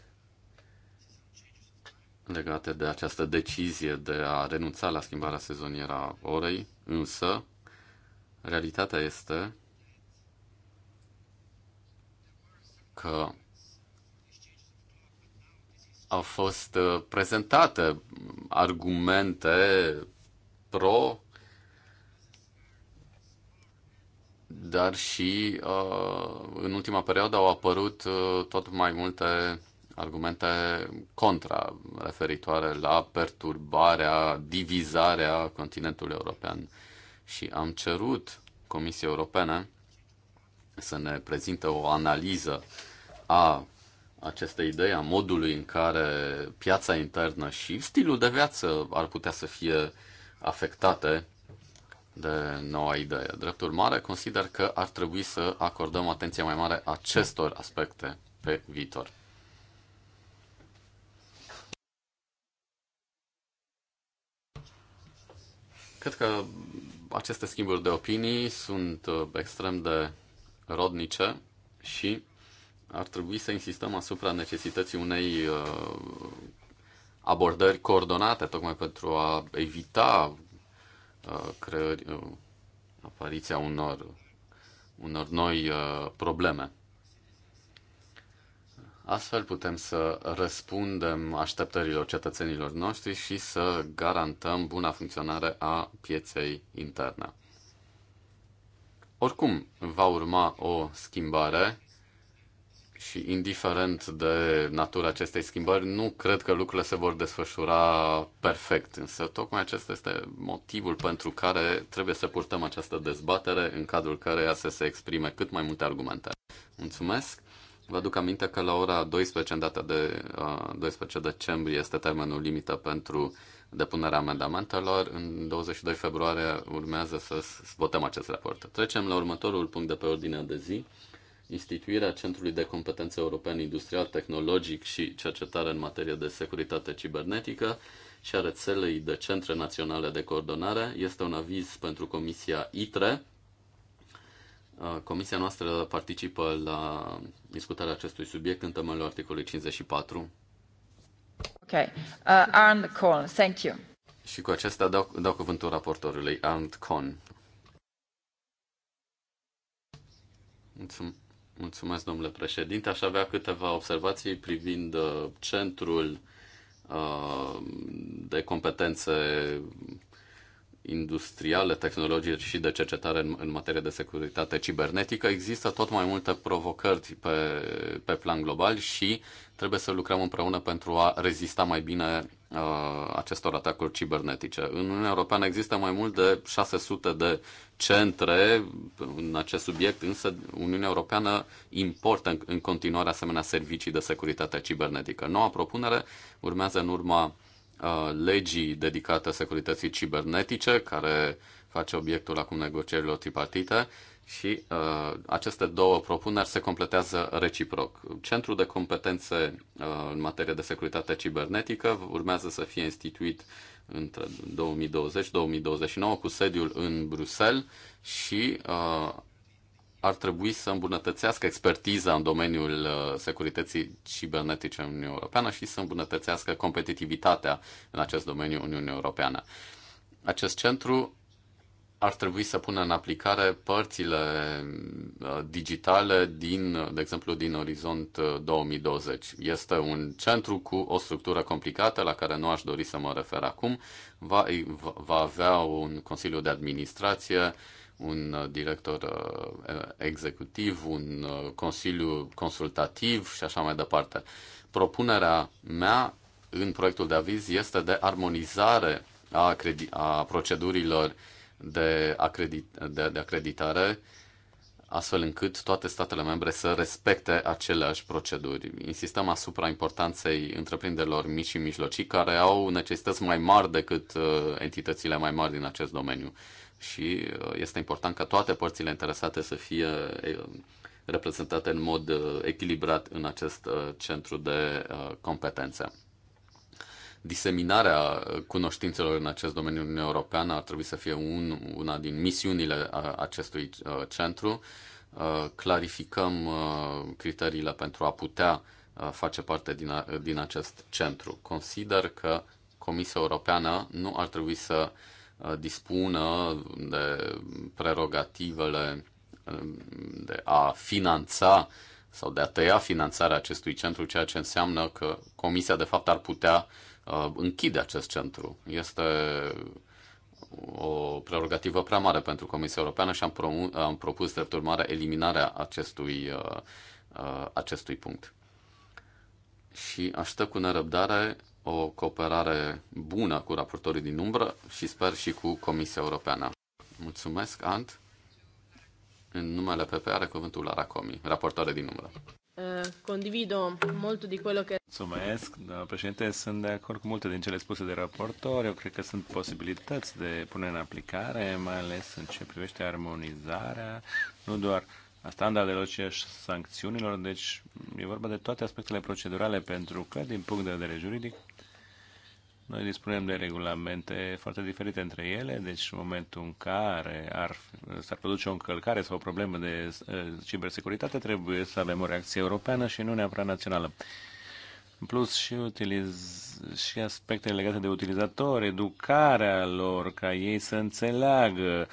legate de această decizie de a renunța la schimbarea sezonieră a orei, însă realitatea este că au fost uh, prezentate argumente pro, dar și uh, în ultima perioadă au apărut uh, tot mai multe argumente contra referitoare la perturbarea, divizarea continentului european. Și am cerut Comisiei Europene să ne prezinte o analiză a aceste idei a modului în care piața internă și stilul de viață ar putea să fie afectate de noua idee. Drept urmare, consider că ar trebui să acordăm atenție mai mare acestor aspecte pe viitor. Cred că aceste schimburi de opinii sunt uh, extrem de rodnice și ar trebui să insistăm asupra necesității unei uh, abordări coordonate, tocmai pentru a evita uh, creări, uh, apariția unor, unor noi probleme. Astfel putem să răspundem așteptărilor cetățenilor noștri și să garantăm buna funcționare a pieței interne. Oricum, va urma o schimbare și indiferent de natura acestei schimbări, nu cred că lucrurile se vor desfășura perfect. Însă tocmai acesta este motivul pentru care trebuie să purtăm această dezbatere în cadrul căreia să se exprime cât mai multe argumente. Mulțumesc! Vă aduc aminte că la ora 12, în data de 12 uh, decembrie, este termenul limită pentru depunerea amendamentelor. În 22 februarie urmează să votăm acest raport. Trecem la următorul punct de pe ordinea de zi instituirea Centrului de Competențe European Industrial, Tehnologic și Cercetare în materie de securitate cibernetică și a rețelei de centre naționale de coordonare. Este un aviz pentru Comisia ITRE. Comisia noastră participă la discutarea acestui subiect în temelul articolului 54. Ok. Uh, Arnd Kohn, thank you. Și cu acesta dau, dau cuvântul raportorului, Arnd Kohn. Mulțumesc. Mulțumesc, domnule președinte. Aș avea câteva observații privind uh, centrul uh, de competențe industriale, tehnologie și de cercetare în, în materie de securitate cibernetică, există tot mai multe provocări pe, pe plan global și trebuie să lucrăm împreună pentru a rezista mai bine uh, acestor atacuri cibernetice. În Uniunea Europeană există mai mult de 600 de centre în acest subiect, însă Uniunea Europeană importă în, în continuare asemenea servicii de securitate cibernetică. Noua propunere urmează în urma legii dedicate securității cibernetice, care face obiectul acum negocierilor tripartite și uh, aceste două propuneri se completează reciproc. Centrul de competențe uh, în materie de securitate cibernetică urmează să fie instituit între 2020-2029 cu sediul în Bruxelles și uh, ar trebui să îmbunătățească expertiza în domeniul uh, securității cibernetice în Uniunea Europeană și să îmbunătățească competitivitatea în acest domeniu Uniunea Europeană. Acest centru ar trebui să pună în aplicare părțile uh, digitale din, uh, de exemplu, din Orizont 2020. Este un centru cu o structură complicată la care nu aș dori să mă refer acum. Va, va avea un consiliu de administrație, un uh, director uh, executiv, un uh, consiliu consultativ și așa mai departe. Propunerea mea în proiectul de aviz este de armonizare a, acredi- a procedurilor de, acredit- de, de acreditare astfel încât toate statele membre să respecte aceleași proceduri. Insistăm asupra importanței întreprinderilor mici și mijlocii care au necesități mai mari decât entitățile mai mari din acest domeniu și uh, este important ca toate părțile interesate să fie uh, reprezentate în mod uh, echilibrat în acest centru de competențe. Diseminarea cunoștințelor în acest domeniu european ar trebui să fie un, una din misiunile acestui centru. Clarificăm criteriile pentru a putea face parte din, din acest centru. Consider că Comisia Europeană nu ar trebui să uh, Uh, dispună de prerogativele um, de a finanța sau de a tăia finanțarea acestui centru, ceea ce înseamnă că Comisia, de fapt, ar putea uh, închide acest centru. Este o prerogativă prea mare pentru Comisia Europeană și am, pro- am propus, drept urmare, eliminarea acestui, uh, acestui punct. Și aștept cu nerăbdare o cooperare bună cu raportorii din umbră și sper și cu Comisia Europeană. Mulțumesc, Ant. În numele PP are cuvântul Lara Comi, raportoare din umbră. Eh, condivido mult di quello che... Mulțumesc, doamna președinte. Sunt de acord cu multe din cele spuse de raportor. Eu cred că sunt posibilități de punere în aplicare, mai ales în ce privește armonizarea, nu doar a standardelor, ci și sancțiunilor. Deci e vorba de toate aspectele procedurale, pentru că, din punct de vedere juridic, noi dispunem de regulamente foarte diferite între ele, deci în momentul în care ar, s-ar produce o încălcare sau o problemă de cibersecuritate, trebuie să avem o reacție europeană și nu neapărat națională. În plus și, utiliz, și aspectele legate de utilizatori, educarea lor, ca ei să înțeleagă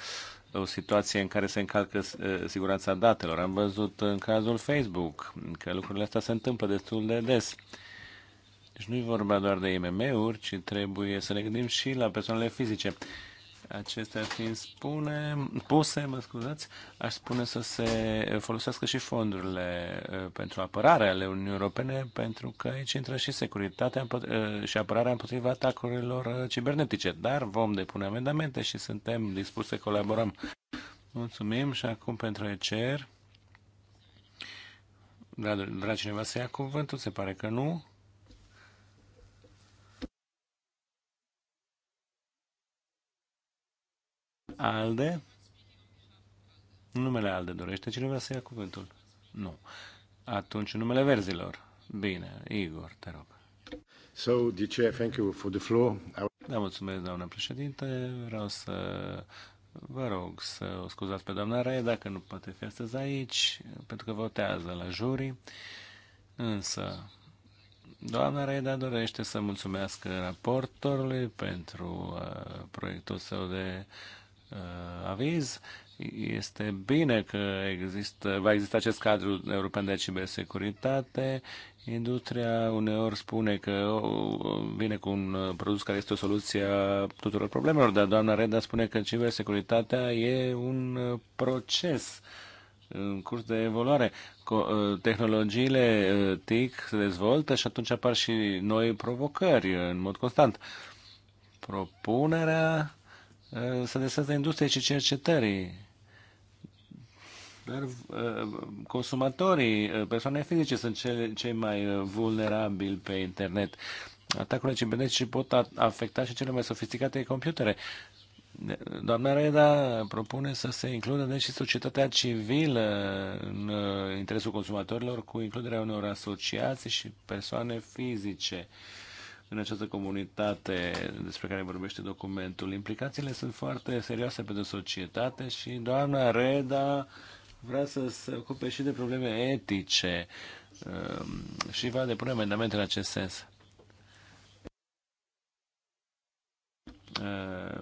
o situație în care se încalcă siguranța datelor. Am văzut în cazul Facebook că lucrurile astea se întâmplă destul de des. Uh, deci nu e vorba doar de IMM-uri, ci trebuie să ne gândim și la persoanele fizice. Acestea fiind spune, puse, mă scuzați, aș spune să se folosească și fondurile uh, pentru apărare ale Uniunii Europene, pentru că aici intră și securitatea uh, și apărarea împotriva atacurilor uh, cibernetice. Dar vom depune amendamente și suntem dispuși să colaborăm. Mulțumim și acum pentru ECR. Vrea, da, vrea cineva să ia cuvântul? Se pare că nu. ALDE? Numele ALDE dorește cineva să ia cuvântul? Nu. Atunci numele verzilor. Bine, Igor, te rog. So, the chair, thank you for the floor. Da, mulțumesc, doamna președinte. Vreau să vă rog să o scuzați pe doamna Raie dacă nu poate fi astăzi aici, pentru că votează la juri. Însă, Doamna Reda dorește să mulțumească raportorului pentru uh, proiectul său de Uh, aviz. Este bine că există, va exista acest cadru european de cibersecuritate. Industria uneori spune că vine cu un uh, produs care este o soluție a tuturor problemelor, dar doamna Reda spune că cibersecuritatea e un uh, proces în curs de evoluare. Tehnologiile TIC se dezvoltă și atunci apar și noi provocări în mod constant. Propunerea Uh, se adresează industrie și cercetării. Dar uh, consumatorii, uh, persoane fizice, sunt cele, cei mai vulnerabili pe internet. Atacurile cibernetice pot afecta și cele mai sofisticate computere. Doamna Reda propune să se includă deci și societatea civilă în interesul consumatorilor cu includerea unor asociații și persoane fizice. Uh, în această comunitate despre care vorbește documentul. Implicațiile sunt foarte serioase pentru societate și doamna Reda vrea să se ocupe și de probleme etice um, și va depune amendamente în acest sens. Uh,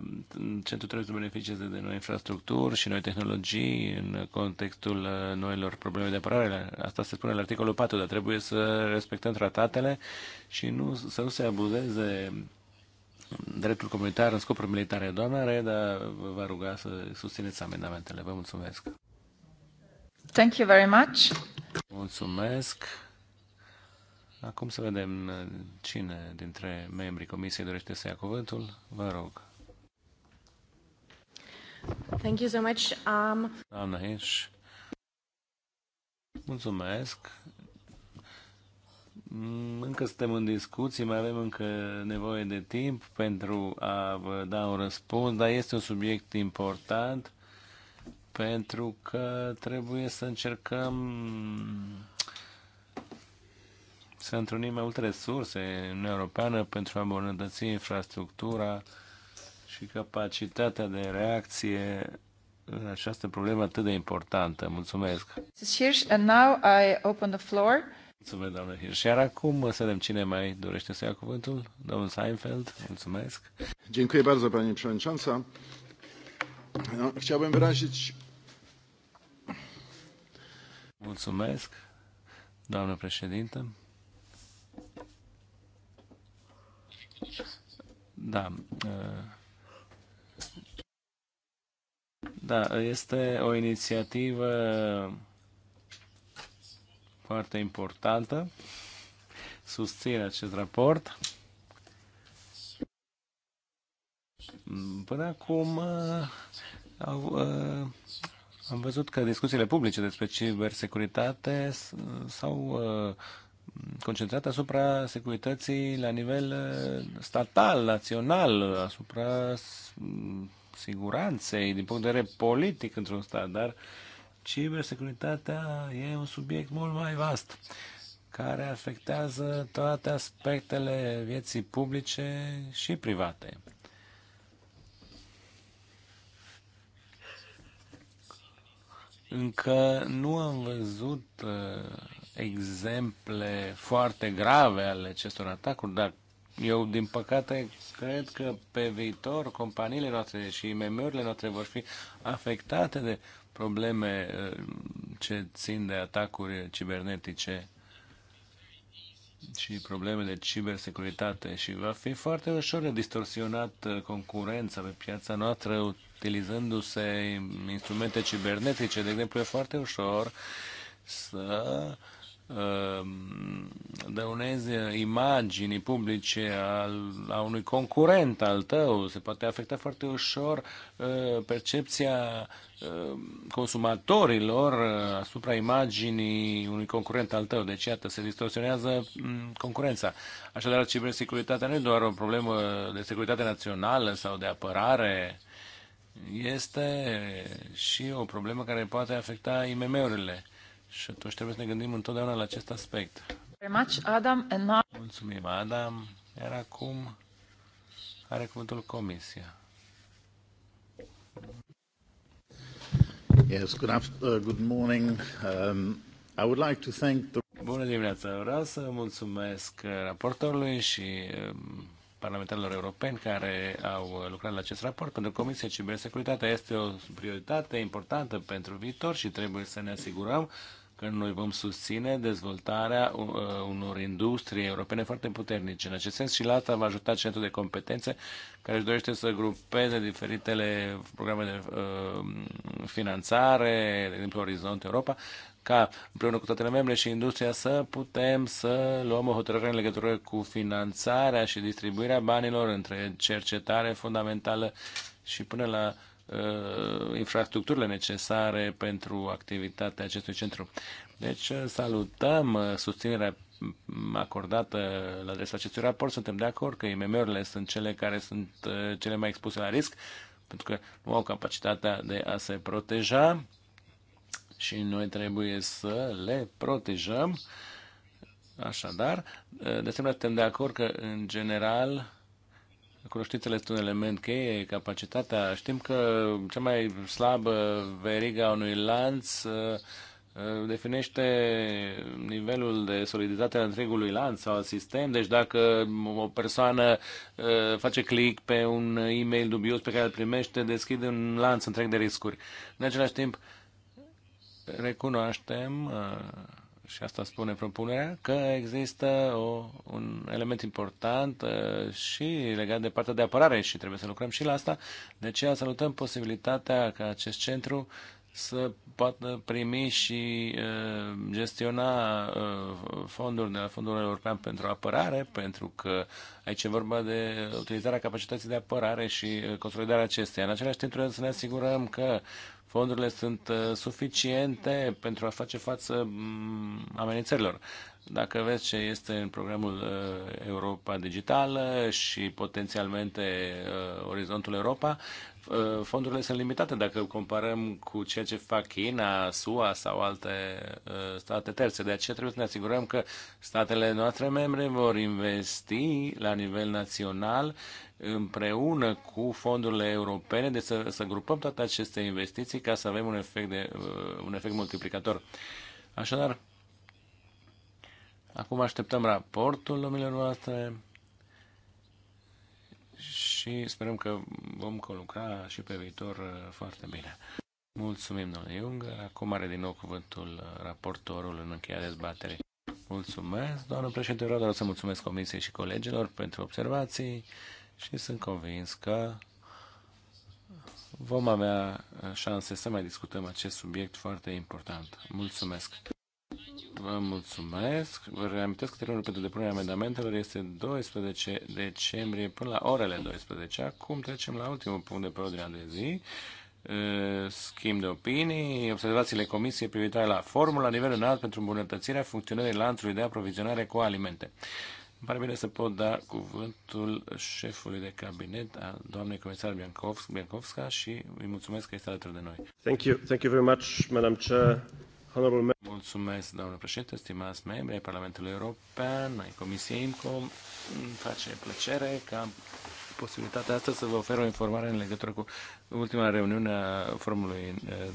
Centrul trebuie să beneficieze de noi infrastructuri și noi tehnologii în contextul uh, noilor probleme de apărare. Asta se spune la articolul 4, dar trebuie să respectăm tratatele și nu, să nu se abuzeze dreptul comunitar în scopuri militare. Doamna Reda vă va ruga să susțineți amendamentele. Vă mulțumesc. Thank you very much. Mulțumesc. Acum să vedem uh, cine dintre membrii comisiei dorește să ia cuvântul. Vă rog. Thank you so much. Um... Doamna Hinch, mulțumesc. Mm, încă suntem în discuții, mai avem încă nevoie de timp pentru a vă da un răspuns, dar este un subiect important pentru că trebuie să încercăm să întrunim mai multe resurse în Uniunea Europeană pentru a îmbunătăți infrastructura și capacitatea de reacție în această problemă atât de importantă. Mulțumesc! And now I open the floor. Mulțumesc, doamnă Hirsch. Iar acum să vedem cine mai dorește să ia cuvântul. Domnul Seinfeld, mulțumesc. Dziękuję bardzo, pani przewodnicząca. No, chciałbym wyrazić... Mulțumesc, doamnă președintă. Da. Da, este o inițiativă foarte importantă. Susține acest raport. Până acum au, am văzut că discuțiile publice despre cibersecuritate s-au concentrat asupra securității la nivel uh, statal, național, asupra mm, siguranței din punct de vedere politic într-un stat, dar cibersecuritatea e un subiect mult mai vast care afectează toate aspectele vieții publice și private. Încă nu am văzut uh, exemple foarte grave ale acestor atacuri, dar eu, din păcate, cred că pe viitor companiile noastre și memorile noastre vor fi afectate de probleme uh, ce țin de atacuri cibernetice și probleme de cibersecuritate și va fi foarte ușor de distorsionat uh, concurența pe piața noastră utilizându-se instrumente cibernetice. De exemplu, e foarte ușor să Um, dăunezi imagini publice al, a unui concurent al tău, se poate afecta foarte ușor uh, percepția um, consumatorilor uh, asupra imaginii unui concurent al tău. Deci, iată, se distorsionează mm, concurența. Așadar, cibersecuritatea nu e doar o problemă de securitate națională sau de apărare, este și o problemă care poate afecta IMM-urile și atunci trebuie să ne gândim întotdeauna la acest aspect. Mulțumim, Adam. Iar acum are cuvântul Comisia. Yes, good, after, uh, good morning. Um, I would like to thank the... Bună dimineața! Vreau să mulțumesc raportorului și um, parlamentarilor europeni care au lucrat la acest raport, pentru Comisia Cibersecuritatea este o prioritate importantă pentru viitor și trebuie să ne asigurăm că noi vom susține dezvoltarea uh, unor industrie europene foarte puternice. În acest sens și la asta va ajuta Centrul de Competențe, care își dorește să grupeze diferitele programe de uh, finanțare, de exemplu Orizont Europa, ca împreună cu statele membre și industria să putem să luăm o hotărâre în legătură cu finanțarea și distribuirea banilor între cercetare fundamentală și până la Uh, infrastructurile necesare pentru activitatea acestui centru. Deci uh, salutăm uh, susținerea acordată la adresa acestui raport. Suntem de acord că IMM-urile sunt cele care sunt cele mai expuse la risc, pentru că nu au capacitatea de a se proteja și noi trebuie să le protejăm. Așadar, de asemenea, suntem de acord că, în general, cunoștințele sunt un element cheie, capacitatea. Știm că cea mai slabă veriga unui lanț uh, uh, definește nivelul de soliditate al întregului lanț sau al sistem. Deci dacă o persoană uh, face click pe un e-mail dubios pe care îl primește, deschide un lanț întreg de riscuri. În același timp, recunoaștem și asta spune propunerea, că există o, un element important uh, și legat de partea de apărare și trebuie să lucrăm și la asta. De aceea salutăm posibilitatea ca acest centru să poată primi și uh, gestiona uh, fonduri de la Fondul European pentru Apărare, pentru că aici e vorba de utilizarea capacității de apărare și consolidarea acesteia. În același timp trebuie să ne asigurăm că fondurile sunt uh, suficiente pentru a face față amenințărilor. Dacă vezi ce este în programul uh, Europa Digitală și potențialmente uh, Orizontul Europa, fondurile sunt limitate dacă comparăm cu ceea ce fac China, SUA sau alte state terțe. De aceea trebuie să ne asigurăm că statele noastre membre vor investi la nivel național împreună cu fondurile europene, de deci să, să grupăm toate aceste investiții ca să avem un efect, de, uh, un efect multiplicator. Așadar, acum așteptăm raportul lumilor noastre și sperăm că vom colucra și pe viitor uh, foarte bine. Mulțumim, domnule Iung. Acum are din nou cuvântul uh, raportorul în încheierea dezbaterii. Mulțumesc, doamnă președinte, vreau doar să mulțumesc comisiei și colegilor pentru observații și sunt convins că vom avea șanse să mai discutăm acest subiect foarte important. Mulțumesc! Vă mulțumesc. Vă reamintesc că termenul pentru depunerea amendamentelor este 12 decembrie până la orele 12. Acum trecem la ultimul punct de pe ordinea de zi. Ă, schimb de opinii, observațiile Comisiei privitoare la formula nivel înalt pentru îmbunătățirea funcționării lanțului de aprovizionare cu alimente pare bine să pot da cuvântul șefului de cabinet a doamnei comisar Biancovska și îi mulțumesc că este alături de noi. Thank you. Thank you very much, Madam Chair. Honorable Mulțumesc, doamnă președinte, stimați membri ai Parlamentului European, ai Comisiei IMCO. Îmi face plăcere că am posibilitatea asta să vă ofer o informare în legătură cu ultima reuniune a formului eh,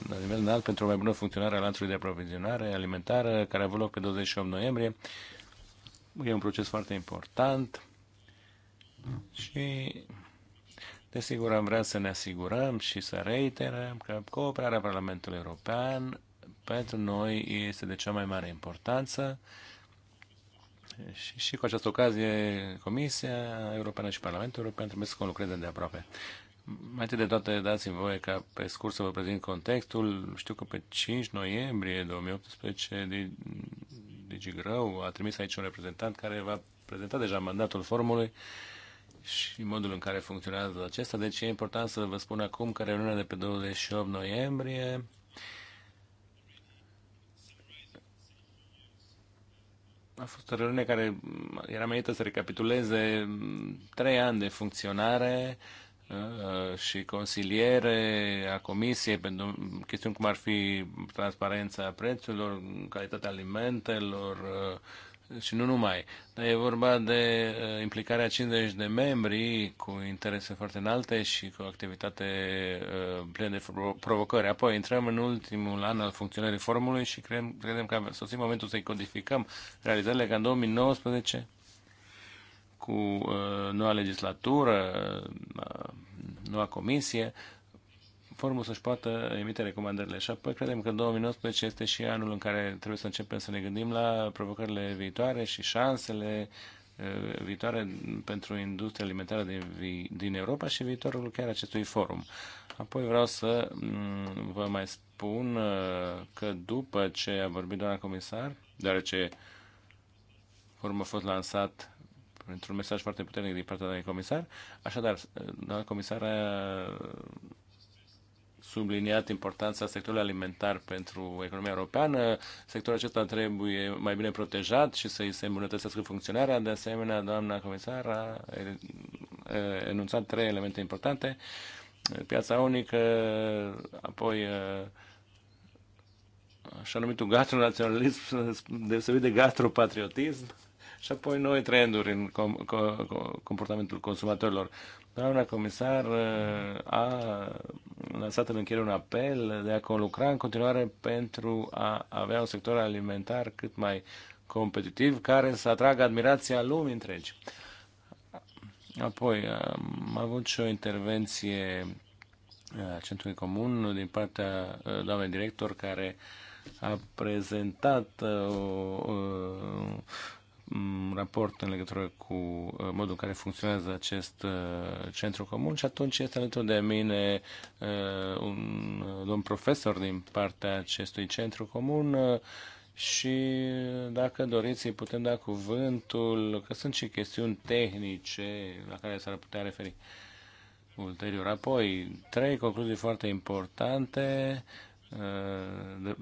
la nivel înalt pentru o mai bună funcționare a lanțului de aprovizionare alimentară, care a avut loc pe 28 noiembrie E un proces foarte important și Desigur, am vrea să ne asigurăm și să reiterăm că cooperarea Parlamentului European pentru noi este de cea mai mare importanță și, și cu această ocazie Comisia Europeană și Parlamentul European trebuie să conlucreze de aproape. Mai întâi de toate, dați-mi voie ca pe scurt să vă prezint contextul. Știu că pe 5 noiembrie 2018 DigiGrow a trimis aici un reprezentant care va prezenta deja mandatul formului și modul în care funcționează acesta. Deci e important să vă spun acum că reuniunea de pe 28 noiembrie a fost o reuniune care era menită să recapituleze trei ani de funcționare Uh, și consiliere a comisiei pentru chestiuni cum ar fi transparența prețurilor, calitatea alimentelor uh, și nu numai. Dar e vorba de uh, implicarea 50 de membri cu interese foarte înalte și cu activitate plină de provocări. Apoi intrăm în ultimul an al funcționării formului și credem, credem că a sosit momentul să-i codificăm realizările ca în 2019 cu uh, noua legislatură, uh, noua comisie, formul să-și poată emite recomandările. Și apoi credem că 2019 este și anul în care trebuie să începem să ne gândim la provocările viitoare și șansele uh, viitoare pentru industria alimentară din, din Europa și viitorul chiar acestui forum. Apoi vreau să mm, vă mai spun uh, că după ce a vorbit doamna comisar, deoarece forumul a fost lansat pentru un mesaj foarte puternic din partea doamnei comisar. Așadar, doamna comisar a subliniat importanța sectorului alimentar pentru economia europeană. Sectorul acesta trebuie mai bine protejat și să-i se îmbunătățească funcționarea. De asemenea, doamna comisar a enunțat trei elemente importante. Piața unică, apoi așa numitul gastronaționalism, deosebit de gastropatriotism și apoi noi trenduri în com- co- comportamentul consumatorilor. Doamna comisar uh, a lansat în încheiere un apel de a conlucra în continuare pentru a avea un sector alimentar cât mai competitiv, care să atragă admirația lumii întregi. Apoi am avut și o intervenție a uh, Centrului Comun din partea uh, doamnei director care a prezentat o, o, raport în legătură cu uh, modul în care funcționează acest uh, centru comun și atunci este alături de mine uh, un domn profesor din partea acestui centru comun și dacă doriți îi putem da cuvântul, că sunt și chestiuni tehnice la care s-ar putea referi ulterior. Apoi, trei concluzii foarte importante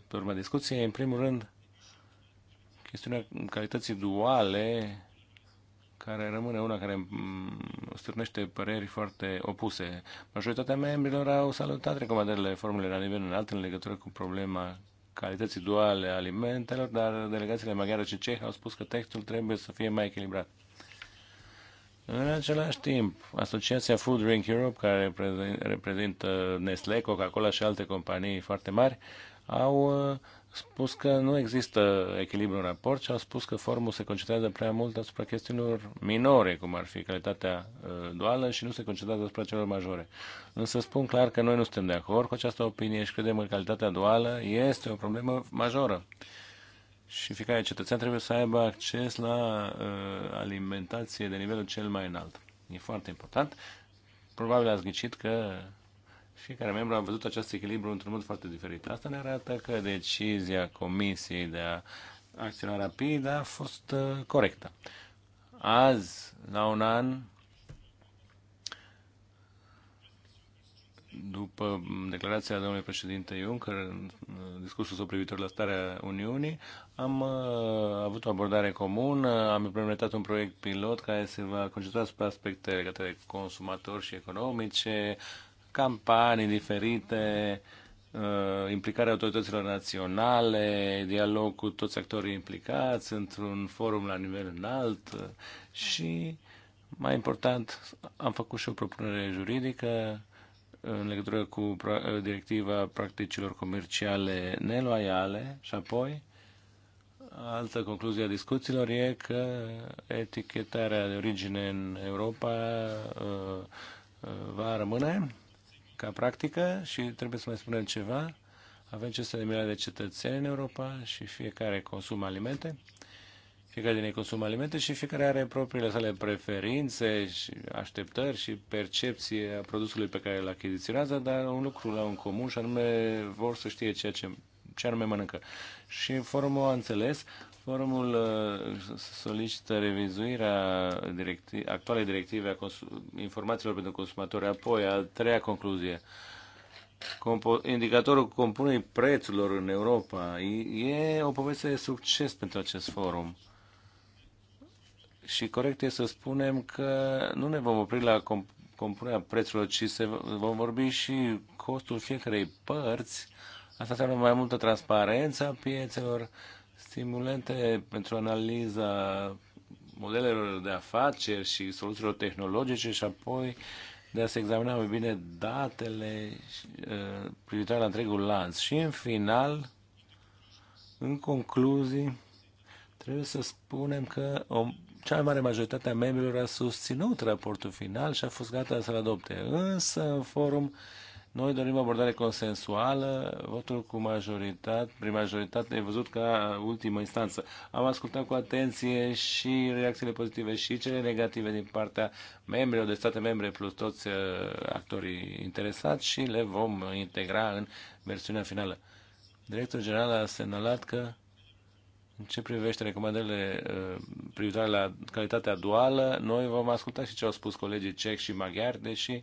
pe urma discuției. În primul rând, chestiunea calității duale, care rămâne una care mm, stârnește păreri foarte opuse. Majoritatea membrilor au salutat recomandările formulei la nivel înalt în legătură cu problema calității duale a alimentelor, dar delegațiile maghiare și cehe au spus că textul trebuie să fie mai echilibrat. În același timp, Asociația Food Drink Europe, care reprezintă Nestle, Coca-Cola și alte companii foarte mari, au spus că nu există echilibru în raport și au spus că forumul se concentrează prea mult asupra chestiunilor minore, cum ar fi calitatea ă, duală și nu se concentrează asupra celor majore. Însă spun clar că noi nu suntem de acord cu această opinie și credem că calitatea duală este o problemă majoră. Și fiecare cetățean trebuie să aibă acces la uh, alimentație de nivelul cel mai înalt. E foarte important. Probabil ați ghicit că fiecare membru a văzut acest echilibru într-un mod foarte diferit. Asta ne arată că decizia Comisiei de a acționa rapid a fost uh, corectă. Azi, la un an, după declarația domnului președinte Juncker, în uh, discursul său privitor la starea Uniunii, am uh, avut o abordare comună, am implementat un proiect pilot care se va concentra asupra aspecte legate de consumatori și economice, campanii diferite, uh, implicarea autorităților naționale, dialog cu toți actorii implicați într-un forum la nivel înalt uh, și, mai important, am făcut și o propunere juridică în legătură cu directiva practicilor comerciale neloiale și apoi altă concluzie a discuțiilor e că etichetarea de origine în Europa uh, va rămâne ca practică și trebuie să mai spunem ceva. Avem 500 de milioane de cetățeni în Europa și fiecare consumă alimente. Fiecare din ei consumă alimente și fiecare are propriile sale preferințe și așteptări și percepție a produsului pe care îl achiziționează, dar un lucru la un comun și anume vor să știe ceea ce, ce anume mănâncă. Și în formă a înțeles, Forumul uh, solicită revizuirea directi- actualei directive a informațiilor pentru consumatori. Apoi, a treia concluzie. Compo- indicatorul compunei prețurilor în Europa e o poveste de succes pentru acest forum. Și corect e să spunem că nu ne vom opri la comp- compunerea prețurilor, ci se vom vorbi și costul fiecarei părți. Asta înseamnă mai multă transparență a piețelor, stimulente pentru analiza modelelor de afaceri și soluțiilor tehnologice și apoi de a se examina mai bine datele uh, privitoare la întregul lanț. Și în final, în concluzii, trebuie să spunem că o, cea mai mare majoritate a membrilor a susținut raportul final și a fost gata să-l adopte. Însă, în forum, uh, noi dorim o abordare consensuală, votul cu majoritate, prin majoritate e văzut ca ultimă instanță. Am ascultat cu atenție și reacțiile pozitive și cele negative din partea membrilor de state membre plus toți uh, actorii interesați și le vom integra în versiunea finală. Directorul general a semnalat că în ce privește recomandările uh, privitoare la calitatea duală, noi vom asculta și ce au spus colegii cec și maghiari, deși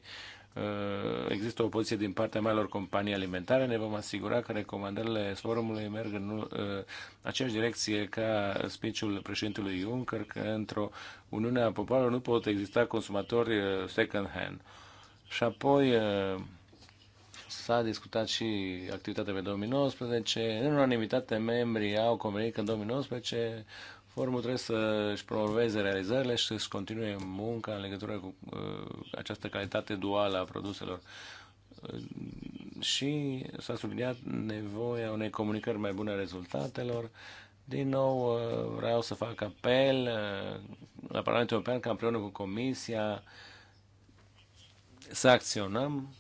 Uh, există o poziție din partea lor companii alimentare, ne vom asigura că recomandările forumului merg în uh, aceeași direcție ca speech-ul președintelui Juncker, că într-o Uniune a Popoarelor nu pot exista consumatori uh, second-hand. Și apoi s-a discutat și activitatea pe 2019. În unanimitate, membrii au convenit că în 2019 Forumul trebuie să își promoveze realizările și să-și continue munca în legătură cu uh, această calitate duală a produselor. Uh, și s-a subliniat nevoia unei comunicări mai bune a rezultatelor. Din nou, uh, vreau să fac apel uh, la Parlamentul European ca împreună cu Comisia să acționăm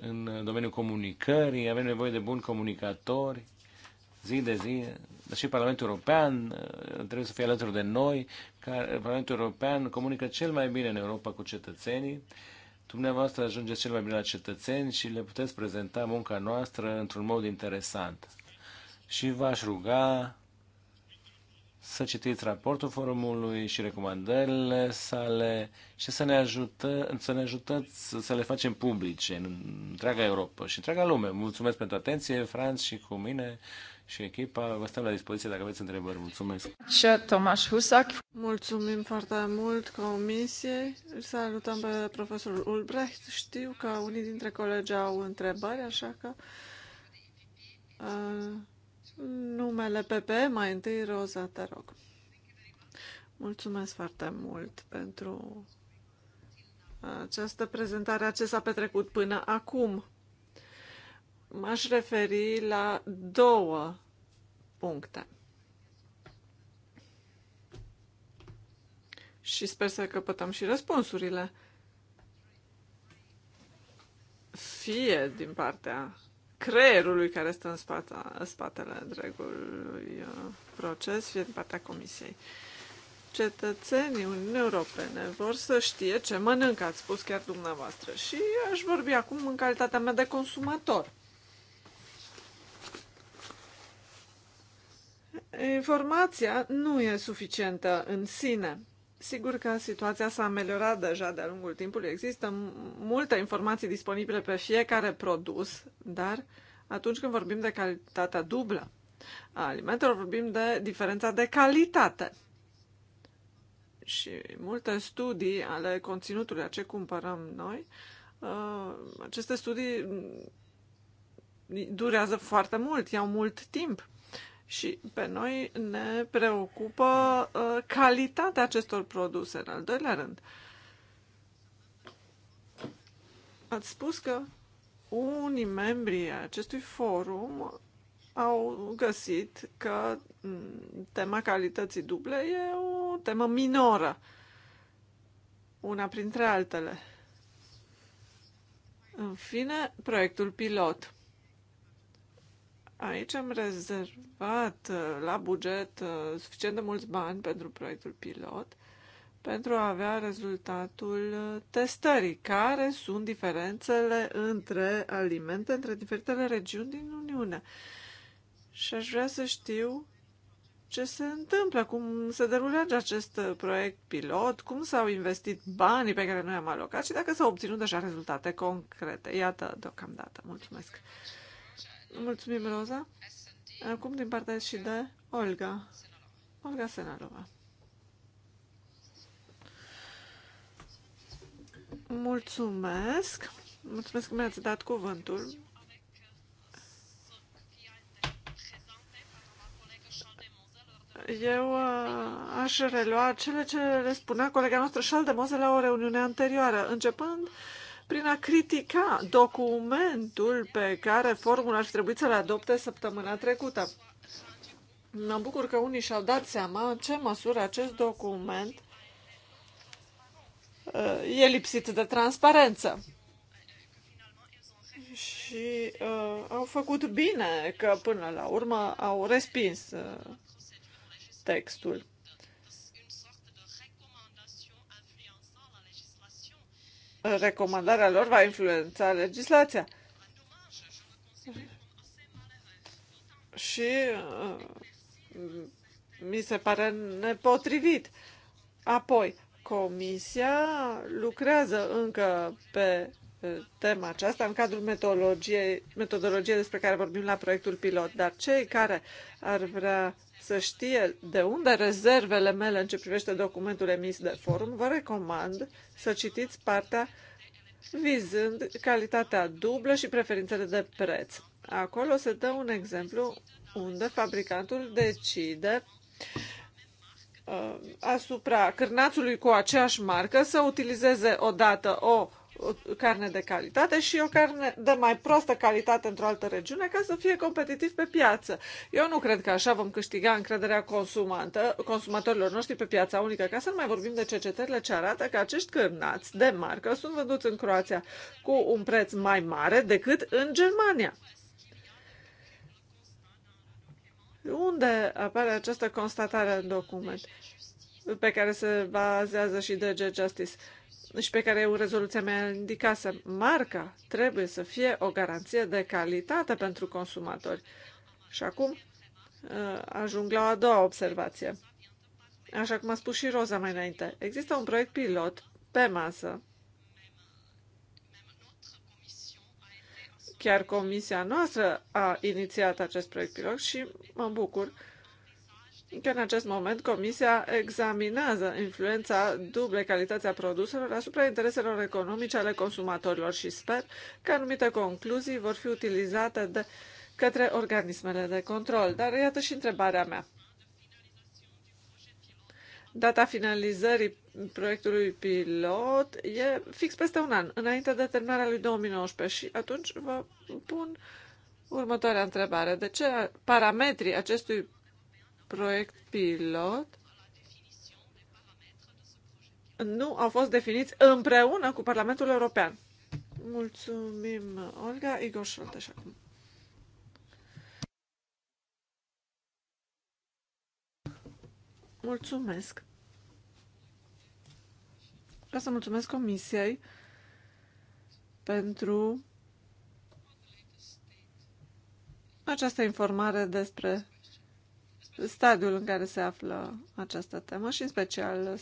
în domeniul comunicării. Avem nevoie de buni comunicatori zi de zi, și Parlamentul European uh, trebuie să fie alături de noi, care Parlamentul European comunică cel mai bine în Europa cu cetățenii. Dumneavoastră ajungeți cel mai bine la cetățeni și le puteți prezenta munca noastră într-un mod interesant. Și v-aș ruga să citiți raportul forumului și recomandările sale și să ne, ajută, să ne ajutați să le facem publice în întreaga Europa și întreaga lume. Mulțumesc pentru atenție, Franț și cu mine și echipa vă stăm la dispoziție dacă aveți întrebări. Mulțumesc! Și Tomaș Husac. Mulțumim foarte mult comisiei. salutăm pe profesorul Ulbrecht. Știu că unii dintre colegi au întrebări, așa că uh, numele PP, mai întâi Roza, te rog. Mulțumesc foarte mult pentru această prezentare, ce s-a petrecut până acum m-aș referi la două puncte. Și sper să căpătăm și răspunsurile. Fie din partea creierului care stă în, spata, în spatele întregului uh, proces, fie din partea comisiei. Cetățenii Uniunii Europene vor să știe ce mănâncă, ați spus chiar dumneavoastră. Și aș vorbi acum în calitatea mea de consumator. Informația nu e suficientă în sine. Sigur că situația s-a ameliorat deja de-a lungul timpului. Există multe informații disponibile pe fiecare produs, dar atunci când vorbim de calitatea dublă a alimentelor, vorbim de diferența de calitate. Și multe studii ale conținutului a ce cumpărăm noi, uh, aceste studii durează foarte mult, iau mult timp și pe noi ne preocupă uh, calitatea acestor produse, în al doilea rând. Ați spus că unii membri acestui forum au găsit că tema calității duble e o temă minoră, una printre altele. În fine, proiectul pilot. Aici am rezervat uh, la buget uh, suficient de mulți bani pentru proiectul pilot pentru a avea rezultatul uh, testării. Care sunt diferențele între alimente, între diferitele regiuni din Uniune? Și aș vrea să știu ce se întâmplă, cum se derulează acest proiect pilot, cum s-au investit banii pe care noi am alocat și dacă s-au obținut deja rezultate concrete. Iată deocamdată. Mulțumesc! Mulțumim, Roza. Acum din partea și de Olga. Olga Senalova. Mulțumesc. Mulțumesc că mi-ați dat cuvântul. Eu uh, aș relua cele ce le spunea colega noastră Charles de Moze la o reuniune anterioară, începând uh, prin a critica documentul pe care formula ar trebui să-l adopte săptămâna trecută. Mă bucur că unii și-au dat seama în ce măsură acest document uh, e lipsit de transparență. Și uh, au făcut bine că până la urmă au respins uh, textul. recomandarea lor va influența legislația. Și uh, mi se pare nepotrivit. Apoi, Comisia lucrează încă pe uh, tema aceasta în cadrul metodologiei, metodologiei despre care vorbim la proiectul pilot, dar cei care ar vrea să știe de unde rezervele mele în ce privește documentul emis de forum, vă recomand să citiți partea vizând calitatea dublă și preferințele de preț. Acolo se dă un exemplu unde fabricantul decide uh, asupra cârnațului cu aceeași marcă să utilizeze odată o carne de calitate și o carne de mai proastă calitate într-o altă regiune ca să fie competitiv pe piață. Eu nu cred că așa vom câștiga încrederea consumatorilor noștri pe piața unică, ca să nu mai vorbim de cercetările ce arată că acești cârnați de marcă sunt vânduți în Croația cu un preț mai mare decât în Germania. Unde apare această constatare în document pe care se bazează și DG Justice? și pe care eu rezoluția mea indicase, marca trebuie să fie o garanție de calitate pentru consumatori. Și acum uh, ajung la a doua observație. Așa cum a spus și Roza mai înainte, există un proiect pilot pe masă. Chiar comisia noastră a inițiat acest proiect pilot și mă bucur că în acest moment Comisia examinează influența dublei calitatea a produselor asupra intereselor economice ale consumatorilor și sper că anumite concluzii vor fi utilizate de către organismele de control. Dar iată și întrebarea mea. Data finalizării proiectului pilot e fix peste un an, înainte de terminarea lui 2019 și atunci vă pun următoarea întrebare. De ce parametrii acestui proiect pilot nu au fost definiți împreună cu Parlamentul European. Mulțumim, Olga. Igor Șolteș acum. Mulțumesc. Vreau să mulțumesc Comisiei pentru această informare despre stadiul în care se află această temă și în special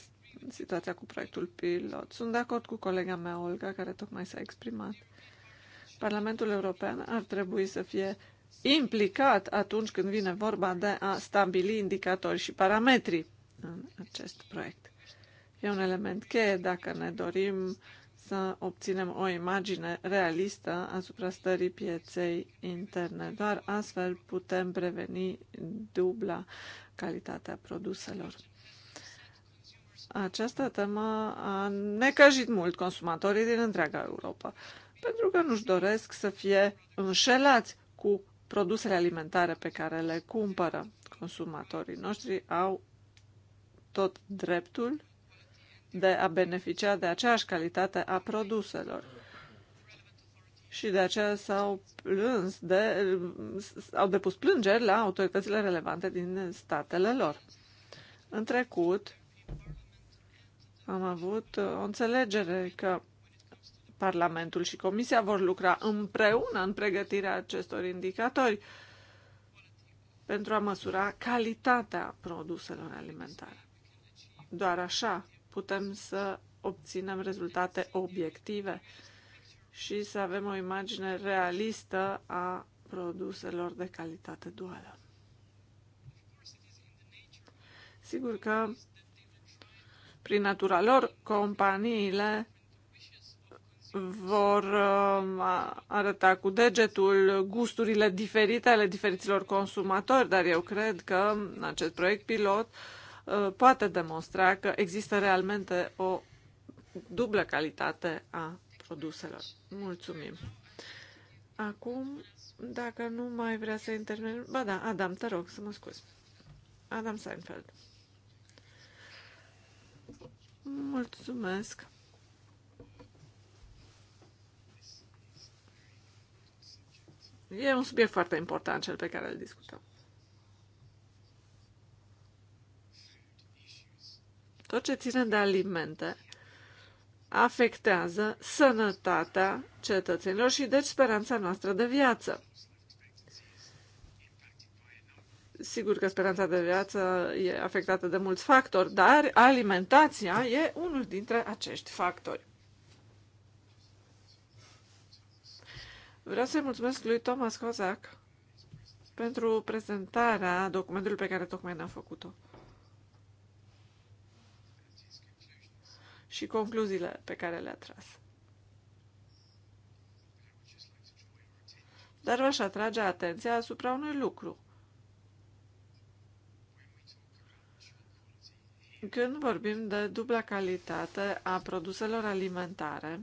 situația cu proiectul pilot. Sunt de acord cu colega mea, Olga, care tocmai s-a exprimat. Parlamentul European ar trebui să fie implicat atunci când vine vorba de a stabili indicatori și parametri în acest proiect. E un element cheie dacă ne dorim să obținem o imagine realistă asupra stării pieței interne. Doar astfel putem preveni dubla calitatea produselor. Această temă a necăjit mult consumatorii din întreaga Europa, pentru că nu-și doresc să fie înșelați cu produsele alimentare pe care le cumpără. Consumatorii noștri au tot dreptul de a beneficia de aceeași calitate a produselor. Și de aceea s-au plâns de, au depus plângeri la autoritățile relevante din statele lor. În trecut, am avut o înțelegere că Parlamentul și Comisia vor lucra împreună în pregătirea acestor indicatori pentru a măsura calitatea produselor alimentare. Doar așa putem să obținem rezultate obiective și să avem o imagine realistă a produselor de calitate duală. Sigur că, prin natura lor, companiile vor um, arăta cu degetul gusturile diferite ale diferiților consumatori, dar eu cred că acest proiect pilot uh, Uh, poate demonstra că există realmente o dublă calitate a produselor. Mulțumim! Acum, dacă nu mai vrea să intervenim... Ba da, Adam, te rog să mă scuzi. Adam Seinfeld. Mulțumesc! E un subiect foarte important cel pe care îl discutăm. tot ce ține de alimente afectează sănătatea cetățenilor și deci speranța noastră de viață. Sigur că speranța de viață e afectată de mulți factori, dar alimentația e unul dintre acești factori. Vreau să-i mulțumesc lui Thomas Kozak pentru prezentarea documentului pe care tocmai ne-a făcut-o. și concluziile pe care le-a tras. Dar v-aș atrage atenția asupra unui lucru. Când vorbim de dubla calitate a produselor alimentare,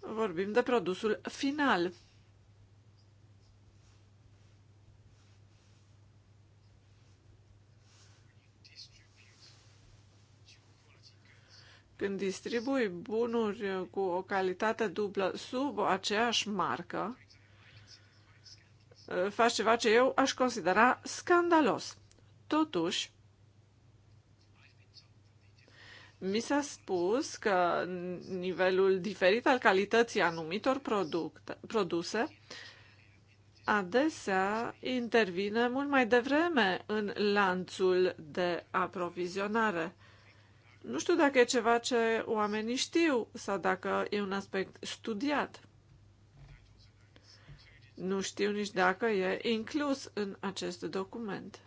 vorbim de produsul final, Când distribui bunuri cu o calitate dublă sub aceeași marcă, faci ceva ce eu aș considera scandalos. Totuși, mi s-a spus că nivelul diferit al calității anumitor producte, produse adesea intervine mult mai devreme în lanțul de aprovizionare nu știu dacă e ceva ce oamenii știu sau dacă e un aspect studiat. Nu știu nici dacă e inclus în acest document.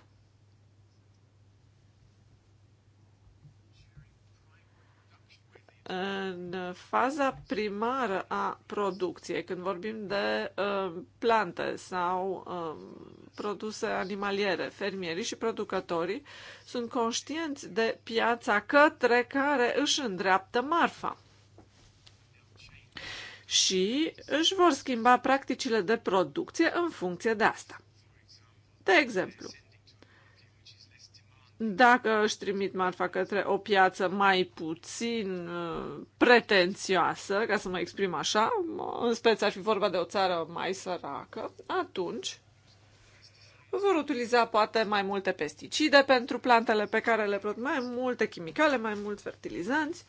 în faza primară a producției, când vorbim de uh, plante sau um, produse animaliere, fermierii și producătorii sunt conștienți de piața către care își îndreaptă marfa și își vor schimba practicile de producție în funcție de asta. De exemplu, dacă își trimit marfa către o piață mai puțin uh, pretențioasă, ca să mă exprim așa, în speță ar fi vorba de o țară mai săracă, atunci vor utiliza poate mai multe pesticide pentru plantele pe care le produc, mai multe chimicale, mai mulți fertilizanți,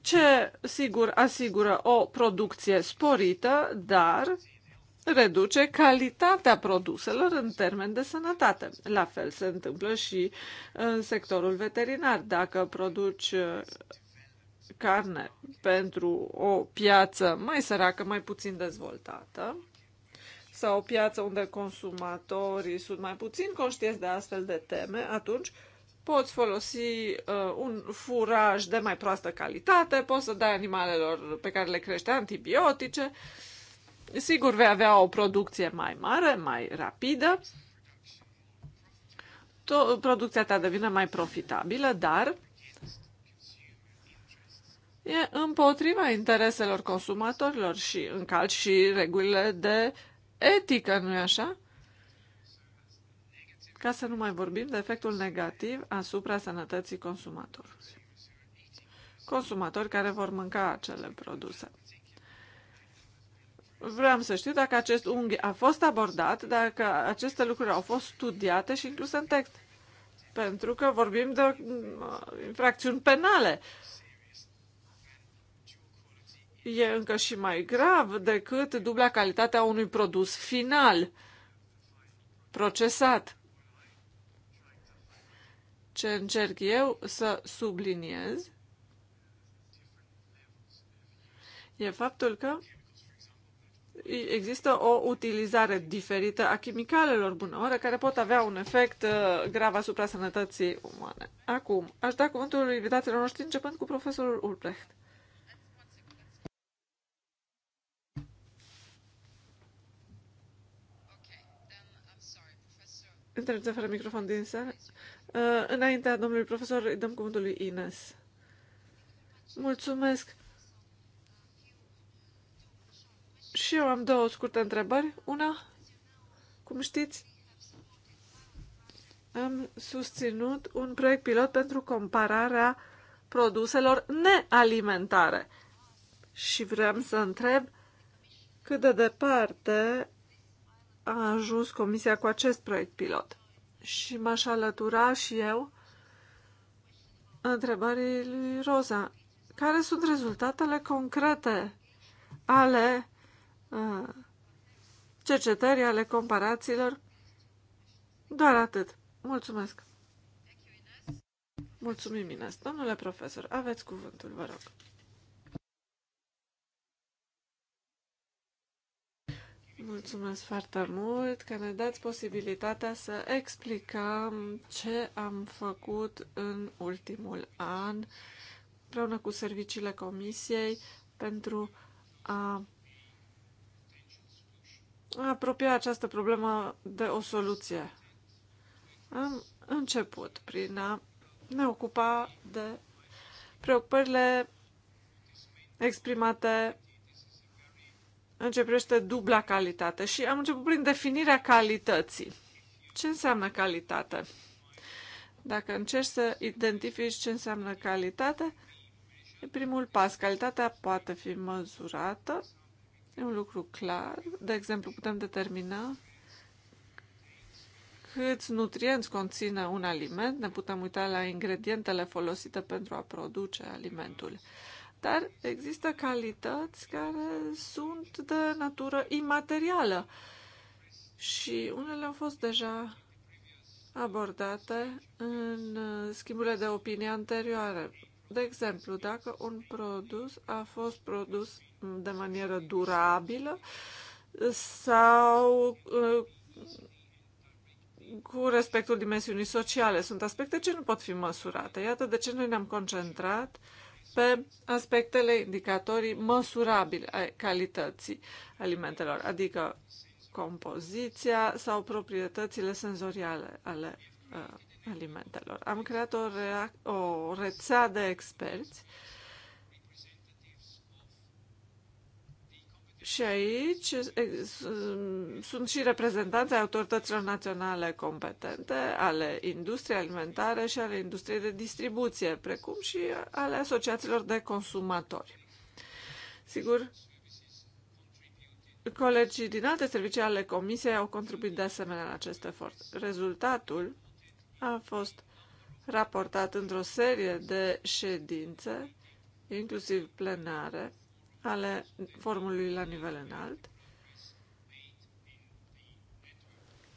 ce, sigur, asigură o producție sporită, dar reduce calitatea produselor în termen de sănătate. La fel se întâmplă și în sectorul veterinar. Dacă produci uh, carne pentru o piață mai săracă, mai puțin dezvoltată, sau o piață unde consumatorii sunt mai puțin conștienți de astfel de teme, atunci poți folosi uh, un furaj de mai proastă calitate, poți să dai animalelor pe care le crește antibiotice, uh, Sigur, vei avea o producție mai mare, mai rapidă, producția ta devine mai profitabilă, dar e împotriva intereselor consumatorilor și încalci și regulile de etică, nu-i așa? Ca să nu mai vorbim de efectul negativ asupra sănătății consumatorului. Consumatori care vor mânca acele produse. Vreau să știu dacă acest unghi a fost abordat, dacă aceste lucruri au fost studiate și incluse în text. Pentru că vorbim de uh, infracțiuni penale. E încă și mai grav decât dubla calitate a unui produs final, procesat. Ce încerc eu să subliniez e faptul că există o utilizare diferită a chimicalelor bunăoară care pot avea un efect uh, grav asupra sănătății umane. Acum, aș da cuvântul lui invitațiilor noștri începând cu profesorul Ulbrecht. Întrerupe fără microfon din sală. Uh, înaintea domnului profesor, îi dăm cuvântul lui Ines. Mulțumesc! Și eu am două scurte întrebări. Una, cum știți, am susținut un proiect pilot pentru compararea produselor nealimentare. Și vreau să întreb cât de departe a ajuns Comisia cu acest proiect pilot. Și m-aș alătura și eu întrebării lui Roza. Care sunt rezultatele concrete ale cercetării, ale comparațiilor. Doar atât. Mulțumesc! Mulțumim, Ines. Domnule profesor, aveți cuvântul, vă rog. Mulțumesc foarte mult că ne dați posibilitatea să explicăm ce am făcut în ultimul an împreună cu serviciile Comisiei pentru a apropia această problemă de o soluție. Am început prin a ne ocupa de preocupările exprimate în ce privește dubla calitate și am început prin definirea calității. Ce înseamnă calitate? Dacă încerci să identifici ce înseamnă calitate, e primul pas. Calitatea poate fi măzurată E un lucru clar. De exemplu, putem determina câți nutrienți conține un aliment, ne putem uita la ingredientele folosite pentru a produce alimentul. Dar există calități care sunt de natură imaterială și unele au fost deja abordate în schimburile de opinie anterioare. De exemplu, dacă un produs a fost produs de manieră durabilă sau uh, cu respectul dimensiunii sociale. Sunt aspecte ce nu pot fi măsurate. Iată de ce noi ne-am concentrat pe aspectele indicatorii măsurabile ai calității alimentelor, adică compoziția sau proprietățile senzoriale ale uh, alimentelor. Am creat o, o rețea de experți uh, Și aici sunt și reprezentanții autorităților naționale competente, ale industriei alimentare și ale industriei de distribuție, precum și ale asociațiilor de consumatori. Sigur, colegii din alte servicii ale Comisiei au contribuit de asemenea la acest efort. Rezultatul a fost raportat într-o serie de ședințe, inclusiv plenare, ale formului la nivel înalt,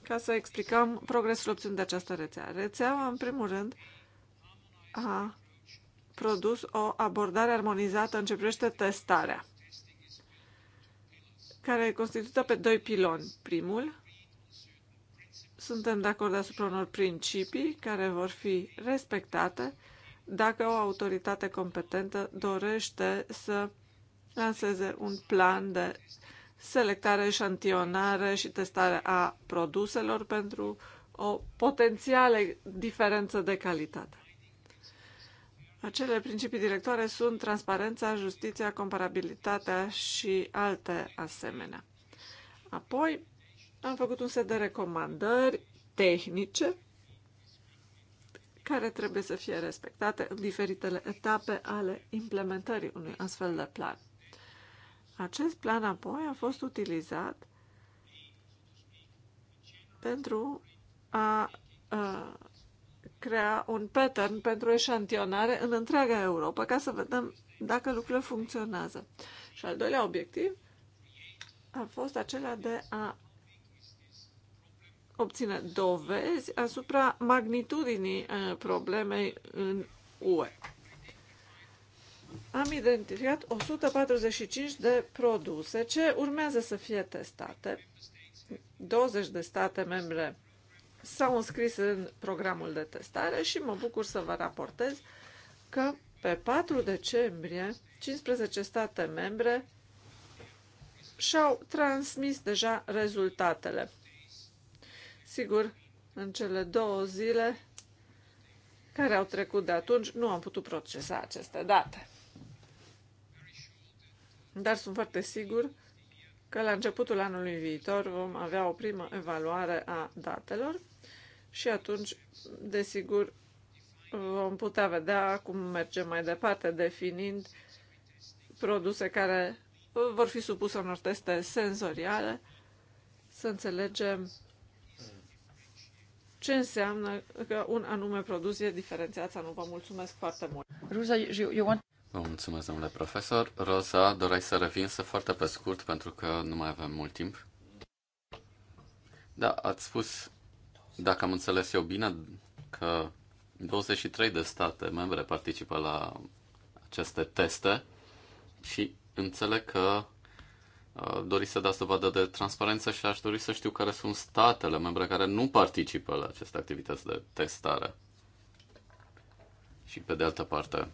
ca să explicăm progresul obținut de această rețea. Rețeaua, în primul rând, a produs o abordare armonizată în ce privește testarea, care e constituită pe doi piloni. Primul, suntem de acord asupra unor principii care vor fi respectate dacă o autoritate competentă dorește să lanseze un plan de selectare, șantionare și testare a produselor pentru o potențială diferență de calitate. Acele principii directoare sunt transparența, justiția, comparabilitatea și alte asemenea. Apoi am făcut un set de recomandări tehnice care trebuie să fie respectate în diferitele etape ale implementării unui astfel de plan. Acest plan apoi a fost utilizat pentru a, a crea un pattern pentru eșantionare în întreaga Europa ca să vedem dacă lucrurile funcționează. Și al doilea obiectiv a fost acela de a obține dovezi asupra magnitudinii problemei în UE am identificat 145 de produse ce urmează să fie testate. 20 de state membre s-au înscris în programul de testare și mă bucur să vă raportez că pe 4 decembrie 15 state membre și-au transmis deja rezultatele. Sigur, în cele două zile care au trecut de atunci, nu am putut procesa aceste date dar sunt foarte sigur că la începutul anului viitor vom avea o primă evaluare a datelor și atunci, desigur, vom putea vedea cum mergem mai departe, definind produse care vor fi supuse unor teste senzoriale, să înțelegem ce înseamnă că un anume produs e diferențiat sau nu. Vă mulțumesc foarte mult. Ruza, you, you want... Vă mulțumesc, domnule profesor. Rosa, doreai să revin să foarte pe scurt, pentru că nu mai avem mult timp. Da, ați spus, dacă am înțeles eu bine, că 23 de state membre participă la aceste teste și înțeleg că uh, doriți să dați dovadă de transparență și aș dori să știu care sunt statele membre care nu participă la aceste activități de testare. Și pe de altă parte,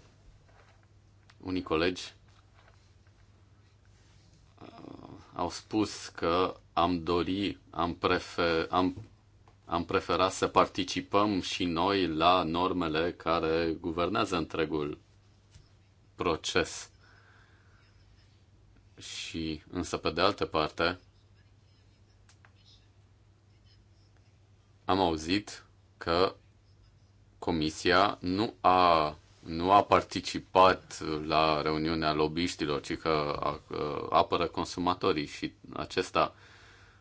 unii colegi uh, au spus că am dori, am, prefer, am, am preferat să participăm și noi la normele care guvernează întregul proces. Și însă pe de altă parte am auzit că comisia nu a nu a participat la reuniunea lobbyiștilor, ci că apără consumatorii și acesta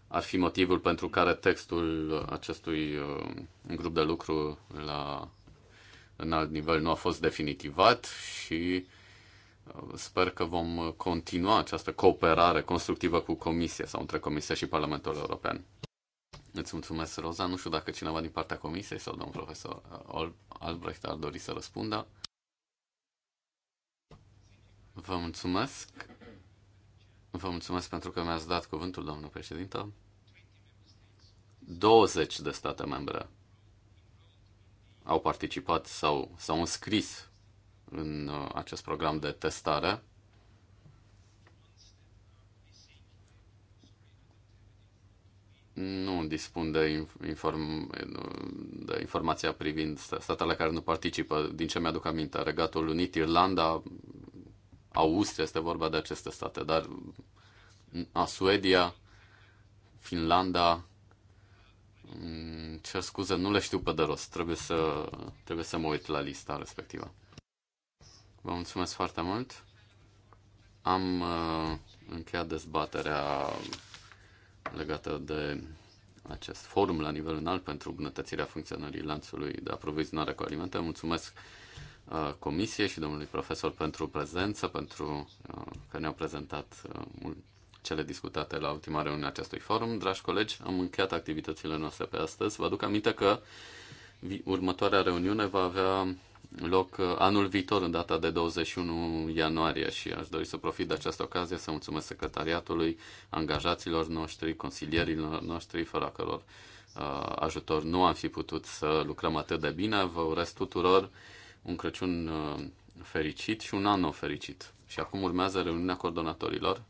ar fi motivul pentru care textul acestui uh, grup de lucru la în alt nivel nu a fost definitivat și uh, sper că vom continua această cooperare constructivă cu Comisia sau între Comisia și Parlamentul European. Îți mulțumesc, Roza. Nu știu dacă cineva din partea Comisiei sau domnul profesor Albrecht ar dori să răspundă. Vă mulțumesc. Vă mulțumesc pentru că mi-ați dat cuvântul, domnul președinte. 20 de state membre au participat sau s-au înscris în uh, acest program de testare. Nu dispun de, inform, de informația privind statele care nu participă. Din ce mi-aduc aminte, Regatul Unit, Irlanda, Austria, este vorba de aceste state, dar a Suedia, Finlanda, mm, cer scuze, nu le știu pe de rost, trebuie să, trebuie să mă uit la lista respectivă. Vă mulțumesc foarte mult. Am uh, încheiat dezbaterea legată de acest forum la nivel înalt pentru bunătățirea funcționării lanțului de aprovizionare cu alimente. Mulțumesc Uh, comisie și domnului profesor pentru prezență, pentru uh, că ne-au prezentat uh, cele discutate la ultima reuniune a acestui forum. Dragi colegi, am încheiat activitățile noastre pe astăzi. Vă aduc aminte că următoarea reuniune va avea loc anul viitor, în data de 21 ianuarie și aș dori să profit de această ocazie să mulțumesc secretariatului, angajaților noștri, consilierilor noștri, fără căror ajutor nu am fi putut să lucrăm atât de bine. Vă urez tuturor un Crăciun uh, fericit și un an nou fericit. Și acum urmează reuniunea coordonatorilor.